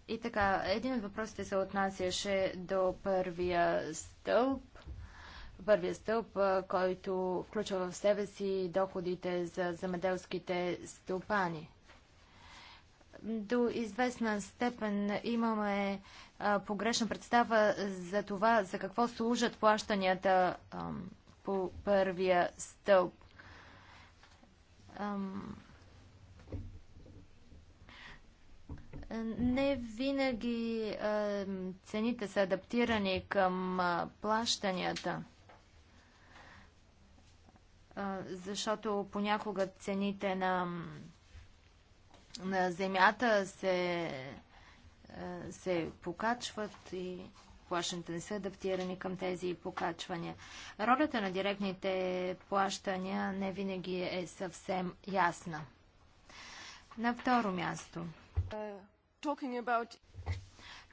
И така, един от въпросите се отнасяше до първия стълб. Първия стълб, който включва в себе си доходите за замеделските стопани. До известна степен имаме погрешна представа за това, за какво служат плащанията по първия стълб. Не винаги цените са адаптирани към плащанията, защото понякога цените на, на земята се, се покачват и плащанията не са адаптирани към тези покачвания. Ролята на директните плащания не винаги е съвсем ясна. На второ място.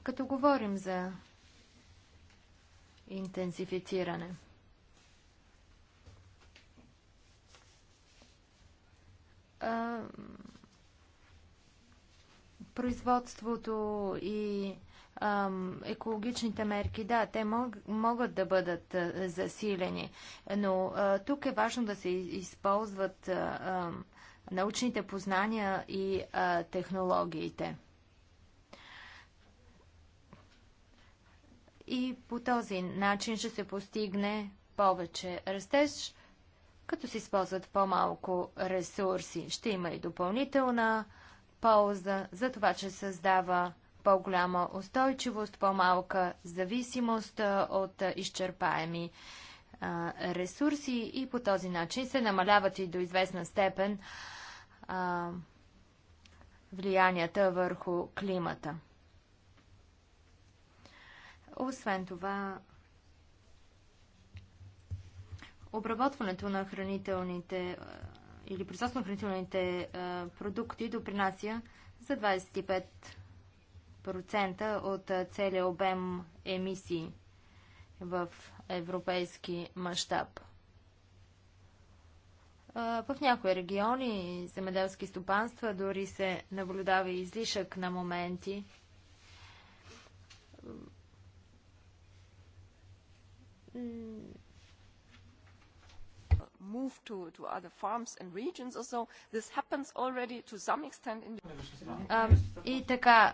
Като говорим за интензифициране. производството и екологичните мерки, да, те могат да бъдат засилени, но тук е важно да се използват научните познания и технологиите. И по този начин ще се постигне повече растеж, като се използват по-малко ресурси. Ще има и допълнителна полза за това, че създава по-голяма устойчивост, по-малка зависимост от изчерпаеми ресурси и по този начин се намаляват и до известна степен влиянията върху климата. Освен това, обработването на хранителните или производството на хранителните продукти допринася за 25 10% от целия обем емисии в европейски мащаб. В някои региони земеделски стопанства дори се наблюдава излишък на моменти move to, to other farms and regions or so. This happens already to some extent in... И така,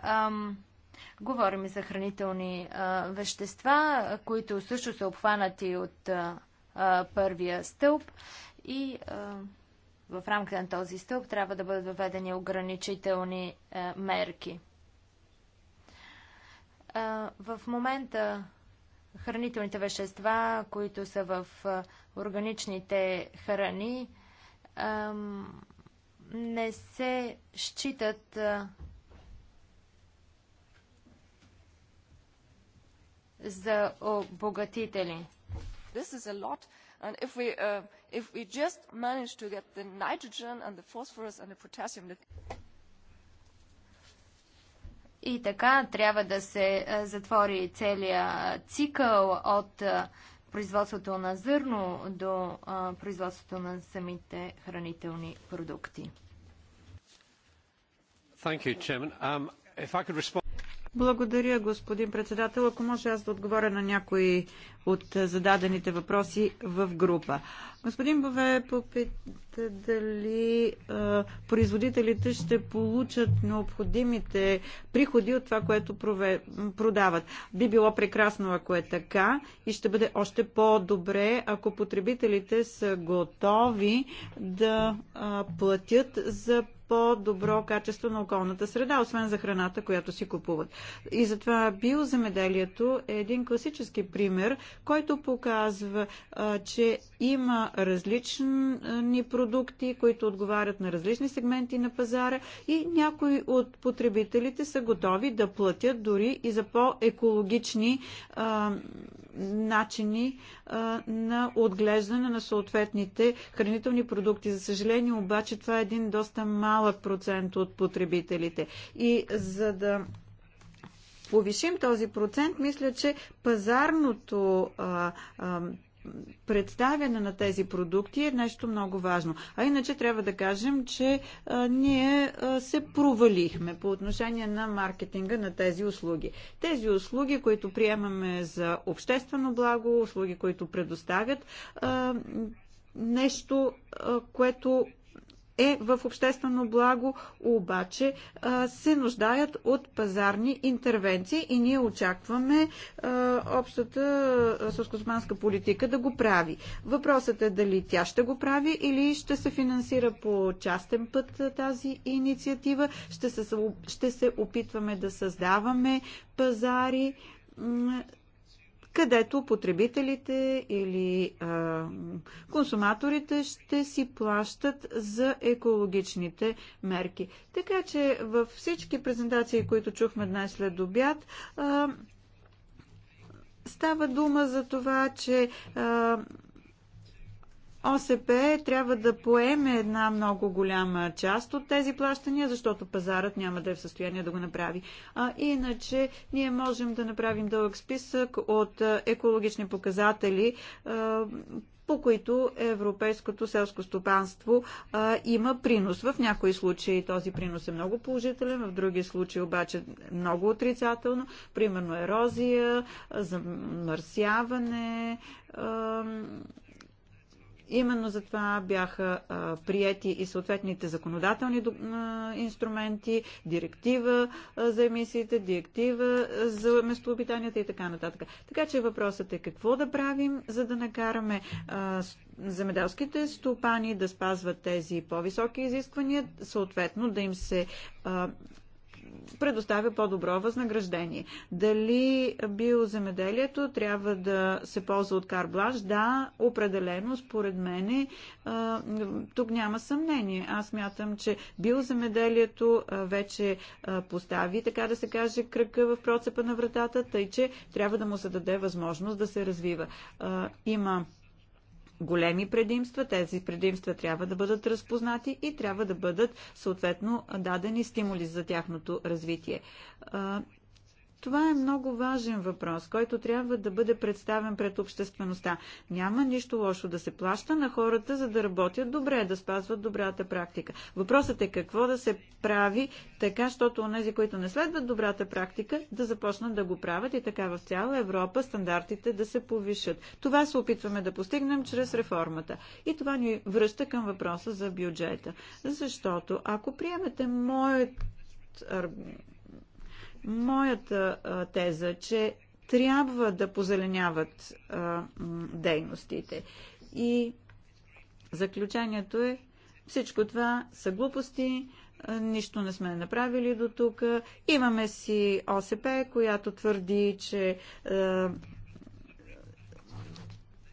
говорим за хранителни вещества, които също са обхванати от първия стълб и в рамките на този стълб трябва да бъдат въведени ограничителни мерки. В момента хранителните вещества, които са в органичните храни, не се считат за обогатители. This is a lot. And if we, uh, if we just manage to get the nitrogen and the phosphorus and the potassium... И така трябва да се затвори целият цикъл от производството на зърно до производството на самите хранителни продукти. Um, Благодаря, господин председател. Ако може аз да отговоря на някои от зададените въпроси в група. Господин Бове попита дали а, производителите ще получат необходимите приходи от това, което прове, продават. Би било прекрасно, ако е така и ще бъде още по-добре, ако потребителите са готови да а, платят за по-добро качество на околната среда, освен за храната, която си купуват. И затова биоземеделието е един класически пример, който показва, а, че има различни продукти, които отговарят на различни сегменти на пазара и някои от потребителите са готови да платят дори и за по-екологични начини а, на отглеждане на съответните хранителни продукти. За съжаление обаче това е един доста малък процент от потребителите. И за да повишим този процент, мисля, че пазарното а, а, представяне на тези продукти е нещо много важно. А иначе трябва да кажем, че а, ние а, се провалихме по отношение на маркетинга на тези услуги. Тези услуги, които приемаме за обществено благо, услуги, които предоставят а, нещо, а, което е в обществено благо, обаче се нуждаят от пазарни интервенции и ние очакваме общата съскосманска политика да го прави. Въпросът е дали тя ще го прави или ще се финансира по частен път тази инициатива. Ще се, ще се опитваме да създаваме пазари където потребителите или а, консуматорите ще си плащат за екологичните мерки. Така че във всички презентации, които чухме днес след обяд, а, става дума за това, че а, ОСП трябва да поеме една много голяма част от тези плащания, защото пазарът няма да е в състояние да го направи. А иначе ние можем да направим дълъг списък от екологични показатели, по които европейското селско стопанство има принос. В някои случаи този принос е много положителен, в други случаи обаче много отрицателно. Примерно ерозия, замърсяване, а, Именно за това бяха а, прияти и съответните законодателни а, инструменти, директива а, за емисиите, директива а, за местообитанията и така нататък. Така че въпросът е какво да правим, за да накараме а, земеделските стопани да спазват тези по-високи изисквания, съответно да им се а, предоставя по-добро възнаграждение. Дали биоземеделието трябва да се ползва от карблаж? Да, определено, според мене. Тук няма съмнение. Аз мятам, че биоземеделието вече постави, така да се каже, кръка в процепа на вратата, тъй че трябва да му се даде възможност да се развива. Има големи предимства. Тези предимства трябва да бъдат разпознати и трябва да бъдат съответно дадени стимули за тяхното развитие. Това е много важен въпрос, който трябва да бъде представен пред обществеността. Няма нищо лошо да се плаща на хората, за да работят добре, да спазват добрата практика. Въпросът е какво да се прави така, защото онези, които не следват добрата практика, да започнат да го правят и така в цяла Европа стандартите да се повишат. Това се опитваме да постигнем чрез реформата. И това ни връща към въпроса за бюджета. Защото ако приемете моят Моята теза, че трябва да позеленяват дейностите. И заключението е, всичко това са глупости, нищо не сме направили до тук. Имаме си ОСП, която твърди, че а,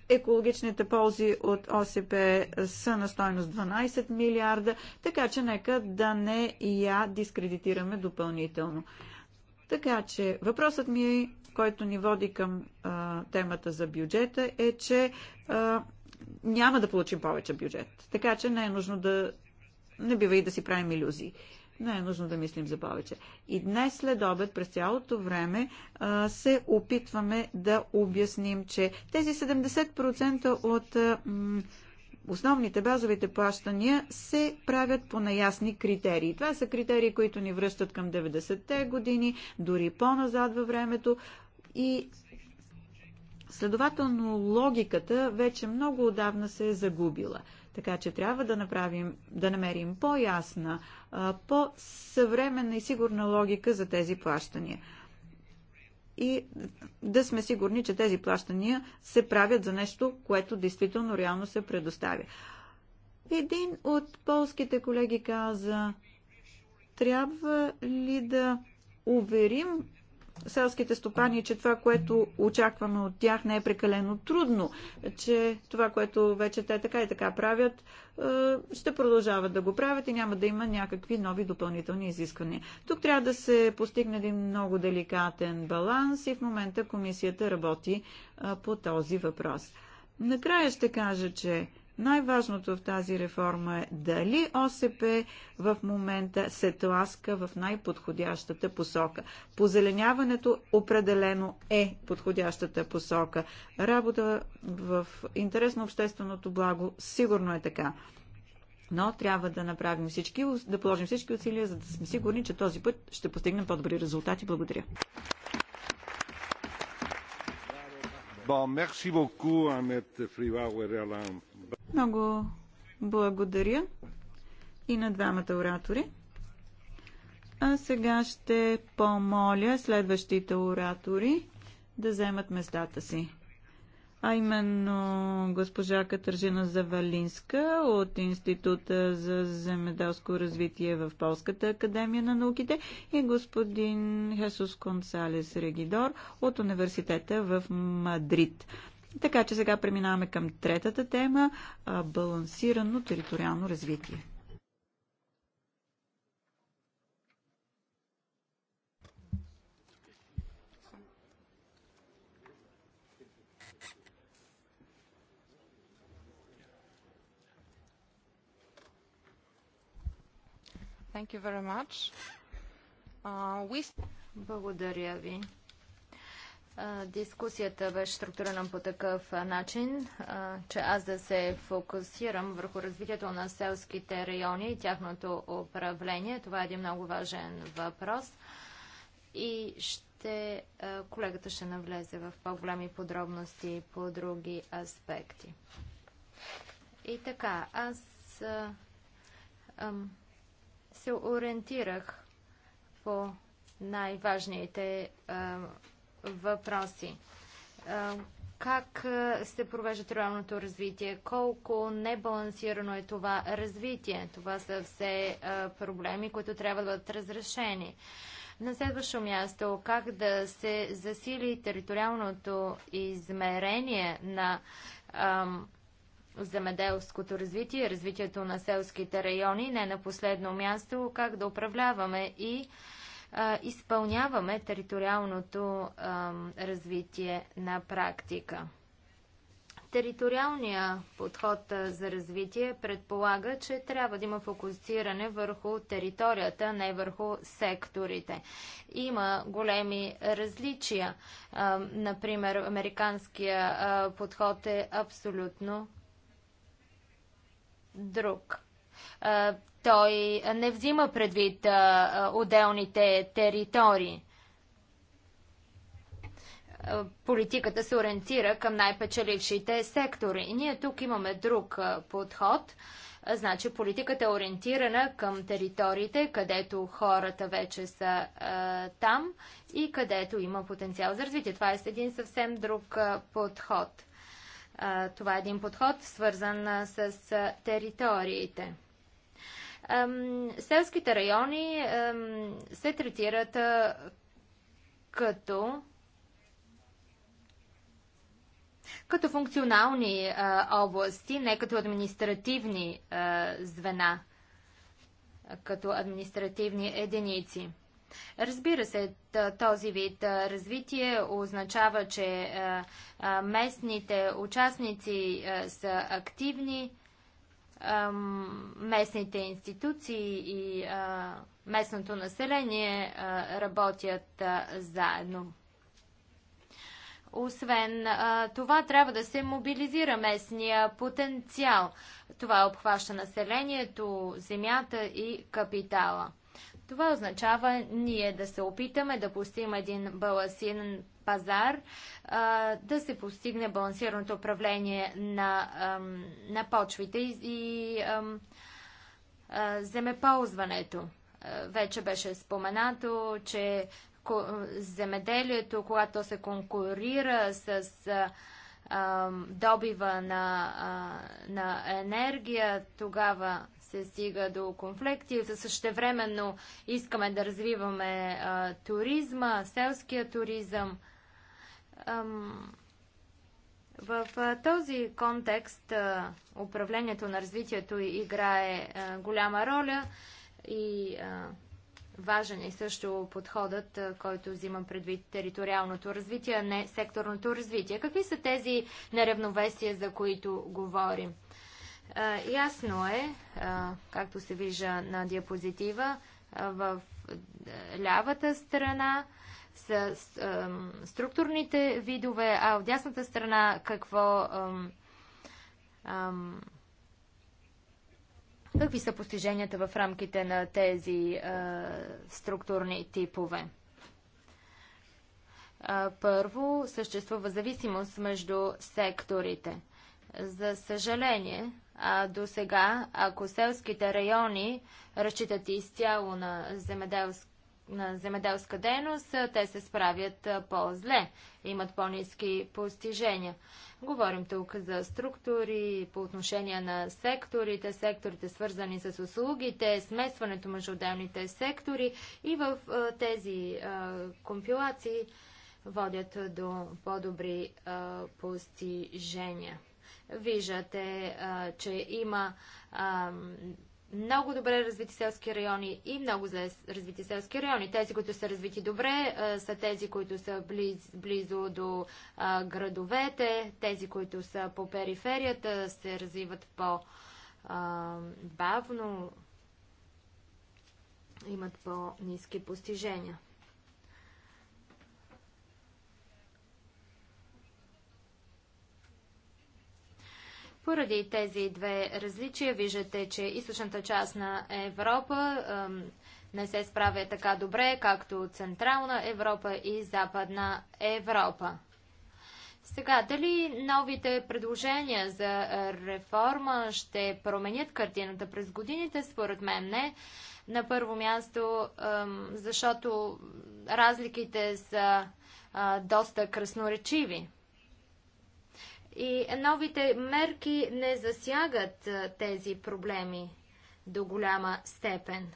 екологичните ползи от ОСП са на стойност 12 милиарда, така че нека да не я дискредитираме допълнително. Така че въпросът ми, е, който ни води към а, темата за бюджета, е, че а, няма да получим повече бюджет. Така че не е нужно да. Не бива и да си правим иллюзии. Не е нужно да мислим за повече. И днес след обед, през цялото време, а, се опитваме да обясним, че тези 70% от. А, основните базовите плащания се правят по наясни критерии. Това са критерии, които ни връщат към 90-те години, дори по-назад във времето и следователно логиката вече много отдавна се е загубила. Така че трябва да направим, да намерим по-ясна, по-съвременна и сигурна логика за тези плащания и да сме сигурни, че тези плащания се правят за нещо, което действително реално се предоставя. Един от полските колеги каза, трябва ли да уверим селските стопани, че това, което очакваме от тях не е прекалено трудно, че това, което вече те така и така правят, е, ще продължават да го правят и няма да има някакви нови допълнителни изисквания. Тук трябва да се постигне един много деликатен баланс и в момента комисията работи е, по този въпрос. Накрая ще кажа, че най-важното в тази реформа е дали ОСП в момента се тласка в най-подходящата посока. Позеленяването определено е подходящата посока. Работа в интерес на общественото благо сигурно е така. Но трябва да направим всички, да положим всички усилия, за да сме сигурни, че този път ще постигнем по-добри резултати. Благодаря. Bon, merci beaucoup, Ahmed Friwa много благодаря и на двамата оратори. А сега ще помоля следващите оратори да вземат местата си. А именно госпожа Катържина Завалинска от Института за земеделско развитие в Полската академия на науките и господин Хесус Консалес Регидор от Университета в Мадрид. Така че сега преминаваме към третата тема балансирано териториално развитие. Thank you very much. Uh, we... Благодаря ви. Дискусията беше структурирана по такъв начин, че аз да се фокусирам върху развитието на селските райони и тяхното управление. Това е един много важен въпрос. И ще, колегата ще навлезе в по-големи подробности по други аспекти. И така, аз се ориентирах по най-важните въпроси. Как се провежда реалното развитие? Колко небалансирано е това развитие? Това са все проблеми, които трябва да бъдат разрешени. На следващо място, как да се засили териториалното измерение на ам, земеделското развитие, развитието на селските райони, не на последно място, как да управляваме и изпълняваме териториалното развитие на практика. Териториалният подход за развитие предполага, че трябва да има фокусиране върху територията, не върху секторите. Има големи различия. Например, американския подход е абсолютно друг. Той не взима предвид отделните територии. Политиката се ориентира към най-печелившите сектори. И ние тук имаме друг подход. Значи политиката е ориентирана към териториите, където хората вече са е, там и където има потенциал за развитие. Това е един съвсем друг подход. това е един подход, свързан с териториите. Селските райони се третират като като функционални области, не като административни звена, като административни единици. Разбира се, този вид развитие означава, че местните участници са активни, местните институции и местното население работят заедно. Освен това, трябва да се мобилизира местния потенциал. Това обхваща населението, земята и капитала. Това означава ние да се опитаме да постигнем един балансиран пазар, да се постигне балансираното управление на, на почвите и земеползването. Вече беше споменато, че земеделието, когато се конкурира с добива на, на енергия, тогава се стига до конфликти. Същевременно искаме да развиваме а, туризма, селския туризъм. Ам... В а, този контекст а, управлението на развитието играе а, голяма роля и важен е също подходът, който взимам предвид териториалното развитие, а не секторното развитие. Какви са тези неравновесия, за които говорим? Ясно е, както се вижда на диапозитива, в лявата страна с структурните видове, а в дясната страна какво Какви са постиженията в рамките на тези структурни типове? първо, съществува зависимост между секторите. За съжаление, до сега, ако селските райони разчитат изцяло на земеделски на земеделска дейност, те се справят по-зле, имат по-низки постижения. Говорим тук за структури по отношение на секторите, секторите свързани с услугите, смесването между отделните сектори и в тези компилации водят до по-добри постижения. Виждате, че има много добре развити селски райони и много зле развити селски райони. Тези, които са развити добре, са тези, които са близ, близо до а, градовете, тези, които са по периферията, се развиват по-бавно, имат по-низки постижения. Поради тези две различия виждате, че източната част на Европа ем, не се справя така добре, както Централна Европа и Западна Европа. Сега, дали новите предложения за реформа ще променят картината през годините? Според мен не. На първо място, защото разликите са доста красноречиви. И новите мерки не засягат тези проблеми до голяма степен.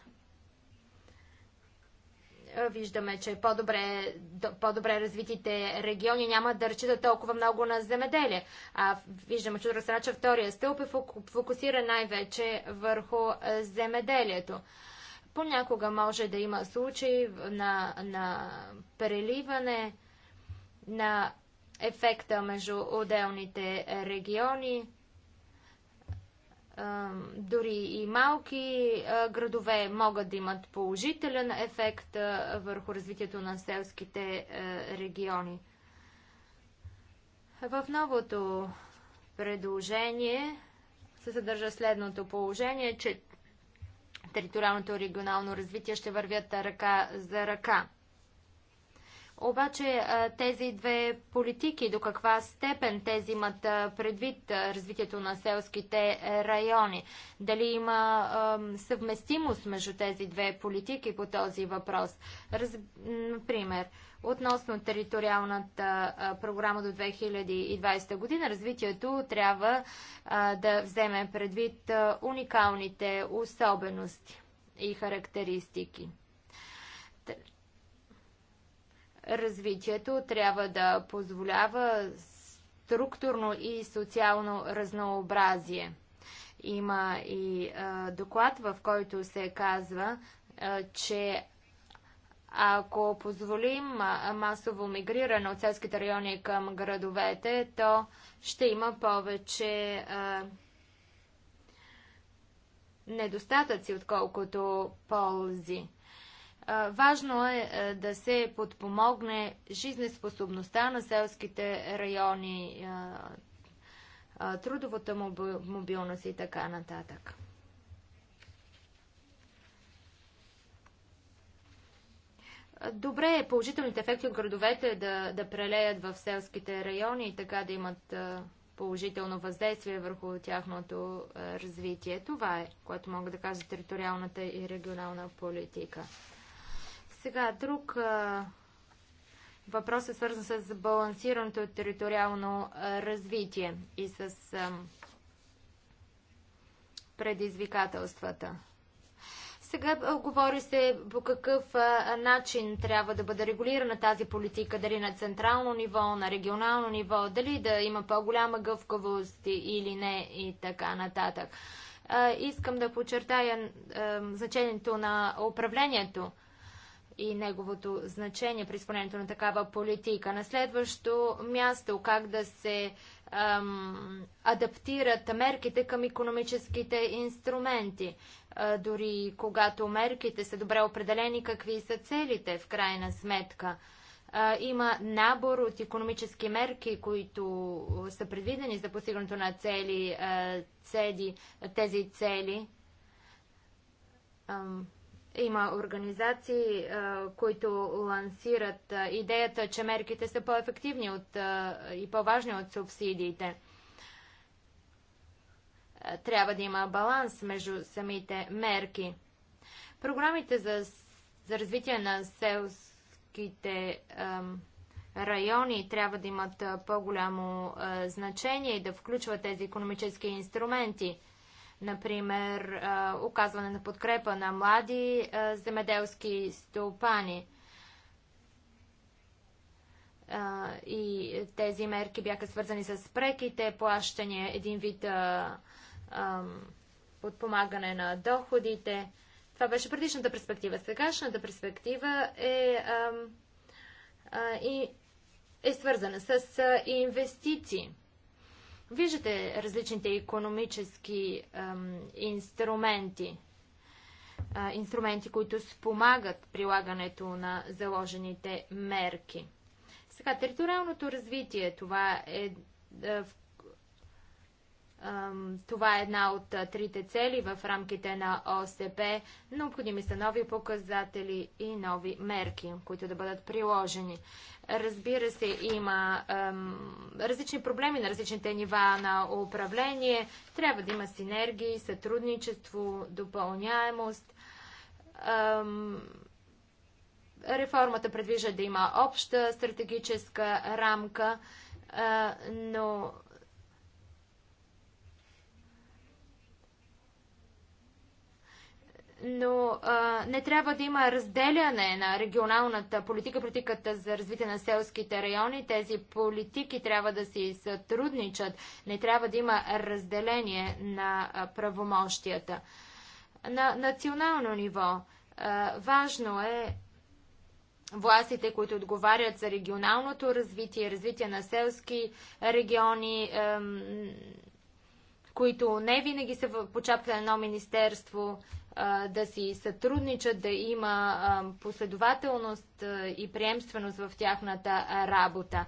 Виждаме, че по-добре, по-добре развитите региони няма да речитат толкова много на земеделие. А виждаме, че от страна, че втория стълб е фокусира най-вече върху земеделието. Понякога може да има случаи на, на преливане на ефекта между отделните региони. Дори и малки градове могат да имат положителен ефект върху развитието на селските региони. В новото предложение се съдържа следното положение, че териториалното и регионално развитие ще вървят ръка за ръка. Обаче тези две политики, до каква степен тези имат предвид развитието на селските е, райони? Дали има съвместимост между тези две политики по този въпрос? Раз... Например, относно териториалната програма до 2020 година, развитието трябва да вземе предвид уникалните особености и характеристики. Развитието трябва да позволява структурно и социално разнообразие. Има и а, доклад, в който се казва, а, че ако позволим масово мигриране от селските райони към градовете, то ще има повече а, недостатъци, отколкото ползи. Важно е, е да се подпомогне жизнеспособността на селските райони, трудовата мобилност и така нататък. Добре е положителните ефекти от градовете да, да прелеят в селските райони и така да имат положително въздействие върху тяхното развитие. Това е, което мога да кажа териториалната и регионална политика. Сега друг а, въпрос е свързан с балансираното териториално а, развитие и с а, предизвикателствата. Сега говори се по какъв а, начин трябва да бъде регулирана тази политика, дали на централно ниво, на регионално ниво, дали да има по-голяма гъвкавост или не и така нататък. А, искам да подчертая а, значението на управлението и неговото значение при изпълнението на такава политика. На следващо място как да се ам, адаптират мерките към економическите инструменти. А, дори когато мерките са добре определени, какви са целите в крайна сметка. А, има набор от економически мерки, които са предвидени за постигането на цели, а, цели тези цели. Ам, има организации, които лансират идеята, че мерките са по-ефективни от, и по-важни от субсидиите. Трябва да има баланс между самите мерки. Програмите за, за развитие на селските райони трябва да имат по-голямо значение и да включват тези економически инструменти – Например, оказване на подкрепа на млади земеделски стопани. И тези мерки бяха свързани с преките плащания, един вид подпомагане на доходите. Това беше предишната перспектива. Сегашната перспектива е, е, е свързана с инвестиции. Виждате различните економически ем, инструменти, е, инструменти, които спомагат прилагането на заложените мерки. Сега, териториалното развитие, това е, е това е една от трите цели в рамките на ОСП. Необходими са нови показатели и нови мерки, които да бъдат приложени. Разбира се, има ем, различни проблеми на различните нива на управление. Трябва да има синергии, сътрудничество, допълняемост. Ем, реформата предвижда да има обща стратегическа рамка, е, но но а, не трябва да има разделяне на регионалната политика, политиката за развитие на селските райони. Тези политики трябва да си сътрудничат. Не трябва да има разделение на правомощията. На национално ниво а, важно е властите, които отговарят за регионалното развитие, развитие на селски региони, А, които не винаги са в почапка на едно министерство, да си сътрудничат, да има последователност и приемственост в тяхната работа.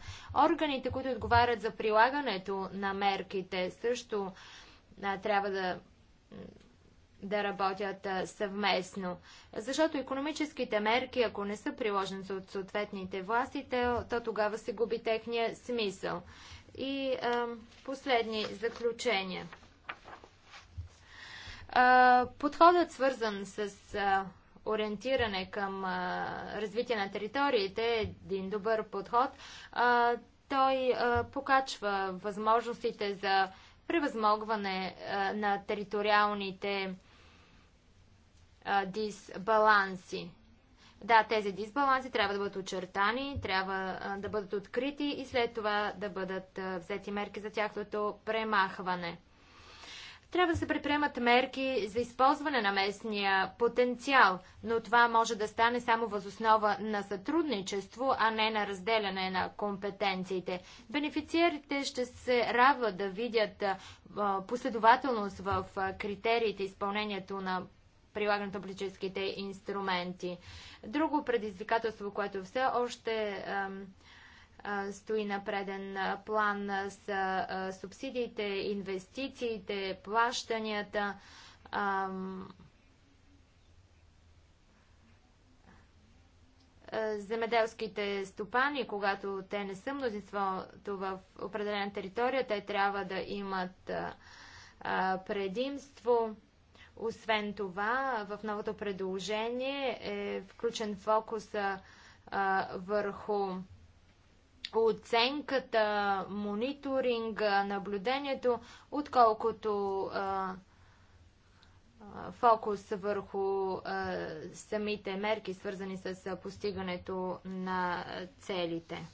Органите, които отговарят за прилагането на мерките, също трябва да да работят съвместно. Защото економическите мерки, ако не са приложени от съответните власти, то тогава се губи техния смисъл. И а, последни заключения. А, подходът свързан с а, ориентиране към а, развитие на териториите е един добър подход. А, той а, покачва възможностите за превъзмогване а, на териториалните а, дисбаланси. Да, тези дисбаланси трябва да бъдат очертани, трябва да бъдат открити и след това да бъдат взети мерки за тяхното премахване. Трябва да се предприемат мерки за използване на местния потенциал, но това може да стане само възоснова на сътрудничество, а не на разделяне на компетенциите. Бенефициерите ще се радват да видят последователност в критериите изпълнението на прилагането на политическите инструменти. Друго предизвикателство, което все още стои на преден план с субсидиите, инвестициите, плащанията. земеделските стопани, когато те не са мнозинството в определена територия, те трябва да имат предимство. Освен това, в новото предложение е включен фокус а, върху оценката, мониторинга, наблюдението, отколкото а, фокус върху а, самите мерки, свързани с постигането на целите.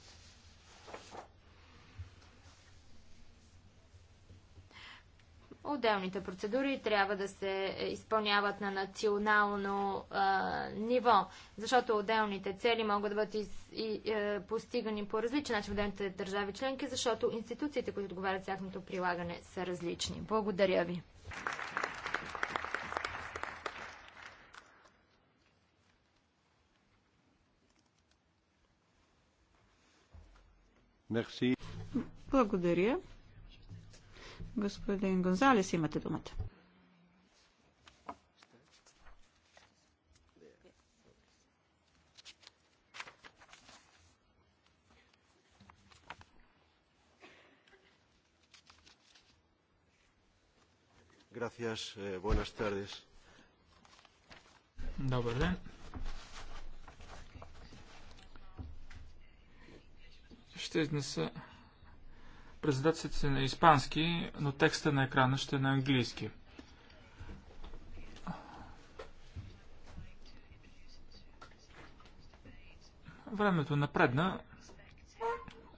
Отделните процедури трябва да се изпълняват на национално а, ниво, защото отделните цели могат да бъдат из, и, е, постигани по различен начин в отделните държави членки, защото институциите, които отговарят за тяхното прилагане, са различни. Благодаря ви. Благодаря. Господин Гонзалес, имате думата. Gracias, eh, buenas tardes. Добър ден. Ще изнеса Презентацията е на испански, но текста на екрана ще е на английски. Времето напредна.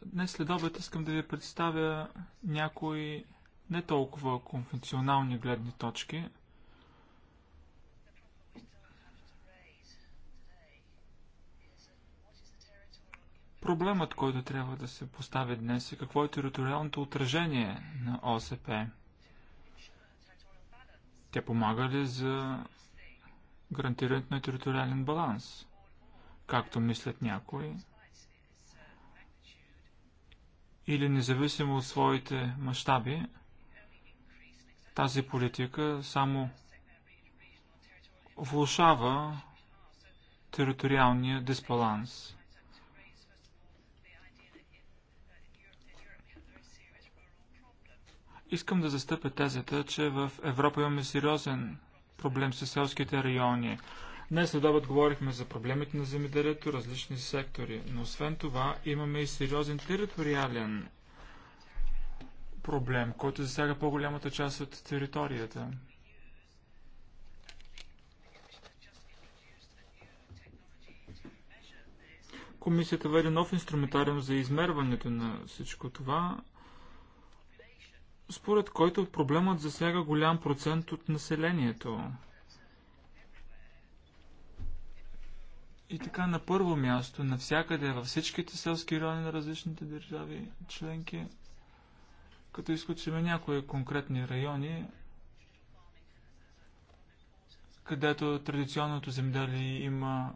Днес след обед искам да ви представя някои не толкова конвенционални гледни точки – Проблемът, който трябва да се постави днес е какво е териториалното отражение на ОСП. Тя помага ли за гарантирането на териториален баланс, както мислят някои, или независимо от своите мащаби, тази политика само влушава териториалния дисбаланс. Искам да застъпя тезата, че в Европа имаме сериозен проблем с селските райони. Днес след обед говорихме за проблемите на земеделието, различни сектори, но освен това имаме и сериозен териториален проблем, който засяга по-голямата част от територията. Комисията въведе нов инструментариум за измерването на всичко това според който проблемът засяга голям процент от населението. И така на първо място, навсякъде, във всичките селски райони на различните държави членки, като изключим някои конкретни райони, където традиционното земеделие има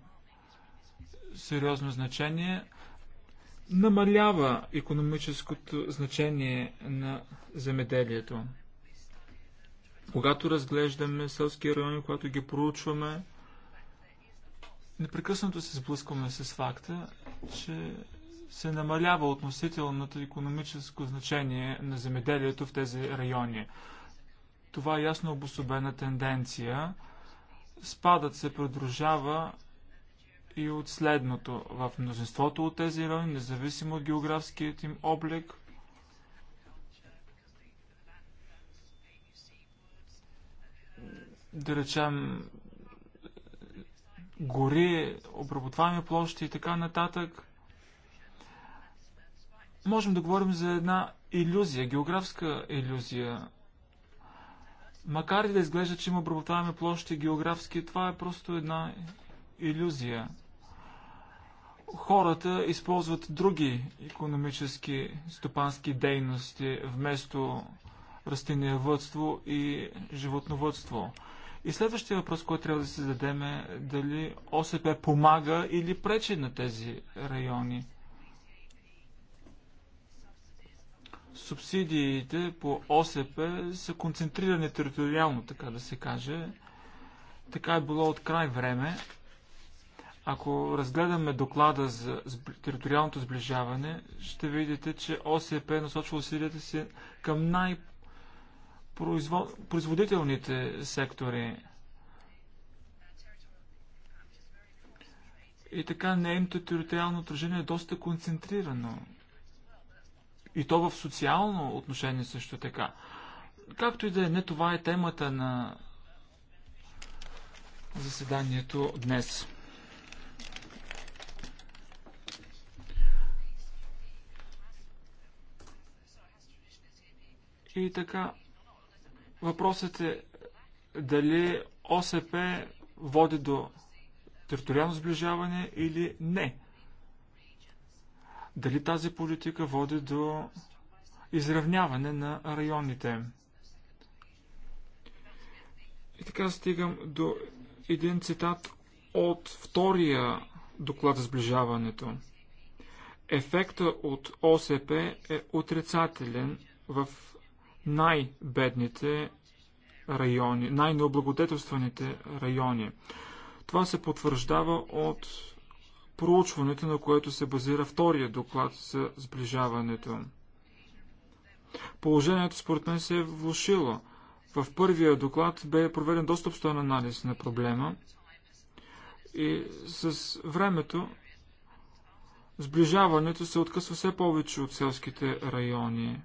сериозно значение – намалява економическото значение на земеделието. Когато разглеждаме селски райони, когато ги проучваме, непрекъснато се сблъскваме с факта, че се намалява относителното економическо значение на земеделието в тези райони. Това е ясно обособена тенденция. Спадът се придружава и от следното. В множеството от тези райони, независимо от географският им облик, да речем гори, обработваеми площи и така нататък, можем да говорим за една иллюзия, географска иллюзия. Макар и да изглежда, че има обработваеми площи географски, това е просто една иллюзия хората използват други економически стопански дейности вместо растениевътство и животновътство. И следващия въпрос, който трябва да се зададем е дали ОСП помага или пречи на тези райони. Субсидиите по ОСП са концентрирани териториално, така да се каже. Така е било от край време. Ако разгледаме доклада за териториалното сближаване, ще видите, че ОСП насочва усилията си към най-производителните сектори. И така нейното териториално отражение е доста концентрирано. И то в социално отношение също така. Както и да е, не това е темата на заседанието днес. И така, въпросът е дали ОСП води до териториално сближаване или не. Дали тази политика води до изравняване на районите. И така стигам до един цитат от втория доклад за сближаването. Ефекта от ОСП е отрицателен в най-бедните райони, най-необлагодетелстваните райони. Това се потвърждава от проучването, на което се базира втория доклад за сближаването. Положението според мен се е влушило. В първия доклад бе проведен доста обстоен анализ на проблема и с времето сближаването се откъсва все повече от селските райони.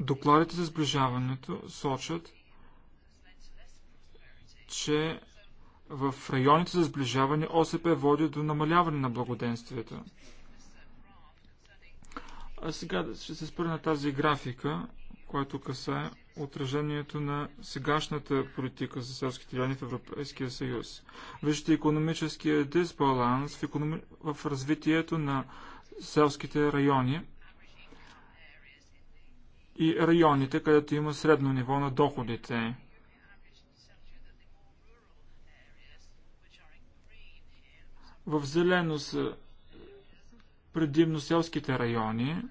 Докладите за сближаването сочат, че в районите за сближаване ОСП води до намаляване на благоденствието. А сега ще се спра на тази графика, която касае отражението на сегашната политика за селските райони в Европейския съюз. Виждате економическия дисбаланс в, економи... в развитието на селските райони – и районите, където има средно ниво на доходите. В зелено са предимно селските райони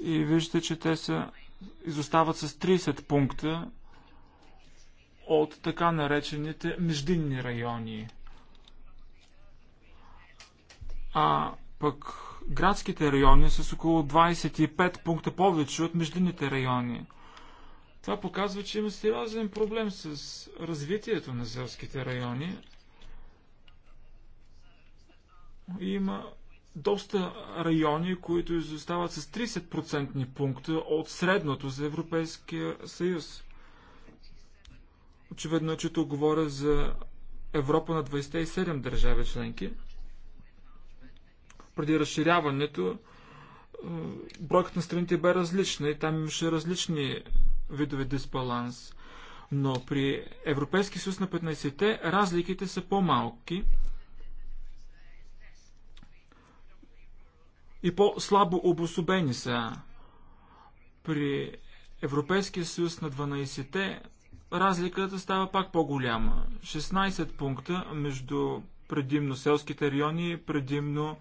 и виждате, че те са, изостават с 30 пункта от така наречените междинни райони. А пък градските райони с около 25 пункта повече от междинните райони. Това показва, че има сериозен проблем с развитието на селските райони. Има доста райони, които изостават с 30% пункта от средното за Европейския съюз. Очевидно, е, че тук говоря за Европа на 27 държави членки – преди разширяването е, бройката на страните бе различна и там имаше различни видове дисбаланс. Но при Европейски съюз на 15-те разликите са по-малки и по-слабо обособени са. При Европейския съюз на 12-те разликата става пак по-голяма. 16 пункта между предимно селските райони и предимно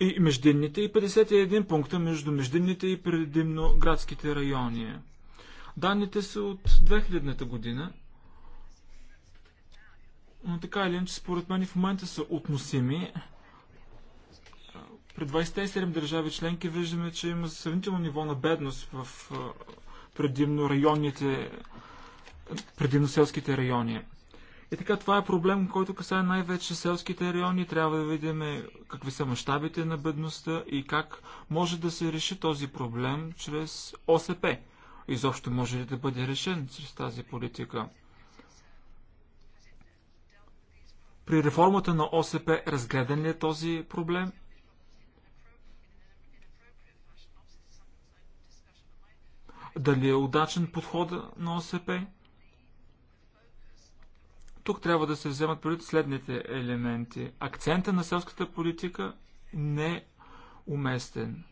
и междинните и 51 пункта между междинните и предимно градските райони. Данните са от 2000-та година, но така или иначе според мен в момента са относими. При 27 държави членки виждаме, че има сравнително ниво на бедност в предимно районните, предимно селските райони. И е така, това е проблем, който касае най-вече селските райони. Трябва да видим какви са мащабите на бедността и как може да се реши този проблем чрез ОСП. Изобщо може ли да бъде решен чрез тази политика? При реформата на ОСП разгледан ли е този проблем? Дали е удачен подход на ОСП? Тук трябва да се вземат преди следните елементи. Акцента на селската политика не е уместен.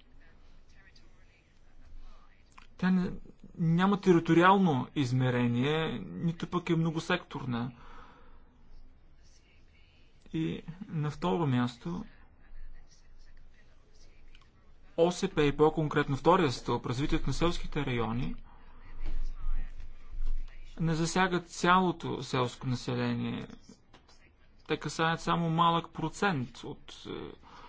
Тя не, няма териториално измерение, нито пък е многосекторна. И на второ място ОСП и по-конкретно втория стълб, развитието на селските райони – не засягат цялото селско население. Те касаят само малък процент от е,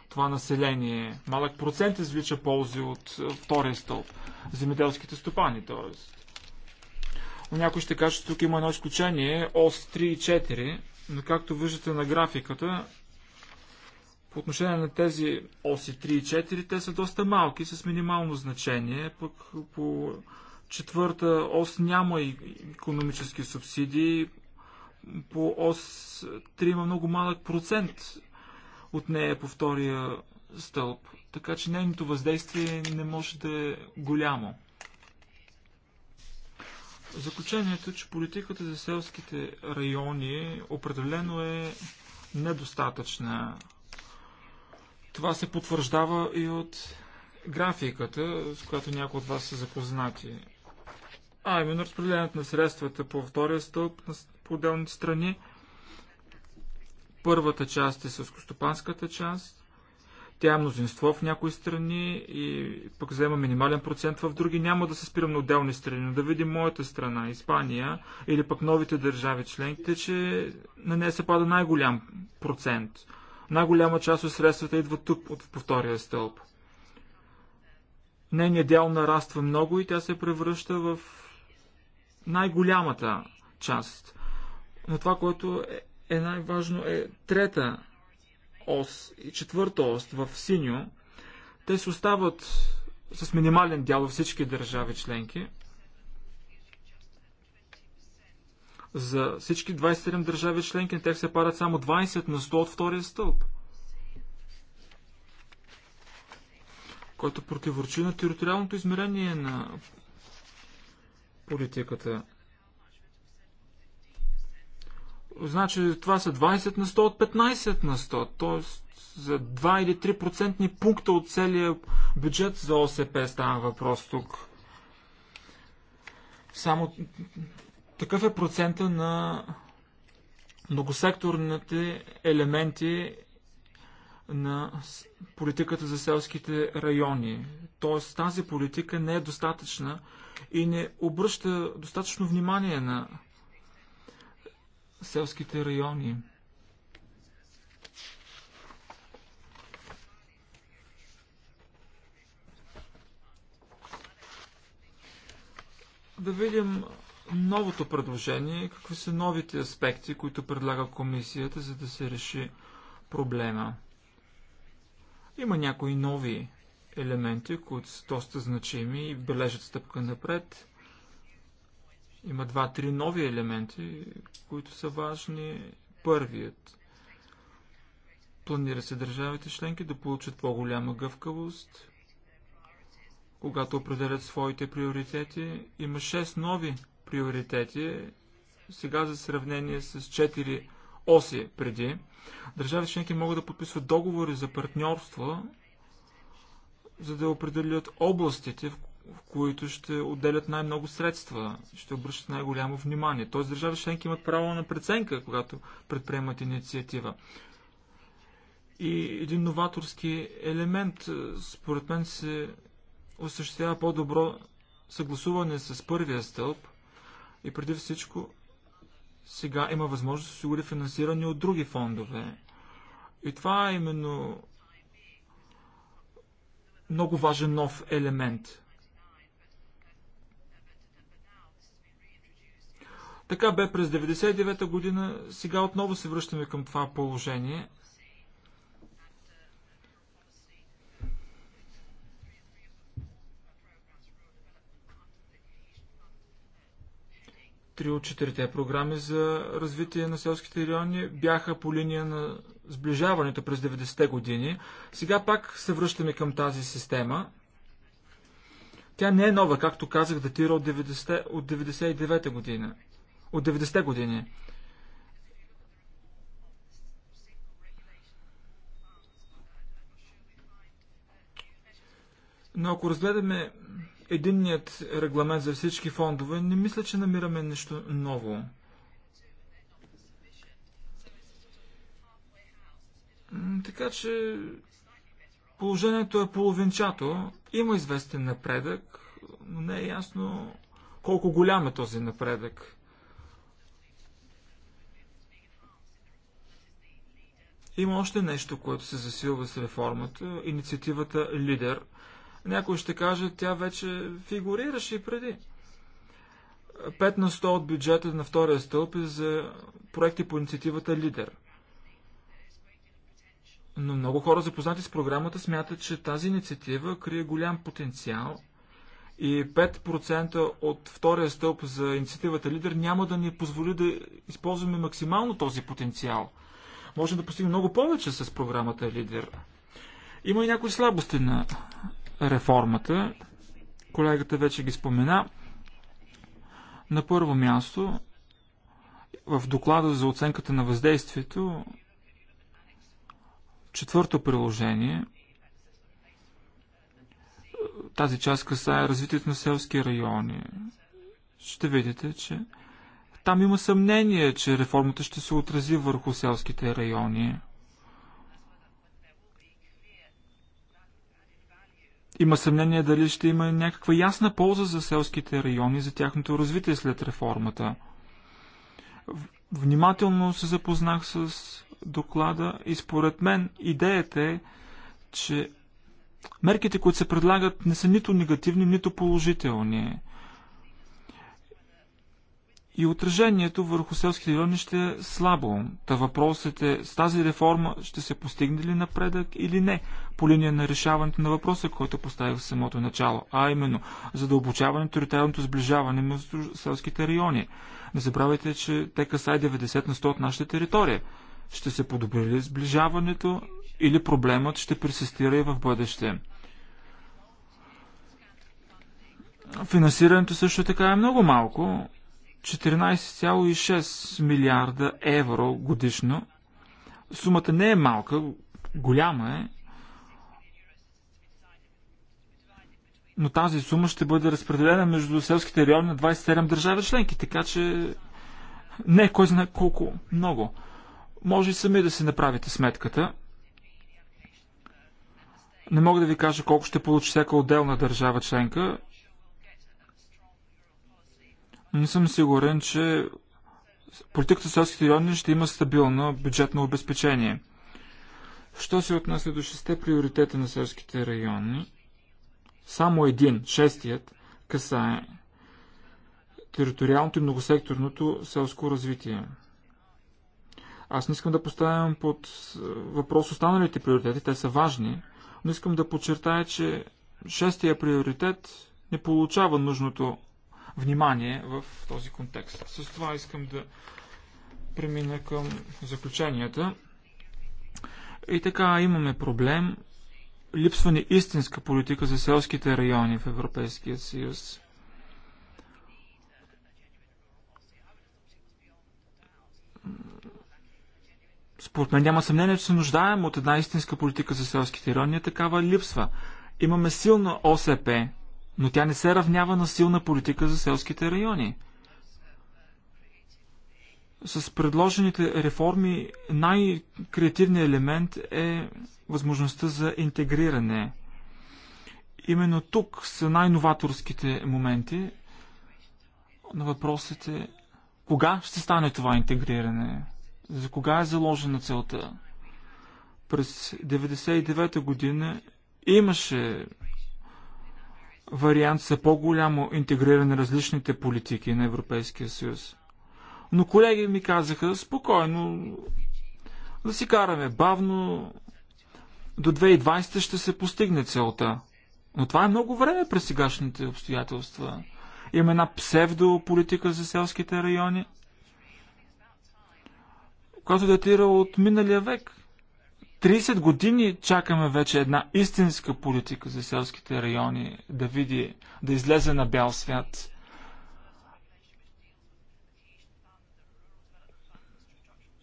това население. Малък процент извлича ползи от е, втория стълб. Земеделските стопани, т.е. Но някой ще каже, че тук има едно изключение, ОС 3 и 4, но както виждате на графиката, по отношение на тези оси 3 и 4, те са доста малки, с минимално значение, пък по четвърта ос няма економически субсидии. По ос 3 има много малък процент от нея по втория стълб. Така че нейното въздействие не може да е голямо. Заключението е, че политиката за селските райони определено е недостатъчна. Това се потвърждава и от графиката, с която някои от вас са запознати а именно разпределението на средствата по втория стълб на по отделните страни. Първата част е сълскостопанската част. Тя е мнозинство в някои страни и пък взема минимален процент в други. Няма да се спирам на отделни страни, но да видим моята страна, Испания или пък новите държави членките, че на нея се пада най-голям процент. Най-голяма част от средствата идва тук, от повтория стълб. Нейният дял нараства много и тя се превръща в най-голямата част. Но това, което е, е най-важно е трета ос и четвърта ос в синьо. Те се остават с минимален дял във всички държави членки. За всички 27 държави членки те се падат само 20 на 100 от втория стълб, който противоречи на териториалното измерение на политиката. Значи това са 20 на 100 от 15 на 100, т.е. за 2 или 3 процентни пункта от целия бюджет за ОСП става въпрос тук. Само такъв е процента на многосекторните елементи на политиката за селските райони. Тоест тази политика не е достатъчна и не обръща достатъчно внимание на селските райони. Да видим новото предложение, какви са новите аспекти, които предлага комисията, за да се реши проблема. Има някои нови елементи, които са доста значими и бележат стъпка напред. Има два-три нови елементи, които са важни. Първият. Планира се държавите членки да получат по-голяма гъвкавост, когато определят своите приоритети. Има 6 нови приоритети, сега за сравнение с 4 оси преди. Държавите членки могат да подписват договори за партньорства за да определят областите, в които ще отделят най-много средства, ще обръщат най-голямо внимание. Тоест държави членки имат право на преценка, когато предприемат инициатива. И един новаторски елемент, е, според мен, се осъществява по-добро съгласуване с първия стълб и преди всичко сега има възможност да се осигури финансиране от други фондове. И това е именно много важен нов елемент. Така бе през 1999 година, сега отново се връщаме към това положение – Три от четирите програми за развитие на селските райони бяха по линия на сближаването през 90-те години. Сега пак се връщаме към тази система. Тя не е нова, както казах, датира от 90-те, от 99-те година. От 90-те години. Но ако разгледаме единният регламент за всички фондове, не мисля, че намираме нещо ново. Така че положението е половинчато. Има известен напредък, но не е ясно колко голям е този напредък. Има още нещо, което се засилва с реформата. Инициативата Лидер – някой ще каже, тя вече фигурираше и преди. 5 на 100 от бюджета на втория стълб е за проекти по инициативата Лидер. Но много хора, запознати с програмата, смятат, че тази инициатива крие голям потенциал и 5% от втория стълб за инициативата Лидер няма да ни позволи да използваме максимално този потенциал. Можем да постигнем много повече с програмата Лидер. Има и някои слабости на реформата. Колегата вече ги спомена. На първо място, в доклада за оценката на въздействието, четвърто приложение, тази част касае развитието на селски райони. Ще видите, че там има съмнение, че реформата ще се отрази върху селските райони. Има съмнение дали ще има някаква ясна полза за селските райони, за тяхното развитие след реформата. Внимателно се запознах с доклада и според мен идеята е, че мерките, които се предлагат, не са нито негативни, нито положителни и отражението върху селските райони ще е слабо. Та въпросът е с тази реформа ще се постигне ли напредък или не по линия на решаването на въпроса, който поставих в самото начало, а именно задълбочаване да териториалното сближаване между селските райони. Не забравяйте, че те касае 90 на 100 от нашата територия. Ще се подобри ли сближаването или проблемът ще пресистира и в бъдеще? Финансирането също така е много малко. 14,6 милиарда евро годишно. Сумата не е малка, голяма е, но тази сума ще бъде разпределена между селските райони на 27 държави членки, така че не е кой знае колко много. Може и сами да си направите сметката. Не мога да ви кажа колко ще получи всяка отделна държава членка не съм сигурен, че политиката в селските райони ще има стабилно бюджетно обезпечение. Що се отнася до шесте приоритета на селските райони, само един, шестият, касае териториалното и многосекторното селско развитие. Аз не искам да поставям под въпрос останалите приоритети, те са важни, но искам да подчертая, че шестия приоритет не получава нужното внимание в този контекст. С това искам да премина към заключенията. И така имаме проблем. Липсва ни истинска политика за селските райони в Европейския съюз. Според мен няма съмнение, че се нуждаем от една истинска политика за селските райони, такава липсва. Имаме силна ОСП, но тя не се равнява на силна политика за селските райони. С предложените реформи най-креативният елемент е възможността за интегриране. Именно тук са най-новаторските моменти на въпросите кога ще стане това интегриране? За кога е заложена целта? През 1999 година имаше вариант са по-голямо интегриране на различните политики на Европейския съюз. Но колеги ми казаха спокойно да си караме бавно. До 2020 ще се постигне целта. Но това е много време през сегашните обстоятелства. Има една псевдополитика за селските райони, която датира от миналия век. 30 години чакаме вече една истинска политика за селските райони да види, да излезе на бял свят.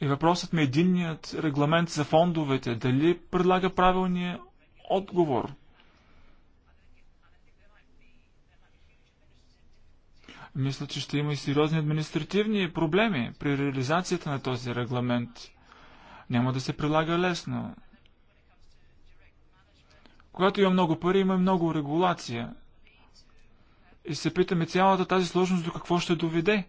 И въпросът ми е единният регламент за фондовете. Дали предлага правилния отговор? Мисля, че ще има и сериозни административни проблеми при реализацията на този регламент няма да се прилага лесно. Когато има много пари, има много регулация. И се питаме цялата тази сложност до какво ще доведе.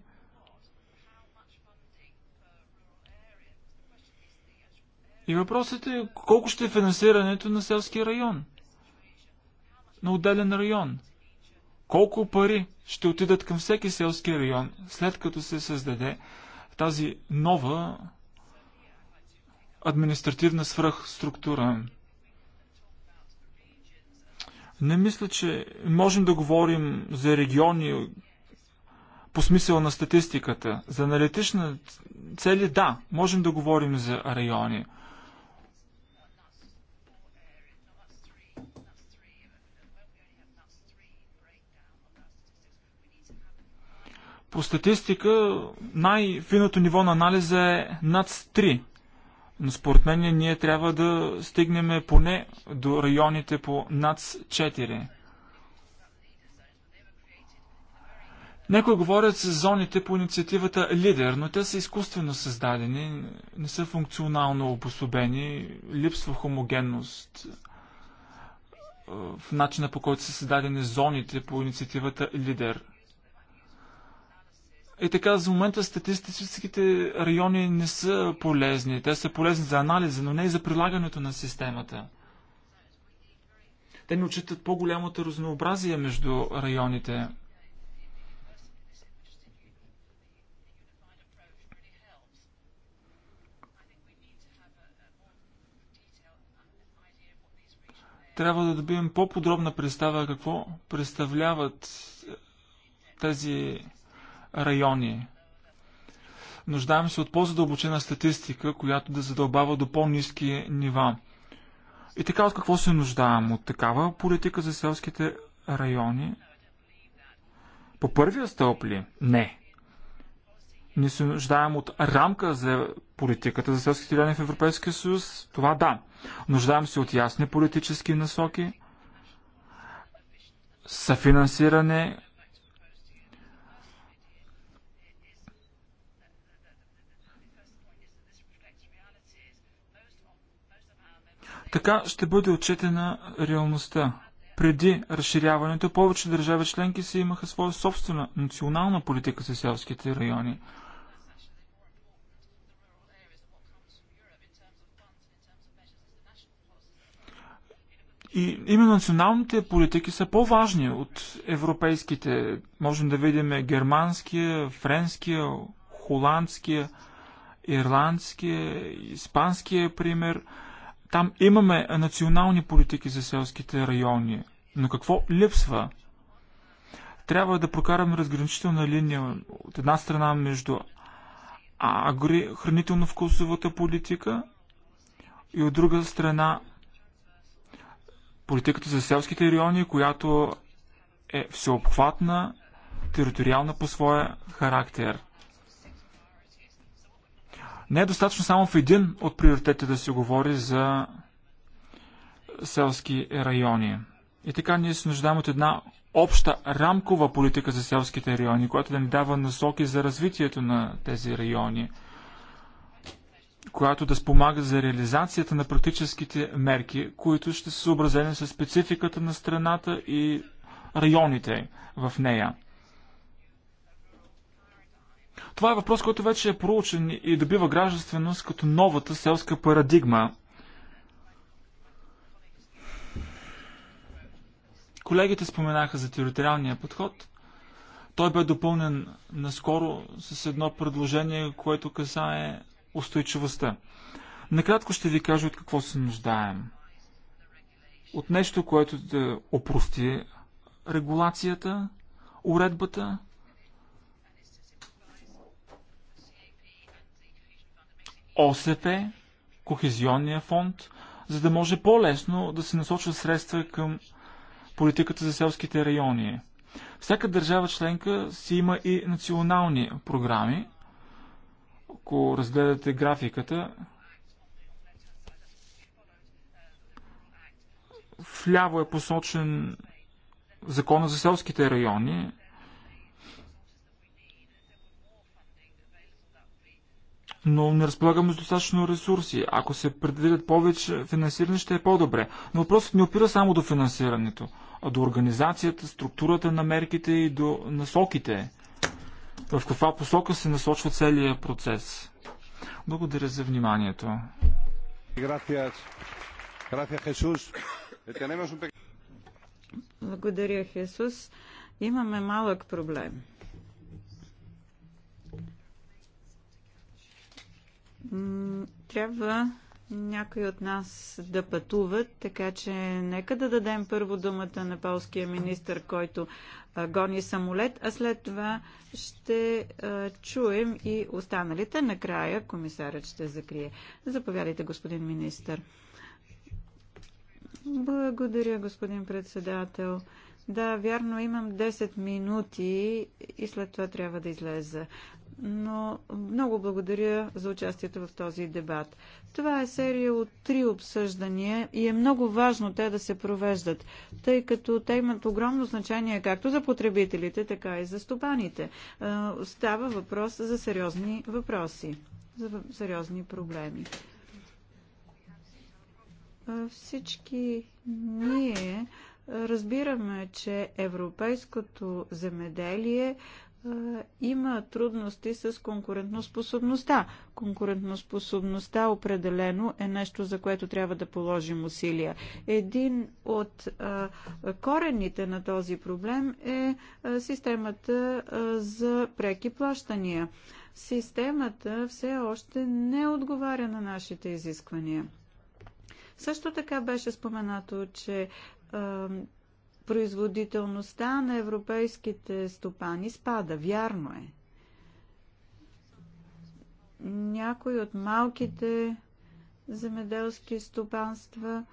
И въпросът е колко ще е финансирането на селски район, на отделен район. Колко пари ще отидат към всеки селски район, след като се създаде тази нова административна свръхструктура. Не мисля, че можем да говорим за региони по смисъл на статистиката. За аналитична цели е да, можем да говорим за райони. По статистика най-финото ниво на анализа е над но според мен ние трябва да стигнем поне до районите по НАЦ 4. Някои говорят с зоните по инициативата Лидер, но те са изкуствено създадени, не са функционално обособени, липсва хомогенност е, в начина по който са създадени зоните по инициативата Лидер. И така, за момента статистическите райони не са полезни. Те са полезни за анализа, но не и за прилагането на системата. Те не отчитат по-голямото разнообразие между районите. Трябва да добием по-подробна представа какво представляват тези райони. Нуждаем се от по-задълбочена статистика, която да задълбава до по-низки нива. И така от какво се нуждаем? От такава политика за селските райони? По първия стълб ли? Не. Не се нуждаем от рамка за политиката за селските райони в Европейския съюз. Това да. Нуждаем се от ясни политически насоки, съфинансиране, Така ще бъде отчетена реалността. Преди разширяването повече държави членки си имаха своя собствена национална политика за селските райони. И именно националните политики са по-важни от европейските. Можем да видим германския, френския, холандския, ирландския, испанския пример – там имаме национални политики за селските райони. Но какво липсва? Трябва да прокараме разграничителна линия от една страна между агри, хранително-вкусовата политика и от друга страна политиката за селските райони, която е всеобхватна, териториална по своя характер – не е достатъчно само в един от приоритетите да се говори за селски райони. И така ние се нуждаем от една обща рамкова политика за селските райони, която да ни дава насоки за развитието на тези райони, която да спомага за реализацията на практическите мерки, които ще са съобразени с спецификата на страната и районите в нея. Това е въпрос, който вече е проучен и добива гражданственост като новата селска парадигма. Колегите споменаха за териториалния подход. Той бе допълнен наскоро с едно предложение, което касае устойчивостта. Накратко ще ви кажа от какво се нуждаем. От нещо, което да опрости регулацията, уредбата, ОСП, Кохезионния фонд, за да може по-лесно да се насочат средства към политиката за селските райони. Всяка държава членка си има и национални програми. Ако разгледате графиката, вляво е посочен закона за селските райони, но не разполагаме с достатъчно ресурси. Ако се предвидят повече финансиране, ще е по-добре. Но въпросът не опира само до финансирането, а до организацията, структурата на мерките и до насоките. В каква посока се насочва целият процес? Благодаря за вниманието. Eh, Благодаря, Хесус. Имаме малък проблем. трябва някои от нас да пътуват, така че нека да дадем първо думата на полския министр, който а, гони самолет, а след това ще а, чуем и останалите. Накрая комисарът ще закрие. Заповядайте, господин министр. Благодаря, господин председател. Да, вярно, имам 10 минути и след това трябва да излеза но много благодаря за участието в този дебат. Това е серия от три обсъждания и е много важно те да се провеждат, тъй като те имат огромно значение както за потребителите, така и за стопаните. Е, става въпрос за сериозни въпроси, за сериозни проблеми. Е, всички ние разбираме, че европейското земеделие е, има трудности с конкурентноспособността. Конкурентноспособността определено е нещо, за което трябва да положим усилия. Един от е, корените на този проблем е, е системата за преки плащания. Системата все още не отговаря на нашите изисквания. Също така беше споменато, че производителността на европейските стопани спада. Вярно е. Някои от малките земеделски стопанства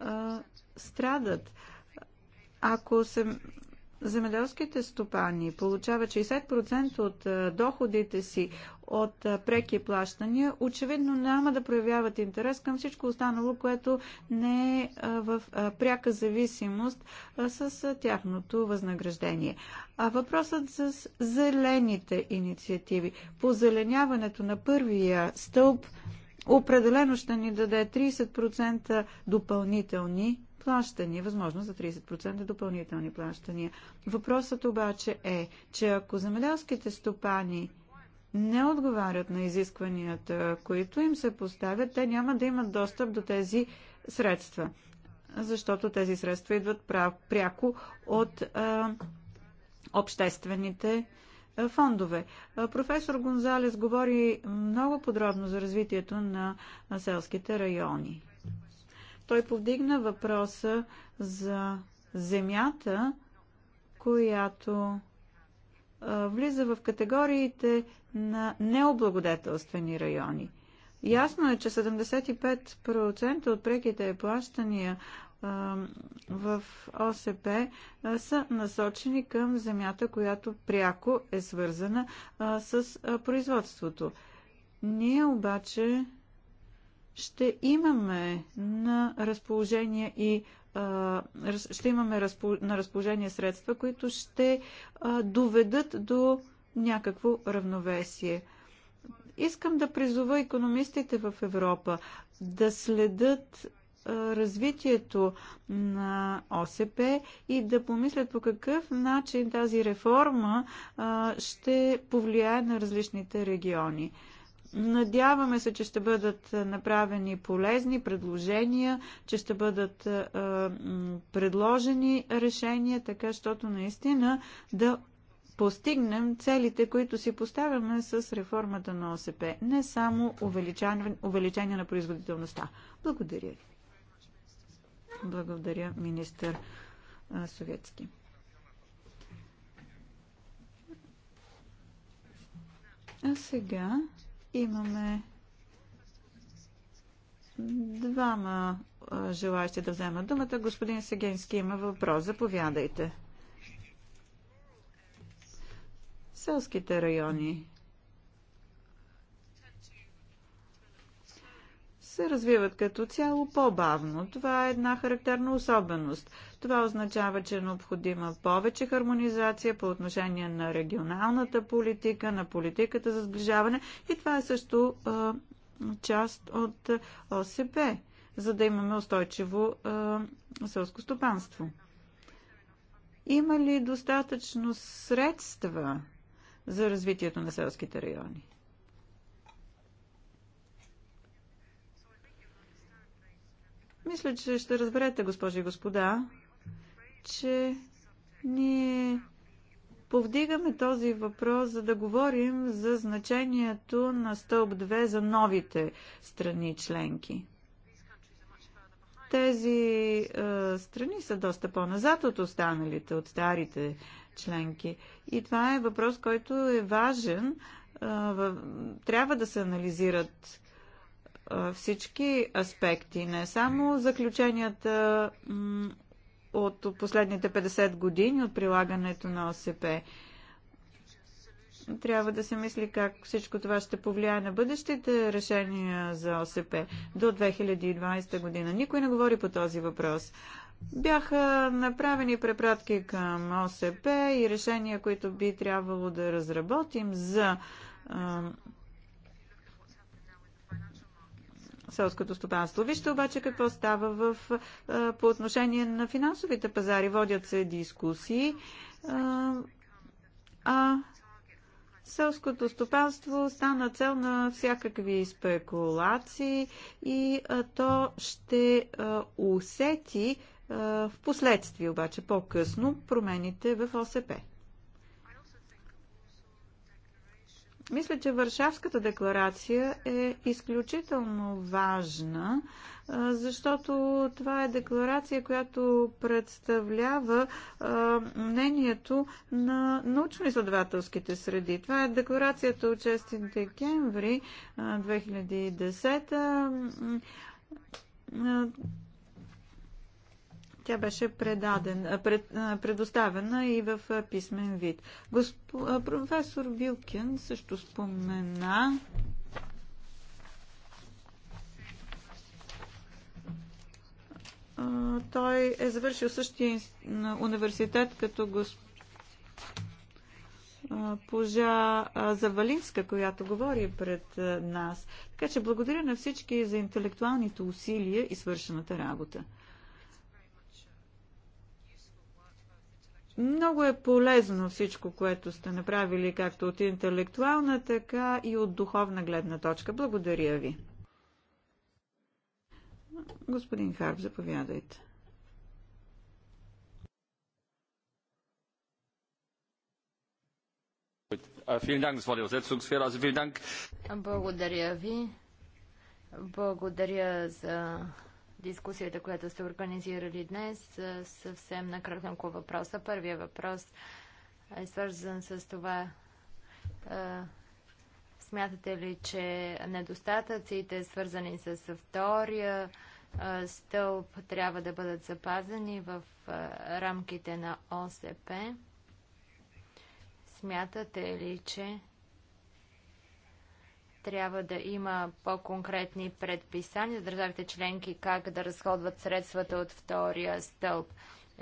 а, страдат. Ако се, земеделските стопани получават 60% от а, доходите си от преки плащания, очевидно няма да проявяват интерес към всичко останало, което не е в пряка зависимост с тяхното възнаграждение. А въпросът с зелените инициативи. Позеленяването на първия стълб определено ще ни даде 30% допълнителни плащания, възможно за 30% допълнителни плащания. Въпросът обаче е, че ако земеделските стопани не отговарят на изискванията, които им се поставят, те няма да имат достъп до тези средства, защото тези средства идват прав, пряко от а, обществените фондове. професор Гонзалес говори много подробно за развитието на селските райони. Той повдигна въпроса за земята, която влиза в категориите на необлагодетелствени райони. Ясно е, че 75% от преките плащания в ОСП са насочени към земята, която пряко е свързана с производството. Ние обаче ще имаме на разположение и ще имаме на разположение средства, които ще доведат до някакво равновесие. Искам да призова економистите в Европа да следят развитието на ОСП и да помислят по какъв начин тази реформа ще повлияе на различните региони. Надяваме се, че ще бъдат направени полезни предложения, че ще бъдат е, предложени решения, така щото наистина да постигнем целите, които си поставяме с реформата на ОСП. Не само увеличение, увеличение на производителността. Благодаря ви. Благодаря, министър е, Советски. А сега Имаме двама желаящи да вземат думата. Господин Сегенски има въпрос. Заповядайте. Селските райони се развиват като цяло по-бавно. Това е една характерна особеност. Това означава, че е необходима повече хармонизация по отношение на регионалната политика, на политиката за сближаване и това е също а, част от ОСП, за да имаме устойчиво а, селско стопанство. Има ли достатъчно средства за развитието на селските райони? Мисля, че ще разберете, госпожи и господа, че ние повдигаме този въпрос, за да говорим за значението на стълб 2 за новите страни членки. Тези е, страни са доста по-назад от останалите, от старите членки. И това е въпрос, който е важен. Е, в... Трябва да се анализират е, всички аспекти, не само заключенията от последните 50 години от прилагането на ОСП. Трябва да се мисли как всичко това ще повлияе на бъдещите решения за ОСП до 2020 година. Никой не говори по този въпрос. Бяха направени препратки към ОСП и решения, които би трябвало да разработим за селското стопанство. Вижте обаче какво става в, по отношение на финансовите пазари. Водят се дискусии, а селското стопанство стана цел на всякакви спекулации и то ще усети в последствие обаче по-късно промените в ОСП. Мисля, че Варшавската декларация е изключително важна, защото това е декларация, която представлява мнението на научно-изследователските среди. Това е декларацията от 6 декември 2010. Тя беше предаден, пред, предоставена и в писмен вид. Госп... Професор Вилкин също спомена той е завършил същия университет като госпожа Завалинска, която говори пред нас. Така че благодаря на всички за интелектуалните усилия и свършената работа. Много е полезно всичко, което сте направили, както от интелектуална, така и от духовна гледна точка. Благодаря ви. Господин Харп, заповядайте. Благодаря ви. Благодаря за дискусията, която сте организирали днес. Съвсем накратко въпроса. Първия въпрос е свързан с това. Смятате ли, че недостатъците, свързани с втория стълб, трябва да бъдат запазени в рамките на ОСП? Смятате ли, че трябва да има по-конкретни предписания за държавите членки как да разходват средствата от втория стълб.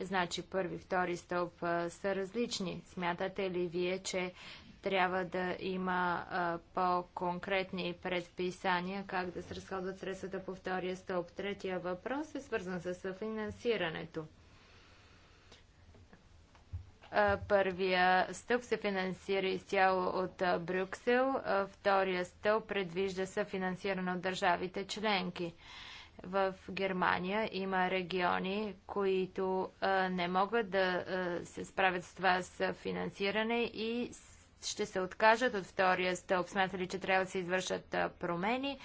Значи първи, втори стълб а, са различни. Смятате ли вие, че трябва да има по-конкретни предписания как да се разходват средствата по втория стълб? Третия въпрос е свързан с финансирането. Първия стълб се финансира изцяло от Брюксел, втория стълб предвижда съфинансиране от държавите членки. В Германия има региони, които не могат да се справят с това съфинансиране и ще се откажат от втория стълб. Смятали, че трябва да се извършат промени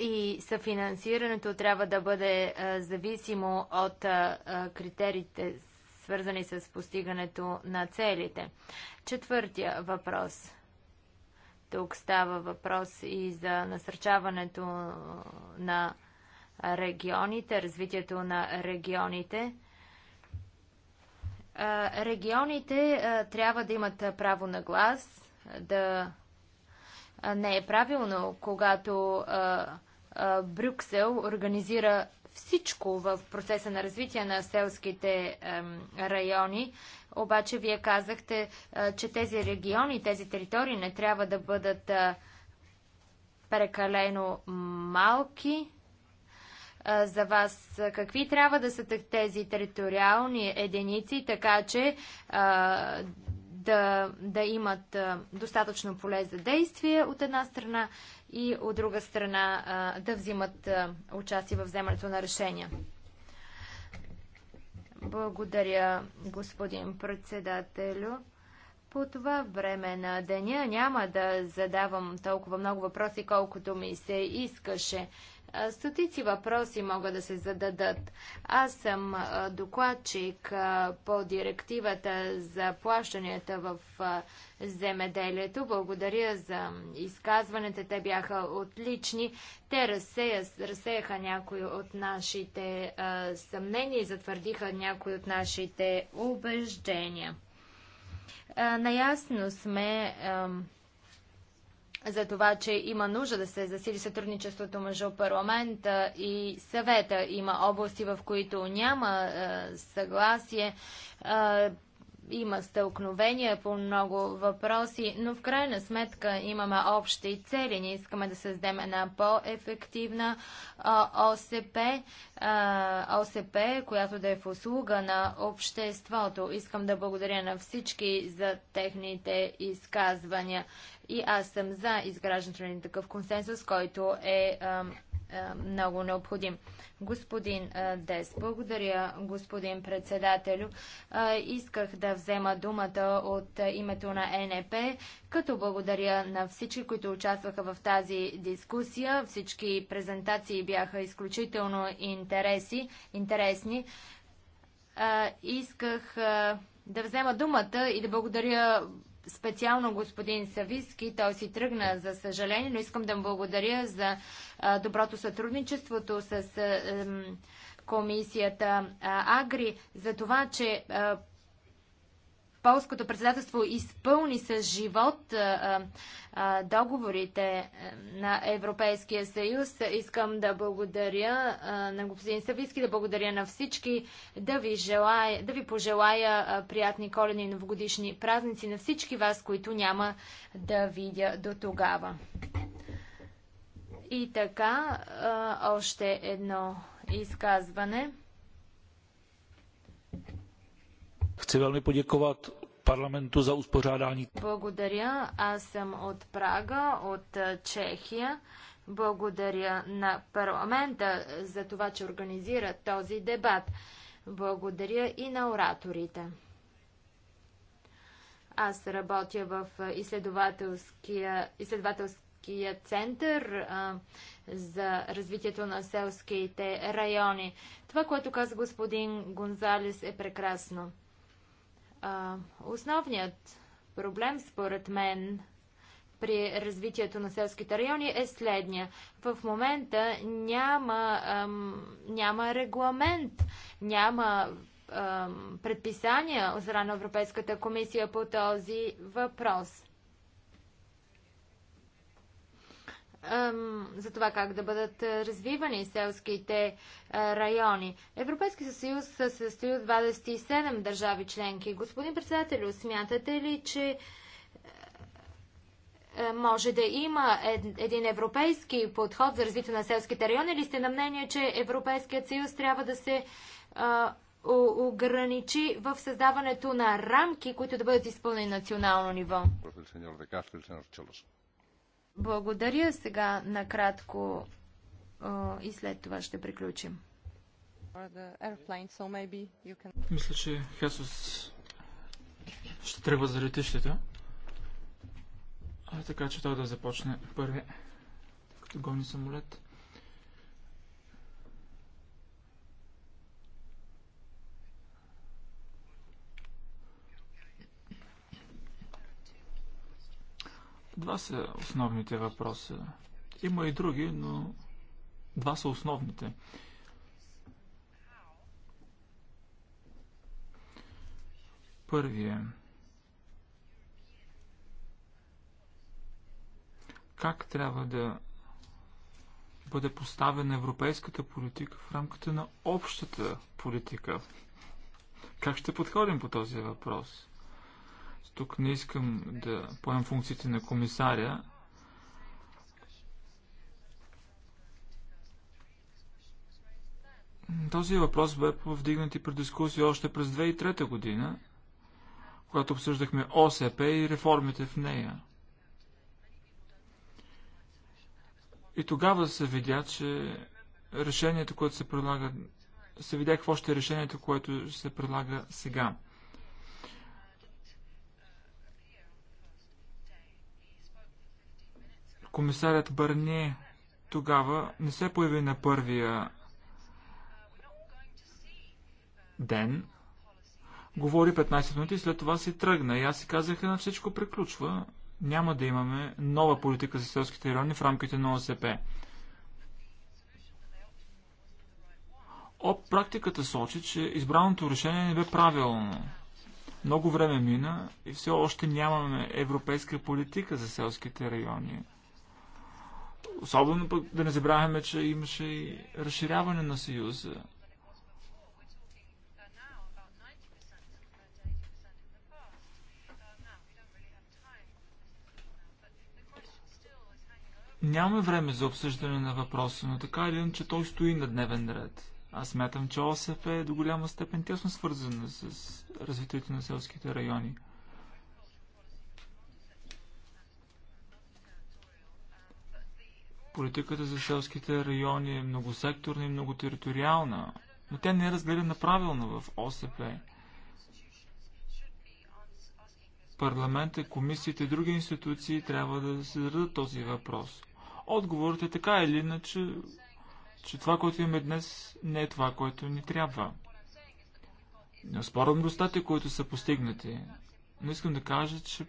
и съфинансирането трябва да бъде а, е, зависимо от а, е, е, критериите, свързани с постигането на целите. Четвъртия въпрос. Тук става въпрос и за насърчаването на регионите, развитието на регионите. регионите трябва да имат право на глас, да не е правилно, когато Брюксел организира всичко в процеса на развитие на селските райони, обаче вие казахте, че тези региони, тези територии не трябва да бъдат прекалено малки. За вас какви трябва да са тези териториални единици, така че да, да имат достатъчно поле за действие от една страна и от друга страна да взимат участие в вземането на решения. Благодаря, господин председателю. По това време на деня няма да задавам толкова много въпроси, колкото ми се искаше. Стотици въпроси могат да се зададат. Аз съм докладчик по директивата за плащанията в земеделието. Благодаря за изказването. Те бяха отлични. Те разсея, разсеяха някои от нашите съмнения и затвърдиха някои от нашите убеждения. Наясно сме за това, че има нужда да се засили сътрудничеството между парламента и съвета. Има области, в които няма съгласие има стълкновения по много въпроси, но в крайна сметка имаме общи цели. Ние искаме да създадем една по-ефективна ОСП, ОСП, която да е в услуга на обществото. Искам да благодаря на всички за техните изказвания. И аз съм за изграждането на такъв консенсус, който е е, много необходим. Господин е, Дес, благодаря, господин председателю. Е, исках да взема думата от името на НЕП, като благодаря на всички, които участваха в тази дискусия. Всички презентации бяха изключително интереси, интересни. Исках да взема думата и да благодаря специално господин Сависки. Той си тръгна, за съжаление, но искам да му благодаря за доброто сътрудничеството с комисията Агри за това, че полското председателство изпълни с живот а, а, договорите е, на Европейския съюз. Искам да благодаря а, на господин Сависки, да благодаря на всички, да ви, желая, да ви пожелая приятни коледни и новогодишни празници на всички вас, които няма да видя до тогава. И така, още едно изказване. Chci velmi poděkovat parlamentu za uspořádání. Благодаря. Аз съм от Прага, от е, Чехия. Благодаря на парламента е, за това, че организира този дебат. Благодаря и на ораторите. Аз работя в е, изследователския, изследователския център а, за развитието на селските райони. Това, което каза господин Гонзалес, е прекрасно. А, основният проблем, според мен, при развитието на селските райони е следния. В момента няма, ам, няма регламент, няма ам, предписания от страна Европейската комисия по този въпрос. за това как да бъдат развивани селските райони. Европейски съюз се състои от 27 държави членки. Господин председател, смятате ли, че може да има един европейски подход за развитие на селските райони или сте на мнение, че Европейският съюз трябва да се ограничи в създаването на рамки, които да бъдат изпълнени на национално ниво? Благодаря сега накратко и след това ще приключим. so can... Мисля, че Хесус ще тръгва за летището. А, така че той да започне първи, като гони самолет. Два са основните въпроса. Има и други, но два са основните. Първият. Е, как трябва да бъде поставена европейската политика в рамката на общата политика? Как ще подходим по този въпрос? Тук не искам да поем функциите на комисаря. Този въпрос бе повдигнат и при дискусия още през 2003 година, когато обсъждахме ОСП и реформите в нея. И тогава се видя, че решението, което се предлага, се видя какво ще е решението, което се предлага сега. Комисарят Бърни тогава не се появи на първия ден. Говори 15 минути и след това си тръгна. И аз си казах, на всичко приключва. Няма да имаме нова политика за селските райони в рамките на ОСП. От практиката сочи, че избраното решение не бе правилно. Много време мина и все още нямаме европейска политика за селските райони. Особено пък да не забравяме, че имаше и разширяване на Съюза. Нямаме време за обсъждане на въпроса, но така или иначе той стои на дневен ред. Аз смятам, че ОСФ е до голяма степен тясно свързана с развитието на селските райони – Политиката за селските райони е многосекторна и многотериториална, но тя не е разгледана правилно в ОСП. Парламента, е, комисиите и други институции трябва да се зададат този въпрос. Отговорът е така или иначе, че това, което имаме днес, не е това, което ни трябва. Не оспорвам достатък, които са постигнати, но искам да кажа, че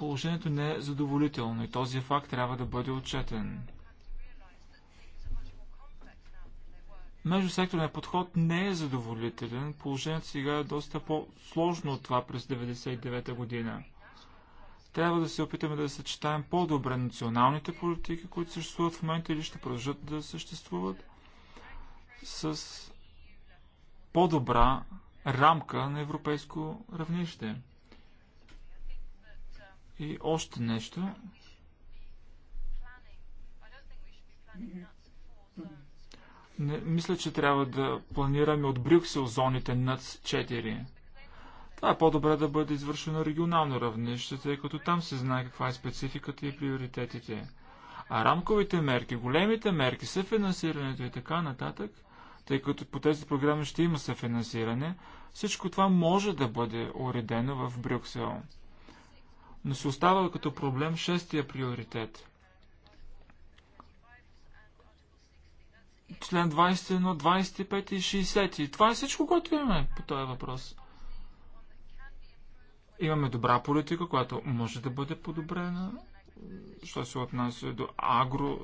положението не е задоволително и този факт трябва да бъде отчетен. Междусекторният подход не е задоволителен. Положението сега е доста по-сложно от това през 1999 година. Трябва да се опитаме да съчетаем по-добре националните политики, които съществуват в момента или ще продължат да съществуват, с по-добра рамка на европейско равнище. И още нещо. Не, мисля, че трябва да планираме от Брюксел зоните над 4. Това е по-добре да бъде извършено регионално равнище, тъй като там се знае каква е спецификата и приоритетите. А рамковите мерки, големите мерки, съфинансирането и така нататък, тъй като по тези програми ще има съфинансиране, всичко това може да бъде уредено в Брюксел но се остава като проблем шестия приоритет. Член 21, 25 и 60. И това е всичко, което имаме по този въпрос. Имаме добра политика, която може да бъде подобрена, що се отнася до агро,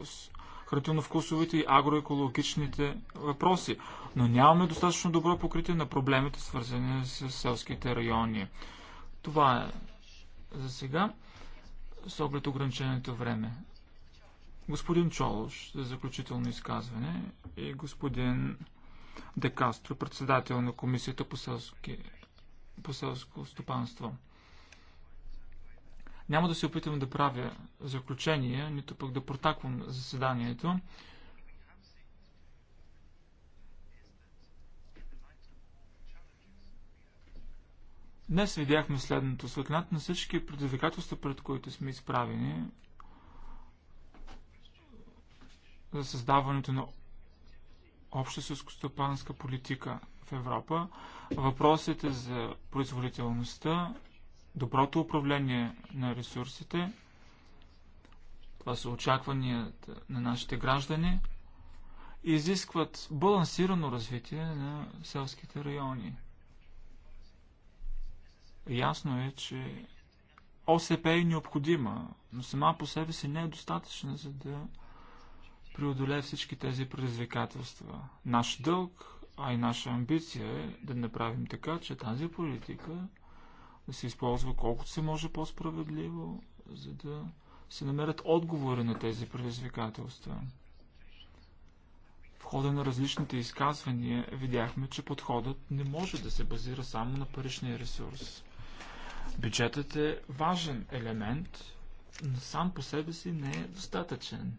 хранително-вкусовите и агроекологичните въпроси. Но нямаме достатъчно добро покритие на проблемите, свързани с селските райони. Това е за сега, с оглед ограниченото време. Господин Чолош за заключително изказване и господин Декастро, председател на Комисията по, селски, по селско стопанство. Няма да се опитам да правя заключение, нито пък да протаквам заседанието. Днес видяхме следното. Светлината на всички предизвикателства, пред които сме изправени, за създаването на обща сълскостопанска политика в Европа, въпросите за производителността, доброто управление на ресурсите, това са очакванията на нашите граждани, изискват балансирано развитие на селските райони – Ясно е, че ОСП е необходима, но сама по себе си не е достатъчна, за да преодолее всички тези предизвикателства. Наш дълг, а и наша амбиция е да направим така, че тази политика да се използва колкото се може по-справедливо, за да се намерят отговори на тези предизвикателства. В хода на различните изказвания видяхме, че подходът не може да се базира само на паричния ресурс. Бюджетът е важен елемент, но сам по себе си не е достатъчен.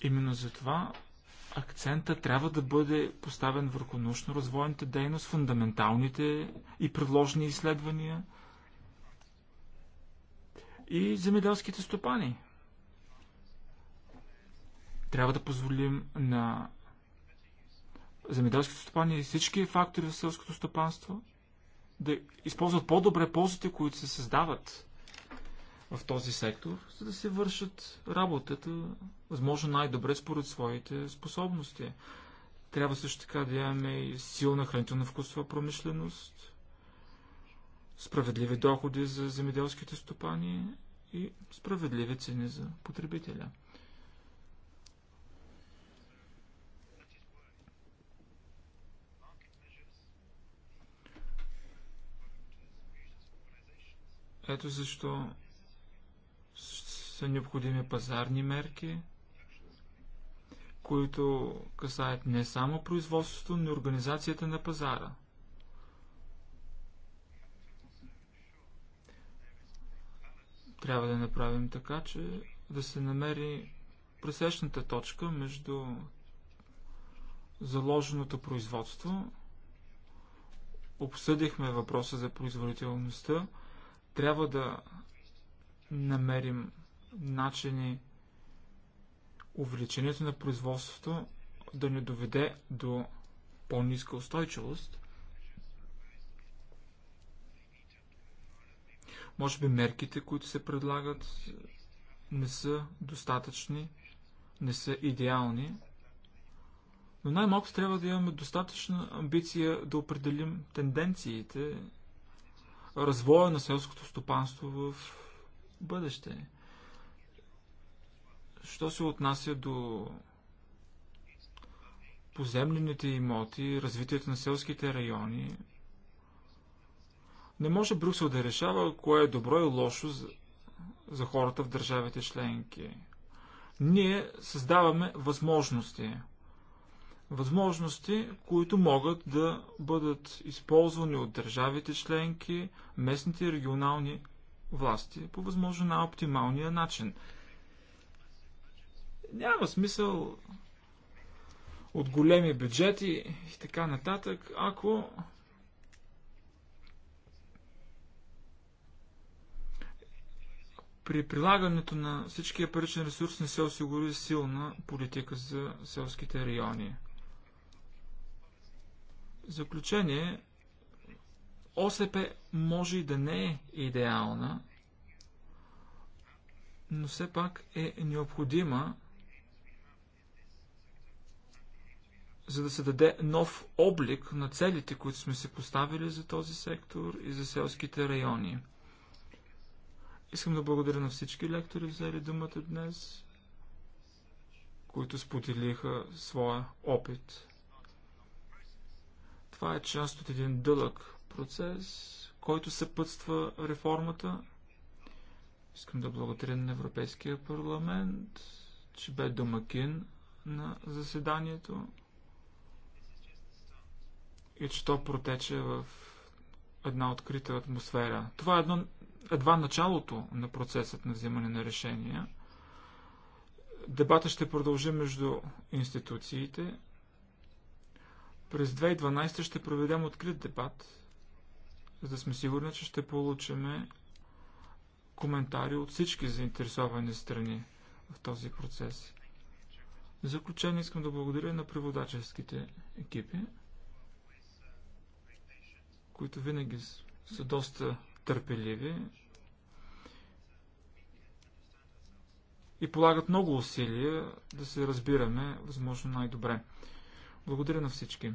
Именно затова акцента трябва да бъде поставен върху научно-развойната дейност, фундаменталните и предложени изследвания и земеделските стопани. Трябва да позволим на земеделските стопани и всички фактори в селското стопанство да използват по-добре ползите, които се създават в този сектор, за да се вършат работата възможно най-добре според своите способности. Трябва също така да имаме и силна хранително-вкусова промишленост, справедливи доходи за земеделските стопани и справедливи цени за потребителя. Ето защо са необходими пазарни мерки, които касаят не само производството, но и организацията на пазара. Трябва да направим така, че да се намери пресечната точка между заложеното производство. Обсъдихме въпроса за производителността. Трябва да намерим начини увеличението на производството да не доведе до по-ниска устойчивост. Може би мерките, които се предлагат, не са достатъчни, не са идеални, но най-малко трябва да имаме достатъчна амбиция да определим тенденциите развоя на селското стопанство в бъдеще. Що се отнася до поземлените имоти, развитието на селските райони, не може Брюксел да решава кое е добро и лошо за, за хората в държавите членки. Ние създаваме възможности – възможности, които могат да бъдат използвани от държавите членки, местните и регионални власти по възможно най-оптималния начин. Няма смисъл от големи бюджети и така нататък, ако при прилагането на всичкия паричен ресурс не се осигури силна политика за селските райони заключение, ОСП може и да не е идеална, но все пак е необходима, за да се даде нов облик на целите, които сме се поставили за този сектор и за селските райони. Искам да благодаря на всички лектори, взели думата днес, които споделиха своя опит. Това е част от един дълъг процес, който съпътства реформата. Искам да благодаря на Европейския парламент, че бе домакин на заседанието и че то протече в една открита атмосфера. Това е едно, едва началото на процесът на взимане на решения. Дебата ще продължи между институциите, през 2012 ще проведем открит дебат, за да сме сигурни, че ще получим коментари от всички заинтересовани страни в този процес. В заключение искам да благодаря на преводаческите екипи, които винаги са доста търпеливи и полагат много усилия да се разбираме възможно най-добре. Благодаря на всички.